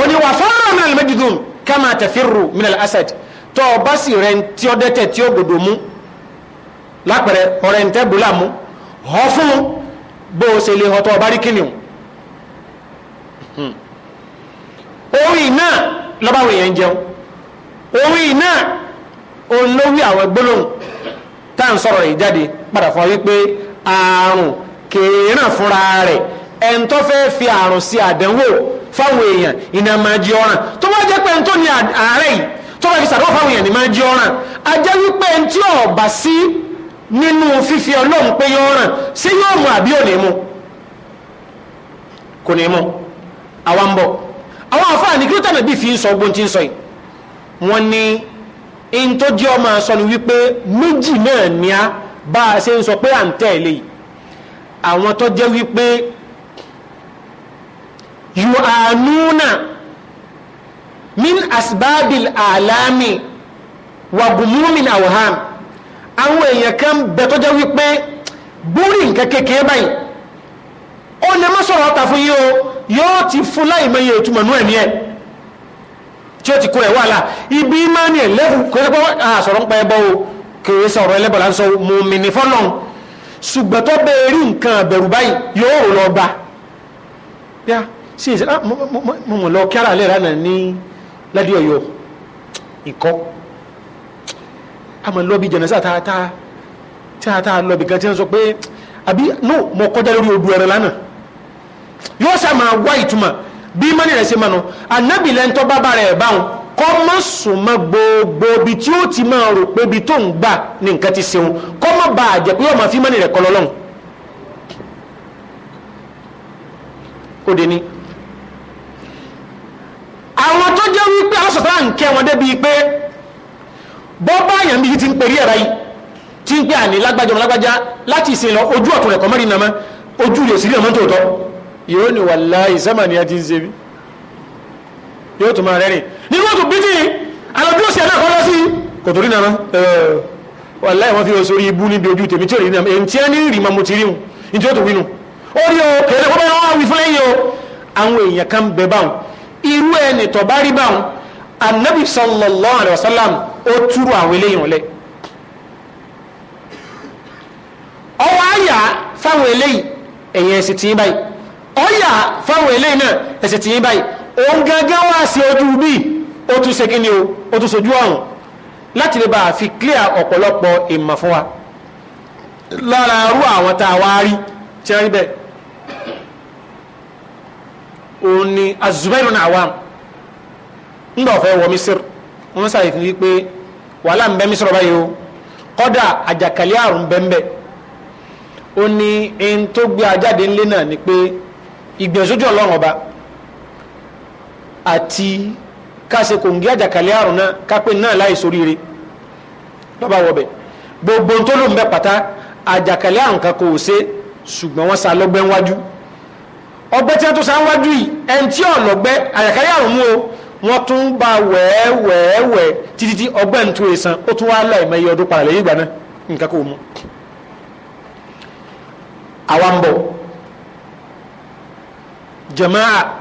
òní wà fọ́nrán mi nàlẹ́ mẹ́jìdùn kama tafirru min al asset. tọ́ ọ bá sì rẹ̀ tí ọ dẹ́tẹ̀ tí ó gbòdò mú lápẹ̀rẹ̀ ọ̀rẹ́ ń tẹ́ bùlá mú họ fún bó o ṣe lè họ tọ́ ọ bá rí kíni o. orí náà lọ́bàwọ̀ èèyàn jẹun orí náà olówí àwọn gbólóhùn tá à ń sọ̀rọ̀ yìí jáde padà fún wa wípé àrùn kèéràn fúnra rẹ̀ ẹn tó fẹ́ fi àrùn sí àdánwò fáwọn èèyàn iná máa jí ọ̀ràn tó bá jẹ́ pé ẹn tó ní àárẹ̀ yìí tó bá fi sàdúrà fáwọn èèyàn ní máa jí ọ̀ràn a jẹ́ wípé ẹn tí ò bá sí nínú fífi ọlọ́run pé yọ ọ̀ràn sí yóò mú àbí ò ní mú kò ní mú àwa ń bọ̀ àwọn àfáà ní kí ló tẹ̀lé bí fi ń sọ ogun tí ń sọ yìí wọ́n ní in tó jẹ́ ọmọ sọ ni wípé méjì náà ní a bá a ṣe ń sọ pé à ń tẹ̀lé yìí àwọn tó jẹ́ wípé yu'anuna min asbabil alami wa gumumin awham àwọn èèyàn kan bẹ tó jẹ́ wípé búrì nǹkan kékeré báyìí ó lè má sọ̀rọ̀ ọ̀tà fún yí o yóò ti fún láìmọye ìtumọ̀ nú ẹ̀mí ẹ̀ tí ó ti kó ẹ̀ wàhálà ibi ìmánì ẹ̀ lẹ́fù kò sí pé àsọ̀rọ̀ ń pa ẹbọ o kèrè sọ̀rọ̀ ẹlẹ́bọ̀ láńsọ mùmìnì fọ́lọ́n ṣùgbọ́n tó bẹ́ẹ̀ rí nǹkan àbẹ̀rù báyìí yóò rò lọ bá yá sí ìṣẹ́ mo mọ̀ lọ kíára lẹ́ra náà ní ládì ọ̀yọ́ ìkọ́ àmọ́ lọ́bì jẹ̀nẹ́sà tá a tá a lọ́bì kan tí wọ́n sọ pé àbí no mo kọjá lórí odò ẹ̀rẹ̀ lánàá yóò sá máa wá ìtumọ̀ bí mọ́nì rẹ̀ ṣe mọ́ nu ànábì lẹ́ńtọ́ bábà rẹ̀ báwọn kọ́ mọ́ sùn mọ́ gbogbo ibi tí ó ti máa rò pé ibi tó ń gbà ní nǹkan ti ṣeun kọ́ mọ́ bá àjẹ́ pé ọmọ fí mọ́nì rẹ̀ kọ́ lọ́lọ́hún. ó dé ní. àwọn tó jẹ́ wípé àwọn sọ̀tàn ń kẹ́ wọn débi pé bọ́bá àyàn bíi ti ń pèrí ẹ̀rá yìí tí ń pè àní lágbájá ọmọ lágbájá láti ìsìn lọ ojú ọ̀tún rẹ̀ kọ́ mọ́rin nàmọ́ ojú rẹ̀ sí ilé ọmọ tó tọ́ yóò ní wàláyé sẹ́mà ni a ti ń ṣe bí yóò tún máa rẹ́rìn ní kóòtù bíjì alọ́dúró sí ẹ̀lẹ́kọ́ lọ sí kòtò rí nàmá wàláyé wọn fi lọ sórí ibú níbi ojú tèmi tí ò rí nàmá èyí tí a ní rí ma mo ti rí hun ní tí ó tún wínú ó rí o kèrè kó o àwọn sallallahu alayhi wa sallam ó túrú àwọn eléyìn ọ̀lẹ́ ọwọ́ àyà fáwọn eléyìí ẹ̀yẹ ẹ̀sìn tí ń báyìí ọ̀yà fáwọn ilé náà ẹ̀sẹ̀ tí yín báyìí òun gangan wá sí ojú bí ó tún otu kí ni o ó tún ṣojú ọ̀run láti lè bá fi clear ọ̀pọ̀lọpọ̀ ìmọ̀ fún wa lára rú àwọn tá a wá rí tí wọ́n rí bẹ́ẹ̀ òun ni azubairu náà ńgbà ọ̀fẹ́ wọ Misir wọ́n sàyè fún wàhálà ń Misir o kọ́dà àjàkálẹ̀ àrùn bẹ́ẹ̀ bẹ́ẹ̀ ó ẹni tó gbé ajáde ńlẹ́ náà ni pé ìgbẹ̀sójú ọlọ́run ọba àti káṣe kò ń gé àjàkálẹ̀ àrùn náà kápẹ́ náà láì soríire lọ́ba wọ̀bẹ̀ gbogbo tó ló ń bẹ pátá àjàkálẹ̀ àrùn kan kò ṣe ṣùgbọ́n wọ́n sa lọ́gbẹ́ wájú ọgbẹ́ tí wọ́n tún sa wájú yìí ẹni tí ọ̀lọ́gbẹ́ àjàkálẹ̀ àrùn mú o wọ́n tún bá wẹ́ẹ́wẹ́ẹ́wẹ́ títí tí ọgbẹ́ ń tún èsàn ó tún wá láì mẹ́yẹ ọdún paralẹ̀ yìí gbà nǹkan kò mú àwa ń bọ̀ jama'a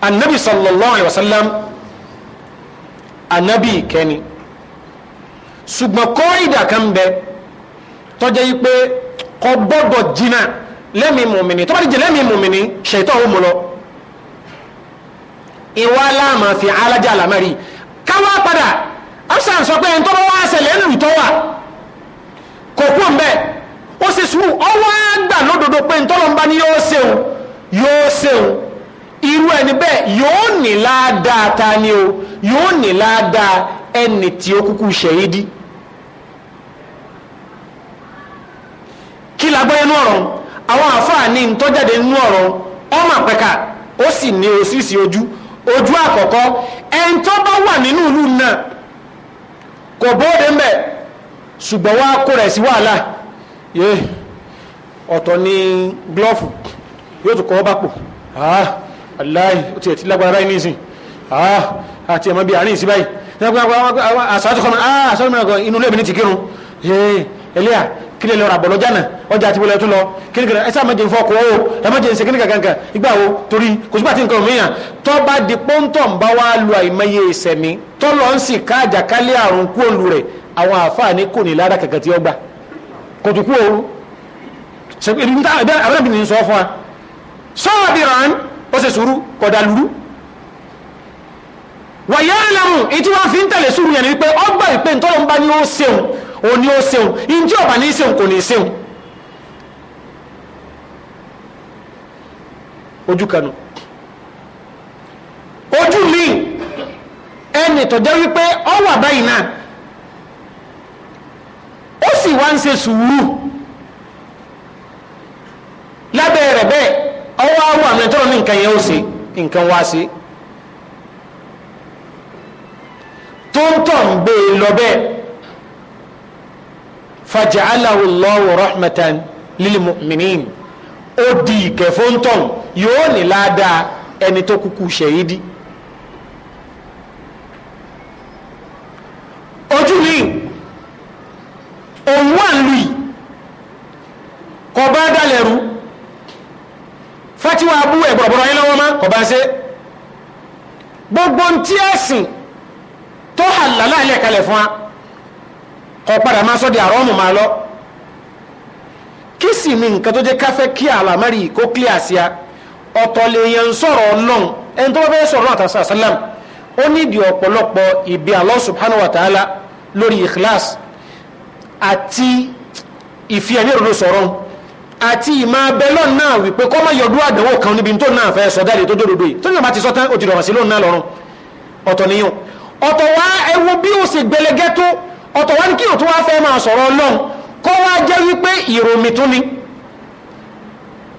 anabi sallallahu alayhi wa sallam anabi kẹni ṣùgbọ́n kọ́ ìdà kan bẹ tọ́jẹ́ yí pé kọ́ gbọ́dọ̀ jìnnà lẹ́mìí mùmìnì tó bá ti jẹ lẹ́mìí mùmìnì ṣètò òun mu lọ ìwà aláàmà fi alájà àlámẹ́rì káwá padà absalom sọ pé ẹni tó bá wá ṣẹlẹ̀ ẹni rùtọ́ wà kò kú ń bẹ́ẹ̀ ó sì sùúrù ọwọ́ àgbà lódodo pé ntọ́lọ́mbá ni yóò ṣe òun yóò ṣeun irú ẹni bẹ́ẹ̀ yóò ní ládàá ta ni o yóò ní ládàá ẹni tí ó kúkú ṣẹ̀yídí kí la gbọ́ inú ọ̀rọ̀ àwọn àfáàní tó jáde inú ọ̀rọ̀ ọmọ àpẹka ó sì ní oṣìṣì ojú ojú àkọ́kọ́ ẹni tó bá wà nínú ìlú náà kò bóde ń bẹ̀ ṣùgbọ́n wá kó rẹ̀ sí wàhálà ọ̀tọ̀ ni glọ́fù yóò tún kọ́ bá pò aláì ó ti ẹ̀ ti lágbára báyìí nísìn àti ẹ̀mọ́ bíi àárín ìsìn báyìí àṣàtú kọ́mọ àṣàtú mìíràn kan inú lẹ́mìí ní ti kírun ẹlẹ́yà kí lè lọ rà bọ̀lọ́jà náà ọjà àti bọ̀lọ́ ẹ̀ tún lọ kíníkà ẹ sáà méje ń fọkọ̀ o ẹ méje ń ṣe kíníkà kankan ìgbà wo torí kò sígbà tí nǹkan mìíràn tó bá di pọ́ńtọ̀ ń bá wa lu àìmọye ìsẹ̀mí tó lọ ń sì ká àjàkálẹ̀ àrùn kú òlu rẹ̀ àwọn àfààní kò ní lára kankan tí ó gbà kò tún kú òru ṣe ibi ní ta àbẹ́rẹ́ bìnrin sọ fún wa sọ́ọ̀bìrán ó sì sùúrù kọ̀dà lúrú wàyá ẹlẹ́mù ìtí wọ́n fi ń tẹ̀lé sùúrù yẹn ni wípé ó gbà wípé ntọ́lọ́ ń bá ní ó ṣeun ò ní ó ṣeun ìjì ọ̀bà ní ṣeun kò ní ṣeun ojú kanu ojú mi ẹni tọ́jọ́ wípé ọ wà báyìí náà ó sì wá ń se sùúrù lábẹ́ rẹ̀ bẹ́ẹ̀ ọwọ́ àwọn àmì tọ́rọ ní nǹkan yẹn ó ṣe nǹkan wá sí tó ń tọ̀ ń gbé e lọ bẹ́ẹ̀ faja'alahu Allahu rahmatan lil mu'minin ó di ìkẹfóńtọ̀ yóò ní ládàá ẹni tó kúkú ṣèyídìí. ojú mi òun wà lùi kọ bá dálẹ̀rú fatiwa abú ẹ̀ bọ̀rọ̀bọ̀rọ̀ yín lọ́wọ́ má kọ̀ bá ṣe gbogbo ntí ẹ̀sìn tó hàlálà ilẹ̀ kalẹ̀ fún wa kọ̀ padà máa sọ́ di àrọ́mù máa lọ kí sì ni nǹkan tó jẹ́ káfẹ́ kí àlàmárì kó clear sí ọ̀tọ̀ lè yẹn ń sọ̀rọ̀ ọlọ́run ẹni tó bá bẹ́ẹ̀ sọ̀rọ̀ náà tàṣà sálàm ó nídìí ọ̀pọ̀lọpọ̀ ìbí Allah subhanahu wa ta'ala lórí ikhlas àti ìfi ẹ̀mí òdodo sọ̀rọ̀ àti ìmọ̀ abẹ́lọ́ náà wípé kọ́ máa yọdú àdánwò kan níbi tó náà fẹ́ sọ jáde tó jòdòdó yìí tó náà bá ti sọ tán ó ti rọ̀rọ̀ sí lóun náà lọ́rùn ọ̀tọ̀ níyàn ọ̀tọ̀ wá ẹ wo bí ó sì gbẹlẹgẹ́ tó ọ̀tọ̀ wá ní kí òtún wá fẹ́ máa sọ̀rọ̀ ọlọ́run kọ́ wá jẹ́ wípé ìròmì tó ni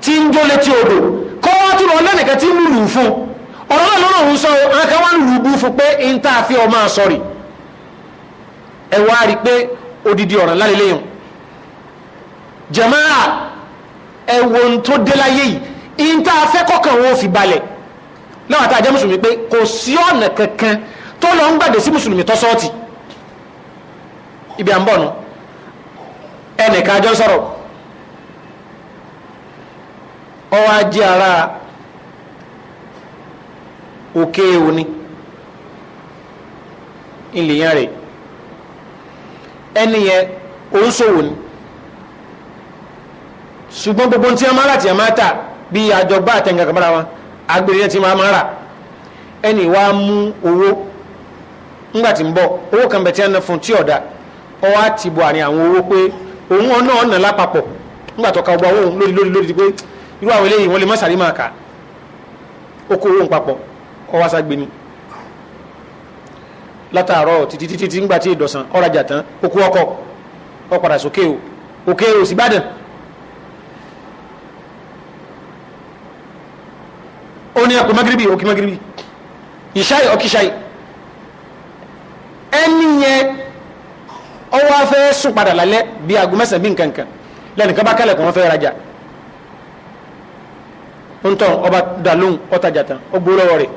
ti ń jó létí odò kọ́ wá tún lọ lẹ́nìkan tí ń fún ọ̀rọ̀ náà lọ́nà òun sọ àǹkà wá lù bú fún pé ń tá fi ọ máa sọ̀rì ẹ wá rí pé odidi ọ̀ràn lálẹ́ lẹ́yìn ẹ̀wọ̀n tó dé láyé yìí in tá a fẹ́ kọ́kàn wọn ò fi balẹ̀ láwọn àtàjẹ́ mùsùlùmí pé kò sí ọ̀nà kankan tó lọ ń gbàdé sí mùsùlùmí tó sọ́ọ̀tì ibi à ń bọ̀ nu ẹnìkan ajọ́ sọ̀rọ̀ ọwọ́ ajé ara òkè òní ilẹ̀ yẹn rẹ̀ ẹni yẹn òun sòwò ni. ṣùgbọ́n gbogbo tí a máa rà tí wọ́n máa tà bí àjọgbá wọn agbèrè ti máa máa rà ẹnì wa mú owó ńgbà tí ń bọ̀ owó kan bẹ̀ tí wọ́n ná fún tí ọ̀dà bọ̀ àwọn owó pé òun ọ̀nà ọ̀nà lápapọ̀ ńgbà tó ka ọgbà owó lórí lórí lórí pé irú àwọn eléyìí wọ́n lè má sàrí máa kà ó owó papọ̀ ó ní ẹkùn magiribi òkè magiribi ìṣáì ọkìṣáì ẹni yẹn ọwọ́ afẹ́ sùn padà lálẹ́ bí aago mẹ́sàn-án bí nkankan lẹ́nìkan bá kálẹ̀ kó wọ́n fẹ́ rajà ntọ́ ọba dàlóhùn ọtajà tán ó gbó lọ́wọ́ rẹ̀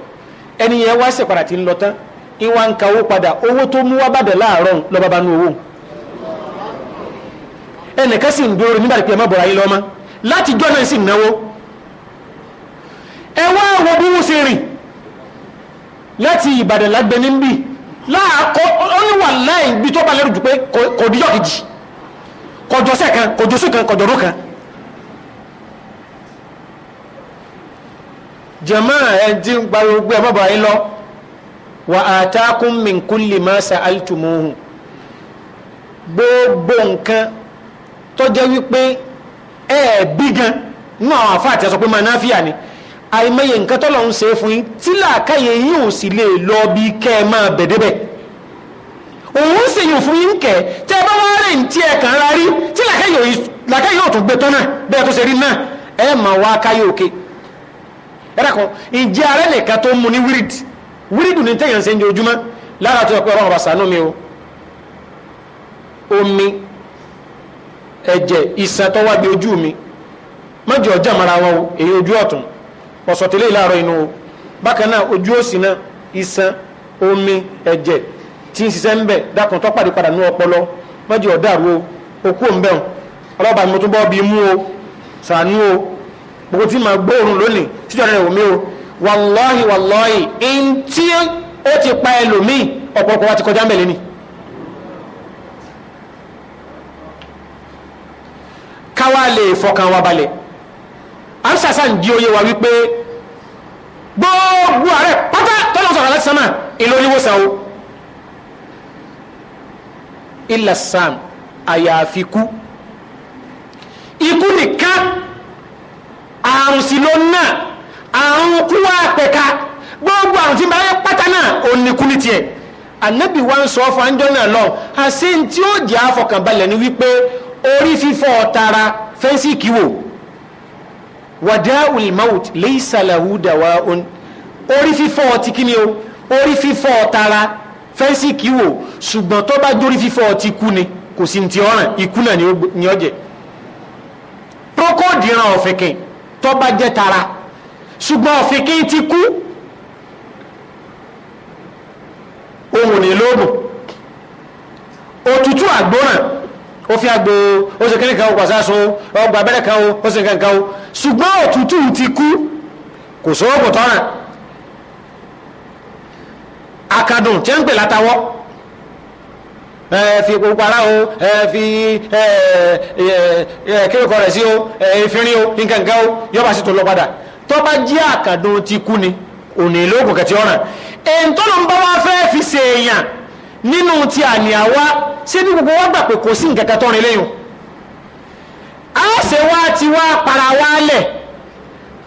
ẹni yẹn wá sèpadà tí ń lọ tán ìwà ń kawó padà owó tó mú wá bàdẹ̀ láàárọ̀ lọ́ba bá nu owó ẹnìkan sì ń dúró nígbà tí ẹ má bọ̀ra yín lọ́mọ láti jọ́ náà sì náwó ẹ wá wo bí wọ́n ṣe rìn láti ìbàdàn lágbẹ níbí láàkọ oníwà láì bí tó bá lẹ́rù jù pé kò díjọ́ kejì kọjọ́sẹ̀ kan kọjọ́sù kan kọjọ́rú kan jamaa ẹ ti ń gbari gbogbo ẹ mọ̀bọ̀ ayé lọ wa atakum min kulli ma sa'altumuhu gbogbo nǹkan tó jẹ́ wípé ẹ̀ẹ́bí náà àfáà ti sọ pé máa náà fìyà ni. àìmọye nǹkan tọ́lọ̀ ń ṣe fún tí làákàyè yìí ò sì lè lọ bí kẹ́ ẹ máa bẹ̀dẹ́bẹ̀ òun sì yìn fún yín kẹ́ tẹ́ ẹ bá wá tí ẹ kàn rí tí làákàyè ò tún gbé tán náà bẹ́ẹ̀ tó ṣe rí náà ẹ mà wá káyé òkè ẹ dàkọ ìjẹ́ nìkan tó mu ní wíríd wíríd ní tẹ̀yàn ṣe ń ojúmọ́ lára tó yẹ pé ọlọ́run mi o omi ẹ̀jẹ̀ bí ojú ọ̀sọ̀tẹ̀lẹ̀ ìlàrọ̀ inú o bákan náà ojú òsì náà iṣan omi ẹ̀jẹ̀ tí ń ṣiṣẹ́ ń bẹ̀ dákun tó pàdé padà ní ọpọlọ mọ́jì ọ̀dàrú o okú òǹbẹ̀ o ọlọ́ba ni mo tún bọ́ bí mú o sànú o gbogbo tí màá gbóòórùn lónìí tíjọ́ rẹ̀ omi o wàlọ́hì wàlọ́hì ẹni tí ó ti pa ẹlòmíì ọ̀pọ̀lọpọ̀ wa ti kọjá mẹ́lẹ́ ni. káwa lè fọkàn wa balẹ̀ aṣàṣà ń jí oyé wa wípé gbogbo ààrẹ pátá tọ́lọ̀ sọ̀rọ̀ láti sánmà ìlóríwòsàn o ilà sam àyàfi kú ikú nìkan àrùn sí ló náà àrùn kú wá pẹ̀ka gbogbo àrùn tí bá yẹ pátá náà ò ní kú ní tiẹ̀ ànábì wa ń sọ fàájọ́ náà lọ àṣẹ tí ó jẹ́ àfọkànbalẹ̀ ni wípé orí fífọ́ tara fẹ́ǹsì kíwò wàdáwùl maut laysa lahu dawa'un orí fífọ́ ti kí ni o orí fífọ́ tara fẹ́ǹsì kí wò ṣùgbọ́n tó bá jórí fífọ́ ti kú ni kò sí ti ọ̀ràn ikú náà ni ó jẹ procold ran ọ̀fìnkìn tó bá jẹ́ tara ṣùgbọ́n ọ̀fìnkìn ti kú ohun ní lóògùn òtútù àgbóràn ó fi àgbò ó ṣe kékeré kan ó pàṣẹ aṣọ ọgbà abẹ́rẹ́ kan ó ṣe kankan ó ṣùgbọ́n òtútù ti kú kò sówó kò tọ́ràn akadùn tí ń pè látàwọ́ ẹ fi pupara o ẹ fi ẹ ẹ kéwòkọ rẹ sí o ẹ ìfínrín o nkankan o yọba sì tó lọ padà tọ́ba jí àkàdùn ti kú ni òní ìlú ògùn kẹtì ọ̀ràn èntọ́nà ń bá wá fẹ́ fi ṣèèyàn nínú ti àníàwá ṣé bí gbogbo wa gbà pé kò sí nǹkan kan tọrin lẹ́yìn a ṣe wá ti wá para wá lẹ̀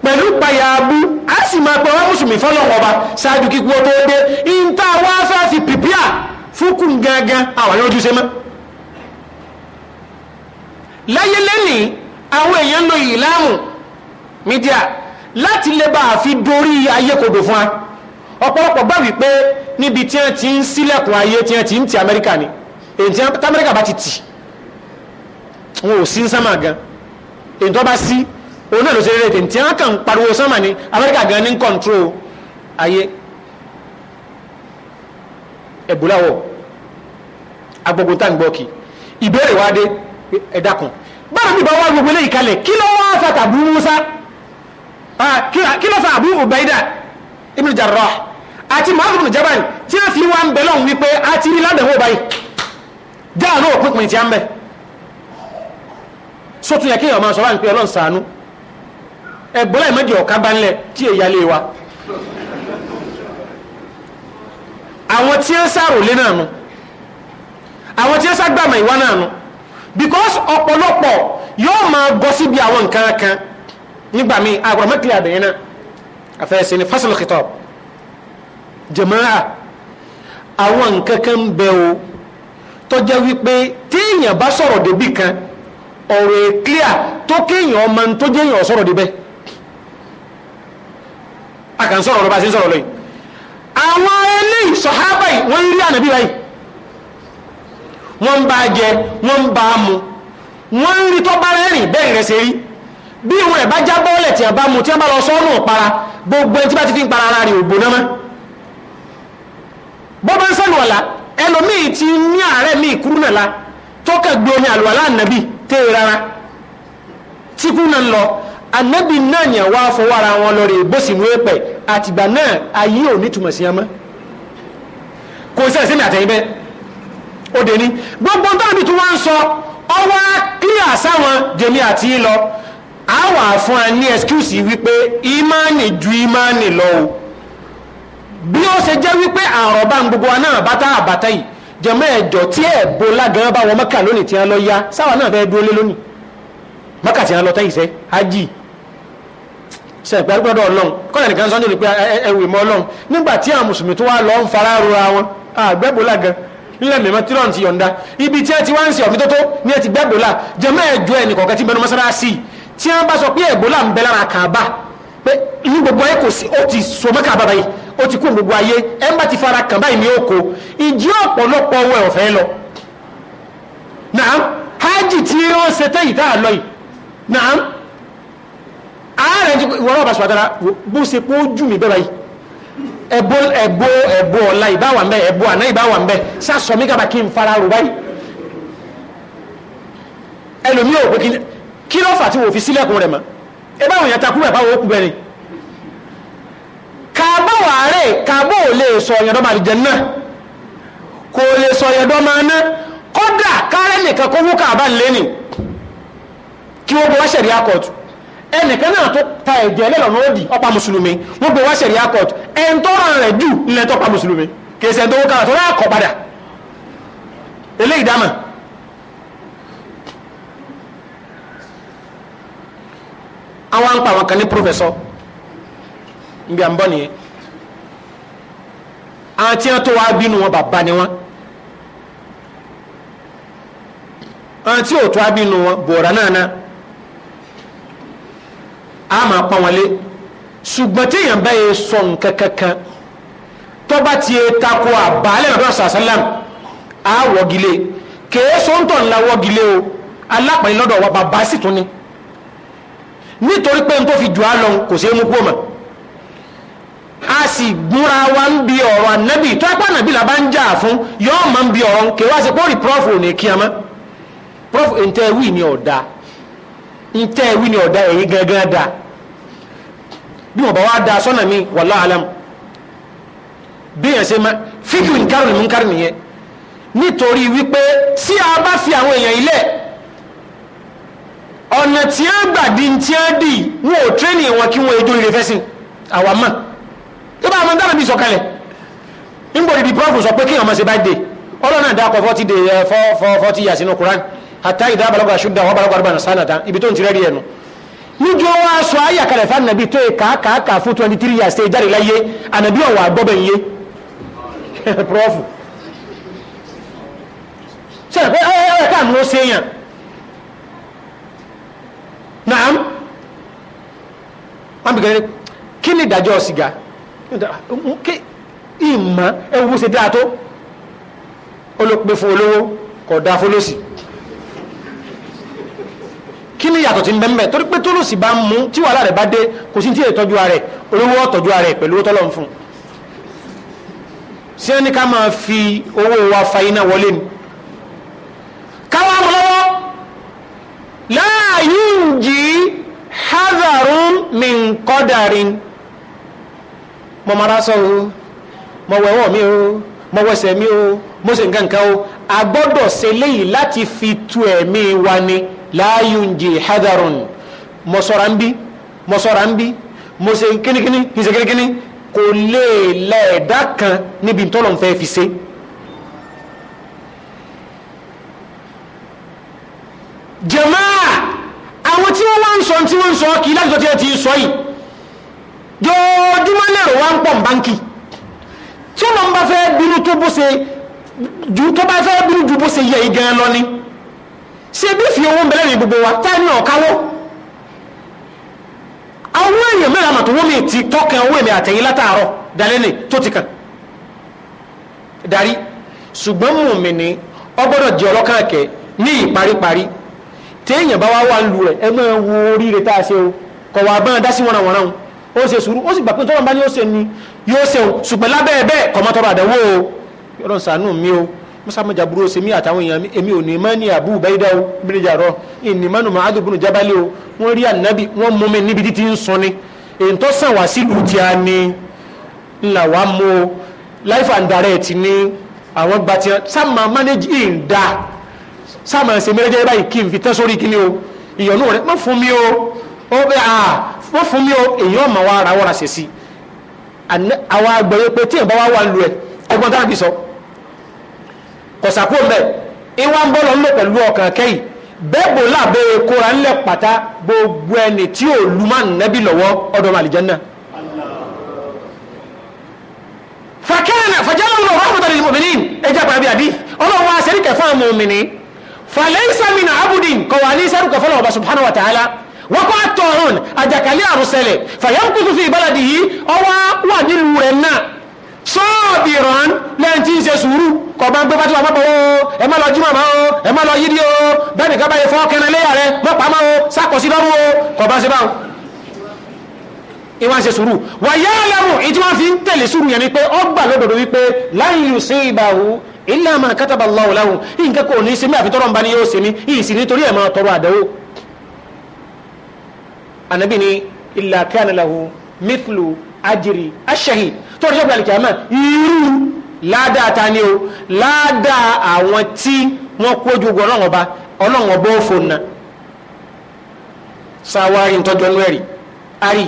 pẹ̀lú gbàyà abú a sì máa pẹ̀ wá mùsùlùmí fọlọ́wọ́ ọba ṣáájú kíkú tó dé ìta wá fẹ́ fi pìpíà fúnkùn gangan àwọn yóò ojúṣe mọ́ láyé lẹ́nìí àwọn èèyàn lo ìlàmù mídíà láti lè bá a fi dorí ayé kodò fún wa ọ̀pọ̀lọpọ̀ gbà wípé níbi tí wọ́n ti ń sílẹ̀kùn ayé tí wọ́n ti ń ti amẹ́ríkà ni èyí tí amẹ́ríkà bá ti tì wọn ò sí sánmà gan èyí tó bá sí òun náà ló ṣe rere tí wọ́n kàn pariwo sánmà ni amẹ́ríkà gan ní kọ̀ǹtró ayé ẹ̀bùláwọ̀ agbogbo tá à ń gbọ́ kì ìbéèrè wá dé ẹ̀dàkùn báwo ni bàbá gbogbo eléyìí kalẹ̀ kí ló wá fàtàbù musa ah, kí ló fà àbú ubaida ibn jarrah àti Mu'adh bin Jabal tí a fi wá ń bẹ lọ́hùn wípé a ti rí ládàwọ̀ báyìí dáàrú òpinpin tí a ń bẹ sótún yẹ kí èèyàn máa sọ wá ní pé ọlọ́run ṣàánú ẹgbọ́n láì mẹ́jọ ọ̀ká bá ńlẹ̀ tí èyà lè wa àwọn tí a ń sàròlé náà nu àwọn tí a ń sàgbàmọ̀ ìwá náà nu because ọ̀pọ̀lọpọ̀ yóò máa gọ síbi àwọn nǹkan kan nígbà míì àgbàmọ́kìlì àbẹ̀yẹn náà àfẹ́sẹ̀ ní fásitì kìtọ́ọ̀bù jàmáà àwọn nǹkan kan ń bẹ o tó jẹ́ wípé téèyàn bá sọ̀rọ̀ débì kan ọ̀rọ̀ è clear tó kéèyàn ọmọ tó jẹ́yàn sọ̀rọ̀ débẹ̀ a kàn sọ̀rọ̀ lọ́ba sí sọ̀rọ̀ lọ́yìn àwọn eléyìí sọ̀hábà yìí wọ́n rí ànábì báyìí wọ́n ń bá a jẹ wọ́n ń bá a mu wọ́n ń rí tọ́ba rẹ́rìn bẹ́ẹ̀ rẹ̀ ṣe rí bí wọn ẹ̀ bá já bọ́ọ̀lẹ̀ tí a bá mu tí a bá lọ sọ́ọ́nù para gbogbo ẹni tí bá ti fi ń para ara rẹ̀ ògbóná mọ́ bọ́bá ń sẹ́nu ọ̀la ẹlòmíì ti ní ààrẹ mi kúrú náà la tọ́kẹ̀ gbé omi àlùwàlá ànábì tẹ́ ẹ rárá tí kú náà lọ ànábì náà yẹn wá fọwọ́ ara wọn lọ rè bó sì mú èèpẹ̀ àtìgbà náà ayé ò ní túmọ̀ sí ẹmọ́ kò sẹ́ẹ̀ sí mi àtẹ̀yìn bẹ́ẹ̀ ó dé ní gbogbo tọ́lọ́bì tí wọ́n ń sọ ọwọ́ kílíà sáwọn jèmi àti lọ àwọn àfọn ní ẹskúùsì wípé ìmánì ju ìmánì lọ bí ó ṣe jẹ́ wípé àrọ̀bá gbogbo wa náà bá tá àbátá yìí jẹmọ́ ẹ̀jọ̀ tí ẹ̀ bo lágan bá wọn mọ́kà lónìí tí wọ́n lọ ya sáwà náà fẹ́ dúró lé lónìí mọ́kà tí wọ́n lọ tẹ́yìí sẹ́ ájì sẹ̀pẹ́ gbọ́dọ̀ ọlọ́run kọ́nà nìkan sọ́njú ni pé ẹwì mọ́ ọlọ́run nígbà tí àwọn mùsùlùmí tó wá lọ ń fara rora wọn àgbẹ́bò lágan nílẹ̀ mẹ́mọ́ tí lọ́n ti yọ̀ǹda ibi tí ẹ ti wá ń ṣe ọ̀fin tótó ní ẹ ti gbẹ́bò là jẹmọ́ ẹ̀jọ̀ ẹ̀ nìkọ̀ọ̀kan tí mẹnu mọ́sálásì tí wọ́n bá sọ pé ẹ̀bọ́là ń bẹ lára kàbà pé ní gbogbo ẹ̀ kò sí ó ti so mọ́ kàbà báyìí ó ti kú gbogbo ayé ẹ̀ bá ti fara kàn báyìí ní oko ìjì ọ̀pọ̀lọpọ̀ owó ẹ̀ ọ̀fẹ́ lọ. náà hajj tí wọ́n ṣe tẹ́yì tá a lọ yìí náà ààrẹ ti wọ́n náà bá bó ṣe pé ó jù mí bẹ́ẹ̀ báyìí ẹ̀bọ ẹ̀bọ ẹ̀bọ ọ̀la ìbáwà ń ẹ̀bọ àná ìbáwà ń sásọ mi kaba kí n fara rò báyìí ẹlòmíì ò pé kí ló fà tí wò fi sílẹ̀kùn rẹ̀ mọ́ ẹ báwọn yẹn takú ẹ̀ báwọn ó kú bẹ́ẹ̀ ni kàbọ̀ wàárẹ̀ kàbọ̀ ò lè sọ ọ̀yẹ̀dọ́ máa jẹ náà kò lè sọ ọ̀yẹ̀dọ́ máa ná kódà kárẹ́ nìkan kó wú kàbá lẹ́nì kí wọ́n bọ́ ṣẹ̀rí akọ̀tù ẹnìkan náà tó ta ẹ̀jẹ̀ ẹlẹ́lọ́nà òdì ọ̀pá mùsùlùmí wọ́n bọ́ ṣẹ̀rí akọ̀tù ẹn tó ràn rẹ̀ jù nílẹ̀ mùsùlùmí kìí ṣe ẹ̀dọ́wọ́ nbí à ń bọ̀ nìyẹn àwọn tí wọn tó wá bínú wọn bàbá ni wọn àwọn tí ò tó wá bínú wọn bòrà náà a máa pọ́n wọn lé ṣùgbọ́n tí èèyàn bá yẹ sọ nǹkan kankan tọ́ba ti yẹ tako àbálẹ̀ ọ̀dọ́ sàṣálàm a wọ́gilé kèéso ń tọ̀ ńlá wọ́gilé o alápẹ̀yìn lọ́dọ̀ wa bàbá sì tún ni nítorí pé n tó fi jù á lọ kò sí é mú kú ọ̀mọ̀ a sì gúnra wa ń bi ọ̀rọ̀ ànábì tó ẹ̀pọ̀ ànábì là bá ń jà fún yọ́ọ̀ máa ń bi ọ̀rọ̀ kí wá sí pọ́ọ̀rì prof ò ní kí a mọ́ prof ntẹ́wì ni ọ̀dà ntẹ́wì ni ọ̀dà èyí gangan da bí wọ́n bá wá da sọ́nà mi wallahu alam bí yẹn ṣe máa fíkì nǹkan rìn mú nǹkan rìn nítorí wípé tí a bá fi àwọn èèyàn ilẹ̀ ọ̀nà tí a gbà di tí a dì wọn ò tírẹ́nì wọn kí wọn ètò ìrẹsìn àwa mọ̀ tó bá àwọn dáná bí sọ̀kalẹ̀ nígbò ìdí prọ́fù sọ pé kí ọmọ ṣe bá dé ọlọ́run náà dákọ̀ fọ́tí dé fọ́tí yà sínú Qur'an àtà ìdá balọ́gbà ṣúdà wọ́n balọ́gbà àrùbá nàṣánà tán ibi tó ń ti rẹ́rí ẹnu níjọ́ wa sọ ayà kalẹ̀ fún anabi tó yẹ kàákàákà fún twenty three years tẹ́ jáde láyé anabi ọ̀wà gbọ́bẹ̀ yé prọ́fù sẹ́yìn pé ọ̀rẹ́ káàmù ó ṣe yàn naam wọ́n bìkẹ́ kí ni ìdájọ́ sìgá ìmọ̀ ẹwú ṣe dáa tó olóòpẹ́ fún olówó kọ̀dá fólósì kí ni yàtọ̀ tí ń bẹ́m̀bẹ̀ torí pé tó lòsì bá mú tí wàhálà rẹ̀ bá dé kò sí tí ètọ́jú ààrẹ olówó ọ̀tọ́jú ààrẹ pẹ̀lú owó tọ́lọ́ fún sí ẹni ká máa fi owó wa fa iná wọlé ni káwá mú lọ́wọ́ láàyè ń jí hazarun min kọ́dàrin mo mara sọ o mo wẹ̀wọ̀ mi o mo wẹsẹ̀ mi o mo ṣe nǹkan kan o a gbọ́dọ̀ ṣe léyìí láti fi tu ẹ̀mí wa ni láàyùnjì hadarun mo sọ̀rọ̀ ń bí mo sọ̀rọ̀ ń bí mo ṣe kínníkínní kì í ṣe kínníkínní kò lè lẹ́ẹ̀dá kan níbi tọ́lọ̀ ń fi ṣe. jàmáà àwọn tí wọ́n wá ń sọ tí wọ́n ń sọ kì í láti sọ tí wọ́n ti sọ yìí. jọjúmọ́ lẹ́rọ wá ń pọ̀ báńkì tí ó máa ń bá fẹ́ bínú tó bó ṣe ju tó bá fẹ́ bínú lọ ni ṣe bí fi owó bẹ̀rẹ̀ ní gbogbo wa tá ní ọ̀káwó àwọn èèyàn mẹ́rin àmọ̀ tó wọ́n mi ti tọ́kàn owó èmi àtẹ̀yìn látàárọ̀ dalẹ́nì tó ti kàn darí ṣùgbọ́n ní ìparíparí téèyàn bá wá wà rẹ̀ ẹ máa a ṣe o kọ̀wá bá dá sí ó ṣe sùúrù ó sì gbà pé tọ́lọ́ bá ní ó ṣe ni yóò ṣe o ṣùgbọ́n lábẹ́ ẹ bẹ́ẹ̀ kọ́ mọ́tọ́rọ̀ àdánwó o yọ̀rọ̀ sànú mi o musa mọ̀jà burú ṣe mí àtàwọn èèyàn èmi ò ní mọ́ ní Abu Ubaida o bíríjà rọ ìní mọ́nu mahadu bunu jabali o wọ́n rí ànábì wọ́n mú mi níbi títí ń sun ni èyí tó sàn wá sílùú tí a ní ńlá wa mú o life and direct ní àwọn gba tiẹ̀ sáàmà manage in da sáàmà ṣe méjèèjì báyìí kí n fi tẹ́ sórí kí o ìyọ̀nù rẹ̀ má fún mi wọ́n fún mi o èyàn ọmọ wa ara wọ́ra ṣe sí àwọn agbẹ̀yẹ pé tí ìbá wa wà lù ẹ̀ ẹgbọ́n tábì sọ kọ̀sàkó mẹ́ ìwà ń bọ́ lọ nílò pẹ̀lú ọkàn kẹ́yìn bẹ́ẹ̀ bò lábẹ́ kóra ńlẹ̀ pátá gbogbo ẹni tí ò lu máa nẹ́bí lọ́wọ́ ọdọ̀ màlìjẹ́nà fàkẹ́ẹ̀nà fàjẹ́lẹ̀ lọ́wọ́ rahmatan lil mu'minin ẹjẹ́ pàbí àdí ọlọ́wọ́ àṣẹ́ríkẹ̀ fún àwọn mu'minin fàlẹ́ ìsàmìnà abudin kọ̀wà ní sẹ́rùkọ̀ fọlọ́wọ́ subhanahu wa ta'ala wọ́pọ̀ àtọ̀hún àjàkálẹ̀ àrùsẹ̀lẹ̀ fàyẹ́mkùtù fi ìbálàdì yìí ọwọ́ wà nílùú rẹ̀ náà sọ́ọ̀bì ràn lẹ́yìn tí ń ṣe sùúrù kọ̀ọ̀bá ń gbé bátí wà mọ́pọ̀ o ẹ má lọ jímọ̀ máa o ẹ má lọ yídí o bẹ́ẹ̀ nìkan báyìí fọ́ kẹrin léyà rẹ mọ́pàá máa o sákòsí lọ́rùn o kọ̀ọ̀bá ṣe báwọn. ìwà ṣe sùúrù wà yá lẹ́rù ìtí wọ́n fi ń tẹ̀lé sùúrù yẹn ni pé ó gbà lódodo wípé láyìn yóò ṣe ìbàwù ilé àmà kátàbà lọ́wọ́ láwù nǹkan ní anabi ni illa kana lahu mithlu ajiri ashahid tó rẹ̀ sọ́pàá alìkàmà irú ládàá ta ni o ládàá àwọn tí wọ́n kó jogun ọlọ́run ọba ọlọ́run ọba ó fòun náà sáwárí ntọ́jú ọ̀nù ẹ̀rí ari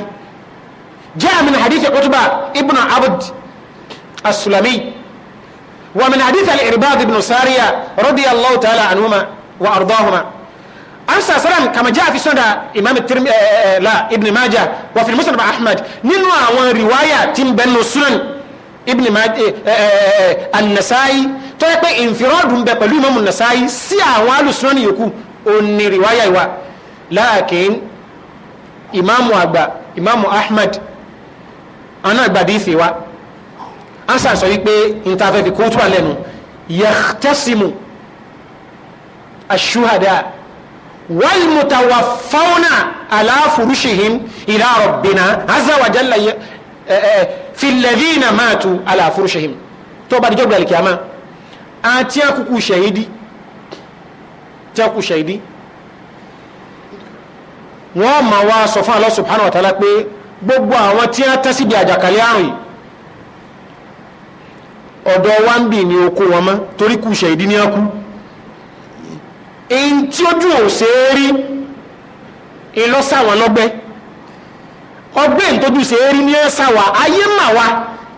jẹ́ àmì hadith Utba ibn abd as-Sulami wa min hadith al-Irbad ibn Sariya radiyallahu ta'ala anhuma wa ardahuma ansa salam kama jaa fi sọnda imam tirim ẹẹ ẹẹ la ibn maja wa fi muslim ahmed nínú àwọn riwaya tí ń bẹ nínú sunan ibn maja ẹẹ eh, ẹẹ eh, eh, anasaayi tó yẹ pé nfiirọdu ń bẹ pẹ̀lú imam nasaayi sí àwọn alu sunan yòókù oni riwaya wa laakin imaamu agba imaamu ahmed ana agbadi fi wa ansa sọ yìí pé ntaafẹ fi kóòtù alẹ nu yaxtasimu asuhada. As والمتوفون على فرشهم إلى ربنا عز وجل في الذين ماتوا على فرشهم توبا دي جوبل القيامة أتياكو كو شهيدي تياكو شهيدي wọ́n ma wá sọ fún Allah subhanahu wa ta'ala pé gbogbo àwọn tí a tẹ́ síbi àjàkálẹ̀ àrùn ọ̀dọ̀ wa ń bì ní oko wọn mọ́ torí kù ṣẹ̀dí ní ọkùn in tí ojú ò ṣe é rí ìlọ́sàwọn lọ́gbẹ́ ọgbẹ́ ìtọ́jú ṣe é rí ní ẹ̀sàwà ayé mà wa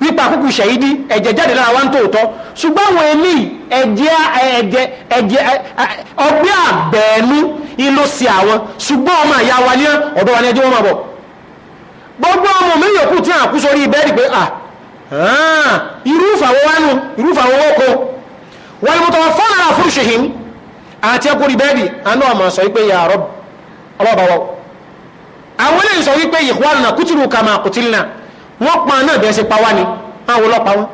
nípa àkókò ṣàyídí ẹ̀jẹ̀ jáde lára wa ń tòótọ́ ṣùgbọ́n àwọn èmi ẹ̀jẹ̀ ẹ̀jẹ̀ ẹ̀jẹ̀ ọgbẹ́ àbẹ̀ẹ́nú ìlò sí àwọn ṣùgbọ́n ọmọ àyà wa ní ọ̀dọ́ wa ní ẹjọ́ wọn máa bọ̀ gbogbo ọmọ mi yòókù tí àkú sórí ibẹ̀ rí pé ah irúfàwọ́ wánu irúfàwọ́ wọ́kọ wọ́n ni mo tọ́ fọ́nà àfúrúṣe yìí àti ẹkùnrin bẹ́ẹ̀dì anú àmà sọ wípé ya Rabb ọlọ́bàwọ́ àwọn ilé ìsọ wípé ikhwanuna kútìlù kama qutilna wọ́n pa náà bẹ́ẹ̀ sí pawá ni àwọn ọlọ́pàá wọn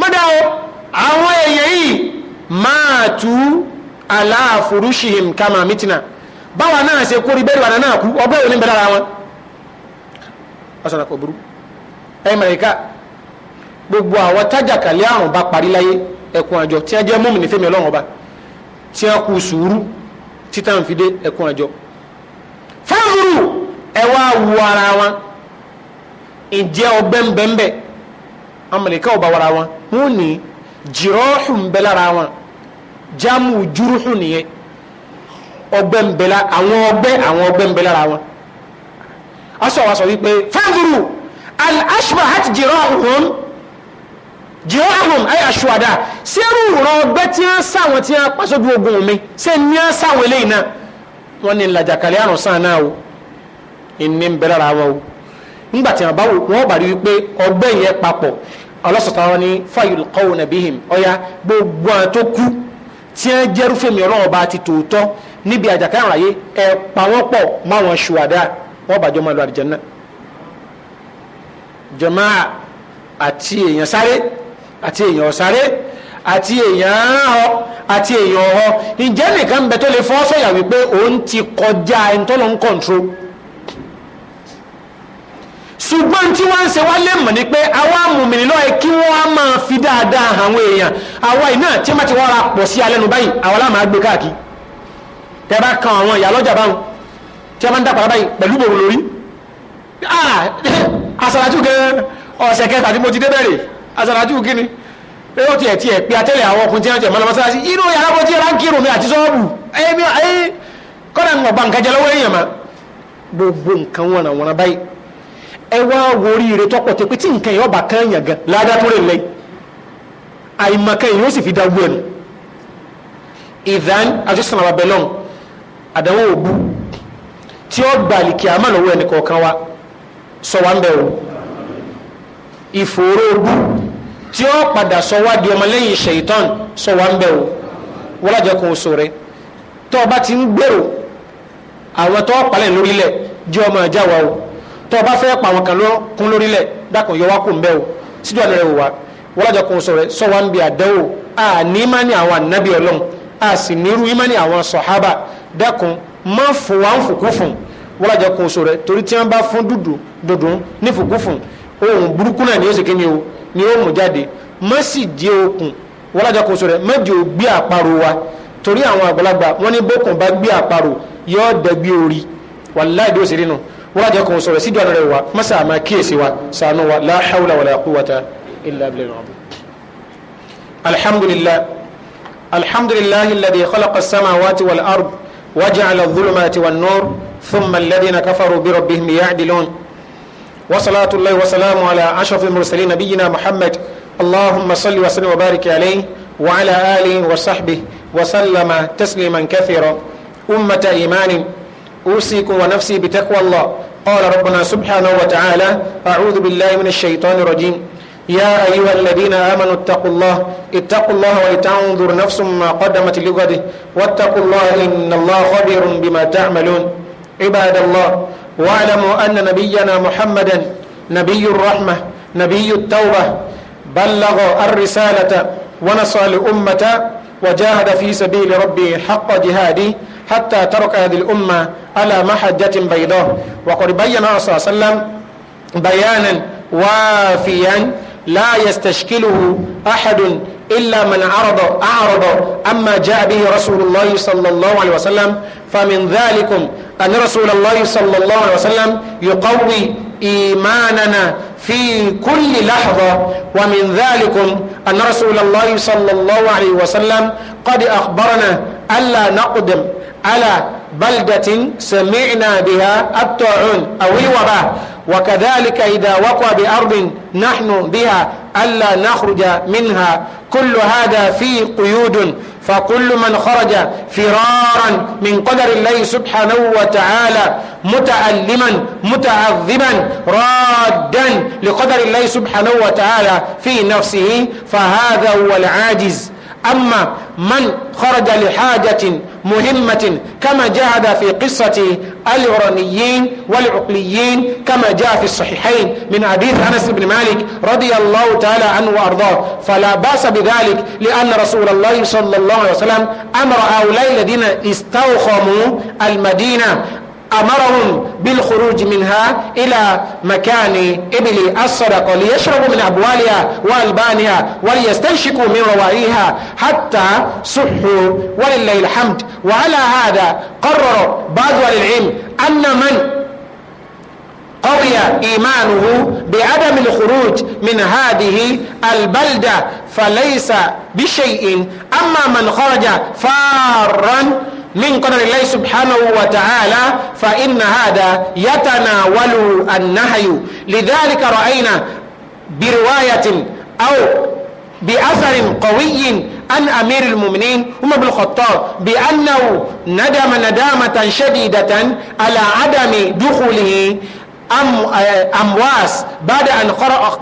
mọ́dá o àwọn èèyàn yìí máa tú ala furushihim kama mitna báwa náà ṣe kórí bẹ́ẹ̀dì wà náà kú ọgbẹ́ òní bẹ́ẹ̀ lára wọn ọ̀sán àpò burú ẹ̀yìn mẹ̀ríkà gbogbo àwọn tájàkálẹ̀ àrùn bá parí láyé ẹ̀kùn àjọ tí a jẹ́ mọ́mìnì fẹ́mi ọlọ́run ọba tí a kú sùúrù títà ń fi dé ẹkún àjọ wu ara wọn ìjẹ́ ọgbẹ́ ńbẹ́ńbẹ́ amalika ọba wara wọn wọn ní jìrọ́ọ̀hù ńbẹ́lára wọn jámù júrùhù nìyẹn ọgbẹ́ ńbẹ́lá àwọn ọgbẹ́ àwọn ọgbẹ́ wọn aṣọ jihahum ayé aṣọ́adá sí ẹrù rọ ọgbẹ́ tí wọ́n sáwọn tí wọ́n pàṣọ́dún ogun mi ṣé ní wọ́n sáwọn eléyìí náà wọ́n ní làjàkálẹ̀ àrùn sàn náà o ìní ń bẹ̀rẹ̀ wọn o nígbà tí wọ́n bá wọ́n bá ni fayul kọ́wọ́ nàbíhìm ma na àti èèyàn sáré àti èèyàn ránhọ àti èèyàn ọ̀họ́ ǹjẹ́ nìkan bẹ tó lè fọ́ sọ̀yà wípé òun ti kọjá ẹni tó lọ ń kọ̀ǹtró ṣùgbọ́n tí wọ́n ń ṣe wá lè mọ̀ ní pé àwa mùmìnì lọ́ọ̀ kí wọ́n á máa fi dáadáa àwọn èèyàn àwa iná tí wọ́n ti wọ́n ra pọ̀ sí alẹ́nu báyìí àwa láà gbé káàkiri tẹ́ bá kan àwọn ìyá lọ́jà báwọn tí wọ́n bá ń dàpọ̀ lábáyìí pẹ̀lú bòrò lórí ah, àṣàlàjú gẹ́gẹ́ ọ̀sẹ̀ kẹta tí mo ti dé a gini ni pé ó ti tiẹ̀ pé atẹ́lẹ̀ àwọn ọkùnrin tí wọ́n tiẹ̀ mọ́ lọ́mọ́sáàsì inú yàrá bọ́ tí yàrá ń kírun mi àti sọ́ọ̀bù ẹ̀mí ayé kọ́nà ń ọ̀gbà nǹkan lọ́wọ́ èèyàn mọ́ gbogbo nǹkan wọn àwọn ọ̀nà báyìí ẹ wá ire tọ́pọ̀ tẹ pé tí nǹkan ọba kan yàn gan ládá tó rè lẹ́yìn àìmọ̀kan yìí ó sì fi dá gbọ́ ìdán àjọsìn àwọn tí ó padà sọ wá di ọmọlẹ́yìn ṣèyítọ́n sọ wá ń bẹ̀ o wọ́lájọ kan oṣù rẹ tó o bá ti ń gbèrò àwọn tó palẹ̀ lórílẹ̀ jẹ́ ọmọ ẹja wa o tó o bá fẹ́ pa àwọn kan ló kún lórílẹ̀ dákun yọ wá kù ń bẹ̀ o síjú àná rẹ wò wá wọ́lájọ kan oṣù rẹ ń bi àdánwò a ní má ní àwọn ànábì ọlọ́run a sì nírú ìmá ní àwọn sọ̀hábà dákun má fún wa ń fòkú wọ́lájọ kan oṣù torí tí wọ́n bá fún dùdù dùdù ní fòkú ohun burúkú náà ni ó sì kí ni o ni ó mú jáde má sì di okùn wọ́lájà kò sọ̀rọ̀ má di o gbé àparò wa torí àwọn àgbàlagbà wọ́n ní bókùn bá gbé àparò yóò dẹ̀gbé orí wàláì bí ó sì wọ́lájà kò sọ̀rọ̀ sídìí ọ̀nà rẹ̀ wa má sì àmà kíyèsí wa sànú wa la hawla wala quwwata illa billah alhamdulillah alhamdulillah alladhi khalaqa as-samawati wal ard waja'ala adh-dhulumati wan-nur thumma alladhina kafaru bi rabbihim ya'dilun وصلاة الله وسلام على أشرف المرسلين نبينا محمد اللهم صل وسلم وبارك عليه وعلى آله وصحبه وسلم تسليما كثيرا أمة إيمان أوصيكم ونفسي بتقوى الله قال ربنا سبحانه وتعالى أعوذ بالله من الشيطان الرجيم يا أيها الذين آمنوا اتقوا الله اتقوا الله ولتنظر نفس ما قدمت لغده واتقوا الله إن الله خبير بما تعملون عباد الله واعلموا أن نبينا محمدا نبي الرحمة نبي التوبة بلغ الرسالة ونصر الأمة وجاهد في سبيل ربه حق جهاده حتى ترك هذه الأمة على محجة بيضاء وقد بينا صلى الله عليه وسلم بيانا وافيا لا يستشكله أحد إلا من عرض أعرض أما جاء به رسول الله صلى الله عليه وسلم فمن ذلكم أن رسول الله صلى الله عليه وسلم يقوي إيماننا في كل لحظة ومن ذلكم أن رسول الله صلى الله عليه وسلم قد أخبرنا ألا نقدم على بلدة سمعنا بها الطاعون أو الوباء وكذلك إذا وقع بأرض نحن بها ألا نخرج منها كل هذا فيه قيود فكل من خرج فرارا من قدر الله سبحانه وتعالى متألما متعذبا رادا لقدر الله سبحانه وتعالى في نفسه فهذا هو العاجز أما من خرج لحاجة مهمة كما جاء في قصة العرانيين والعقليين كما جاء في الصحيحين من حديث أنس بن مالك رضي الله تعالى عنه وأرضاه فلا بأس بذلك لأن رسول الله صلى الله عليه وسلم أمر أولي الذين استوخموا المدينة أمرهم بالخروج منها إلى مكان إبل الصدقة ليشربوا من أبوالها وألبانها وليستنشقوا من روائها حتى صحوا ولله الحمد وعلى هذا قرر بعض العلم أن من قوي إيمانه بعدم الخروج من هذه البلدة falaysa bishay'in amma man kharaja farran min qadari Allahi subhanahu wa ta'ala fa inna hadha yatanawalu an lidhalika ra'ayna برواية أو بأثر قوي عن أمير المؤمنين عمر بن الخطاب بأنه ندم ندامة شديدة على عدم دخوله أم آه، أمواس بعد أن,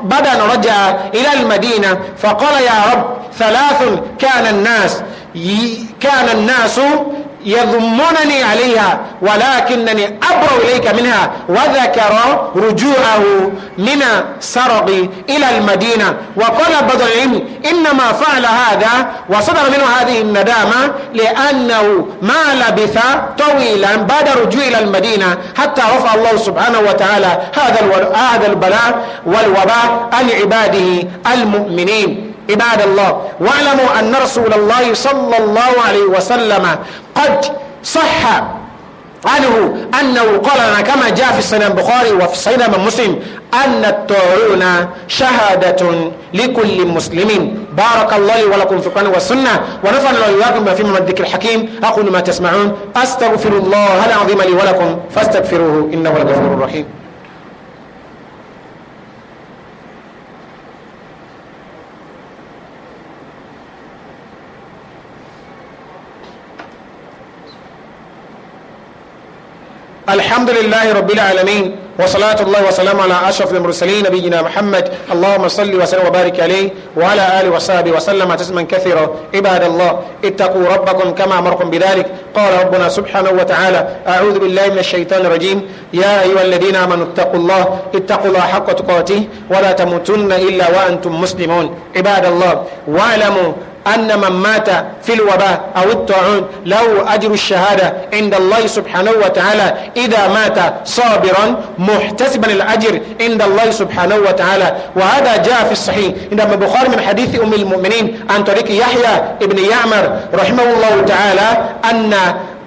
بعد أن رجع إلى المدينة فقال يا رب ثلاث كان الناس كان الناس يضمنني عليها ولكنني أبرأ إليك منها وذكر رجوعه من سرق إلى المدينة وقال بعض العلم إنما فعل هذا وصدر منه هذه الندامة لأنه ما لبث طويلا بعد رجوع إلى المدينة حتى رفع الله سبحانه وتعالى هذا هذا البلاء والوباء عن عباده المؤمنين عباد الله واعلموا أن رسول الله صلى الله عليه وسلم قد صح عنه أنه قال كما جاء في صحيح البخاري وفي صحيح مسلم أن الطاعون شهادة لكل مسلم بارك الله لي ولكم في القرآن والسنة ونفعنا الله وإياكم بما فيما من الذكر الحكيم أقول ما تسمعون أستغفر الله العظيم لي ولكم فاستغفروه إنه لغفور رحيم الحمد لله رب العالمين وصلاة الله وسلام على أشرف المرسلين نبينا محمد اللهم صل وسلم وبارك عليه وعلى آله وصحبه وسلم تسما كثيرا عباد الله اتقوا ربكم كما أمركم بذلك قال ربنا سبحانه وتعالى أعوذ بالله من الشيطان الرجيم يا أيها الذين آمنوا اتقوا الله اتقوا الله حق تقاته ولا تموتن إلا وأنتم مسلمون عباد الله واعلموا أن من مات في الوباء أو الطاعون له أجر الشهادة عند الله سبحانه وتعالى إذا مات صابرا محتسبا الأجر عند الله سبحانه وتعالى وهذا جاء في الصحيح عندما البخاري من حديث أم المؤمنين عن طريق يحيى ابن يعمر رحمه الله تعالى أن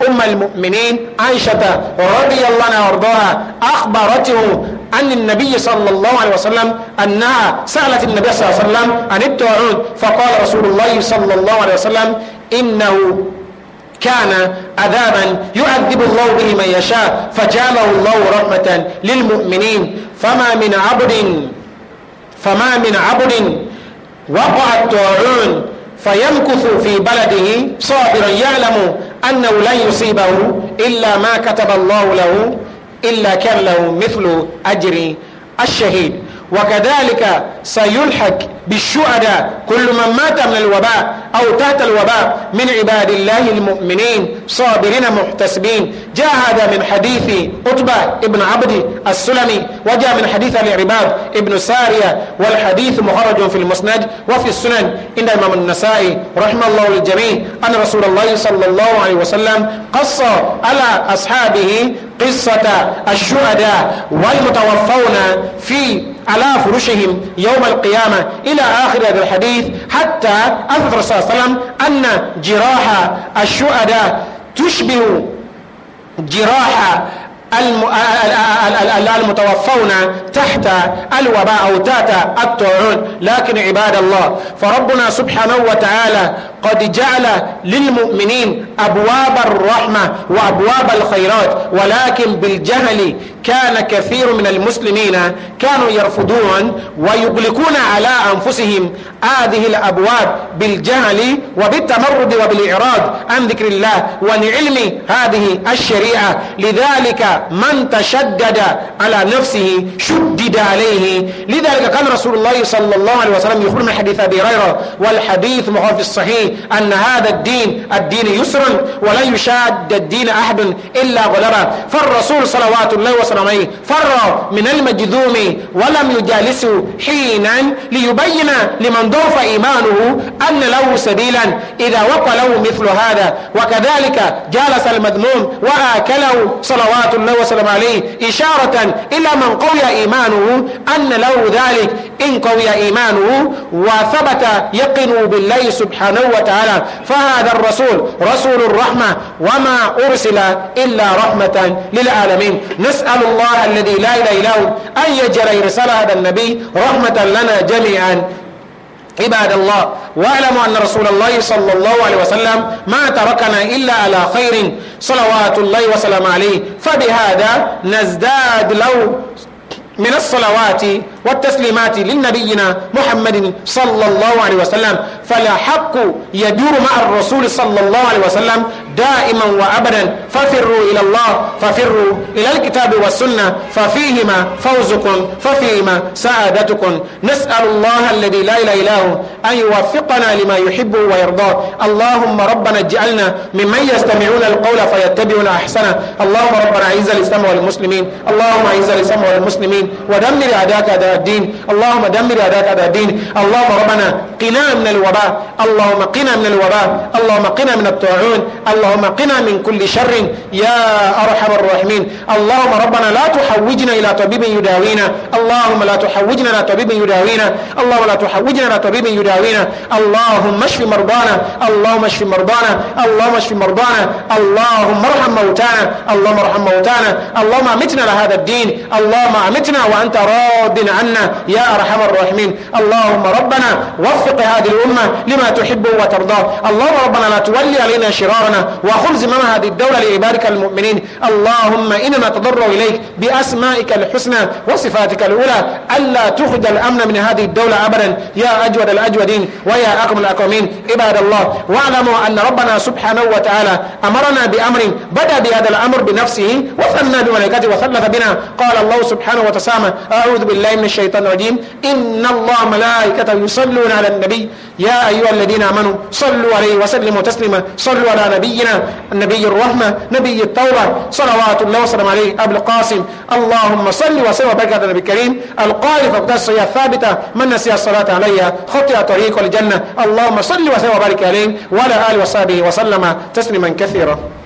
أم المؤمنين عائشة رضي الله عنها وارضاها أخبرته أن النبي صلى الله عليه وسلم أنها سألت النبي صلى الله عليه وسلم عن التوعود فقال رسول الله صلى الله عليه وسلم إنه كان عذابا يعذب الله به من يشاء فجعله الله رحمة للمؤمنين فما من عبد فما من عبد وقع التوعود فيمكث في بلده صابرا يعلم أنه لن يصيبه إلا ما كتب الله له إلا كان له مثل أجر الشهيد وكذلك سيلحق بالشهداء كل من مات من الوباء أو تحت الوباء من عباد الله المؤمنين صابرين محتسبين جاء هذا من حديث أطبع ابن عبد السلمي وجاء من حديث العباد ابن سارية والحديث مخرج في المسند وفي السنن إن إمام النسائي رحمه الله الجميع أن رسول الله صلى الله عليه وسلم قص على أصحابه قصة الشهداء والمتوفون في على فرشهم يوم القيامة إلى آخر هذا الحديث حتى أثبت الرسول صلى الله عليه وسلم أن جراح الشهداء تشبه جراح المتوفون تحت الوباء أو تحت الطاعون لكن عباد الله فربنا سبحانه وتعالى قد جعل للمؤمنين أبواب الرحمة وأبواب الخيرات ولكن بالجهل كان كثير من المسلمين كانوا يرفضون ويغلقون على أنفسهم هذه الأبواب بالجهل وبالتمرد وبالإعراض عن ذكر الله ونعلم هذه الشريعة لذلك من تشدد على نفسه شدد عليه لذلك قال رسول الله صلى الله عليه وسلم يخبر من حديث أبي هريرة والحديث معروف في الصحيح أن هذا الدين الدين يسر ولا يشاد الدين أحد إلا غلبه فالرسول صلوات الله وسلم البصرمي فر من المجذوم ولم يجالسه حينا ليبين لمن ضعف إيمانه أن له سبيلا إذا وقع له مثل هذا وكذلك جالس المذموم وآكله صلوات الله وسلم عليه إشارة إلى من قوي إيمانه أن له ذلك إن قوي إيمانه وثبت يقن بالله سبحانه وتعالى فهذا الرسول رسول الرحمة وما أرسل إلا رحمة للعالمين نسأل نسأل الله الذي لا إله إلا هو أن يجري رسالة هذا النبي رحمة لنا جميعا عباد الله واعلموا أن رسول الله صلى الله عليه وسلم ما تركنا إلا على خير صلوات الله وسلم عليه فبهذا نزداد له من الصلوات والتسليمات للنبينا محمد صلى الله عليه وسلم فالحق يدور مع الرسول صلى الله عليه وسلم دائما وابدا ففروا إلى الله ففروا إلى الكتاب والسنة ففيهما فوزكم ففيهما سعادتكم نسأل الله الذي لا إله الا هو ان يوفقنا لما يحب ويرضاه اللهم ربنا اجعلنا ممن يستمعون القول فيتبعون احسنه اللهم ربنا عز الاسلام والمسلمين اللهم عز الاسلام والمسلمين ودمر اعداءك اعداء الدين اللهم دمر أعداء أعداء الدين اللهم ربنا قنا من الوباء اللهم قنا من الوباء اللهم قنا من الطاعون اللهم قنا من كل شر يا أرحم الراحمين اللهم ربنا لا تحوجنا إلى طبيب يداوينا اللهم لا تحوجنا إلى طبيب يداوينا اللهم لا تحوجنا إلى طبيب يداوينا اللهم اشف مرضانا اللهم اشف مرضانا اللهم اشف مرضانا اللهم ارحم موتانا اللهم ارحم موتانا اللهم امتنا لهذا الدين اللهم امتنا وأنت راض عنا يا أرحم الراحمين اللهم ربنا وفق هذه الأمة لما تحبه وترضاه اللهم ربنا لا تولي علينا شرارنا وخذ زمام هذه الدولة لعبادك المؤمنين اللهم إنما تضر إليك بأسمائك الحسنى وصفاتك الأولى ألا تخرج الأمن من هذه الدولة أبدا يا أجود الأجودين ويا أكرم الأكرمين عباد الله واعلموا أن ربنا سبحانه وتعالى أمرنا بأمر بدأ بهذا الأمر بنفسه وثنى بملائكته وثلث بنا قال الله سبحانه وتسامى أعوذ بالله من الشيطان الرجيم إن الله ملائكة يصلون على النبي يا أيها الذين آمنوا صلوا عليه وسلموا تسليما صلوا على نبينا النبي الرحمة نبي التوبة صلوات الله وسلم عليه أبو القاسم اللهم صل وسلم وبارك على النبي الكريم القائل فقد الصلاة الثابتة من نسي الصلاة عليها خطئ طريق الجنة اللهم صل وسلم وبارك عليه وعلى آله وصحبه وسلم تسليما كثيرا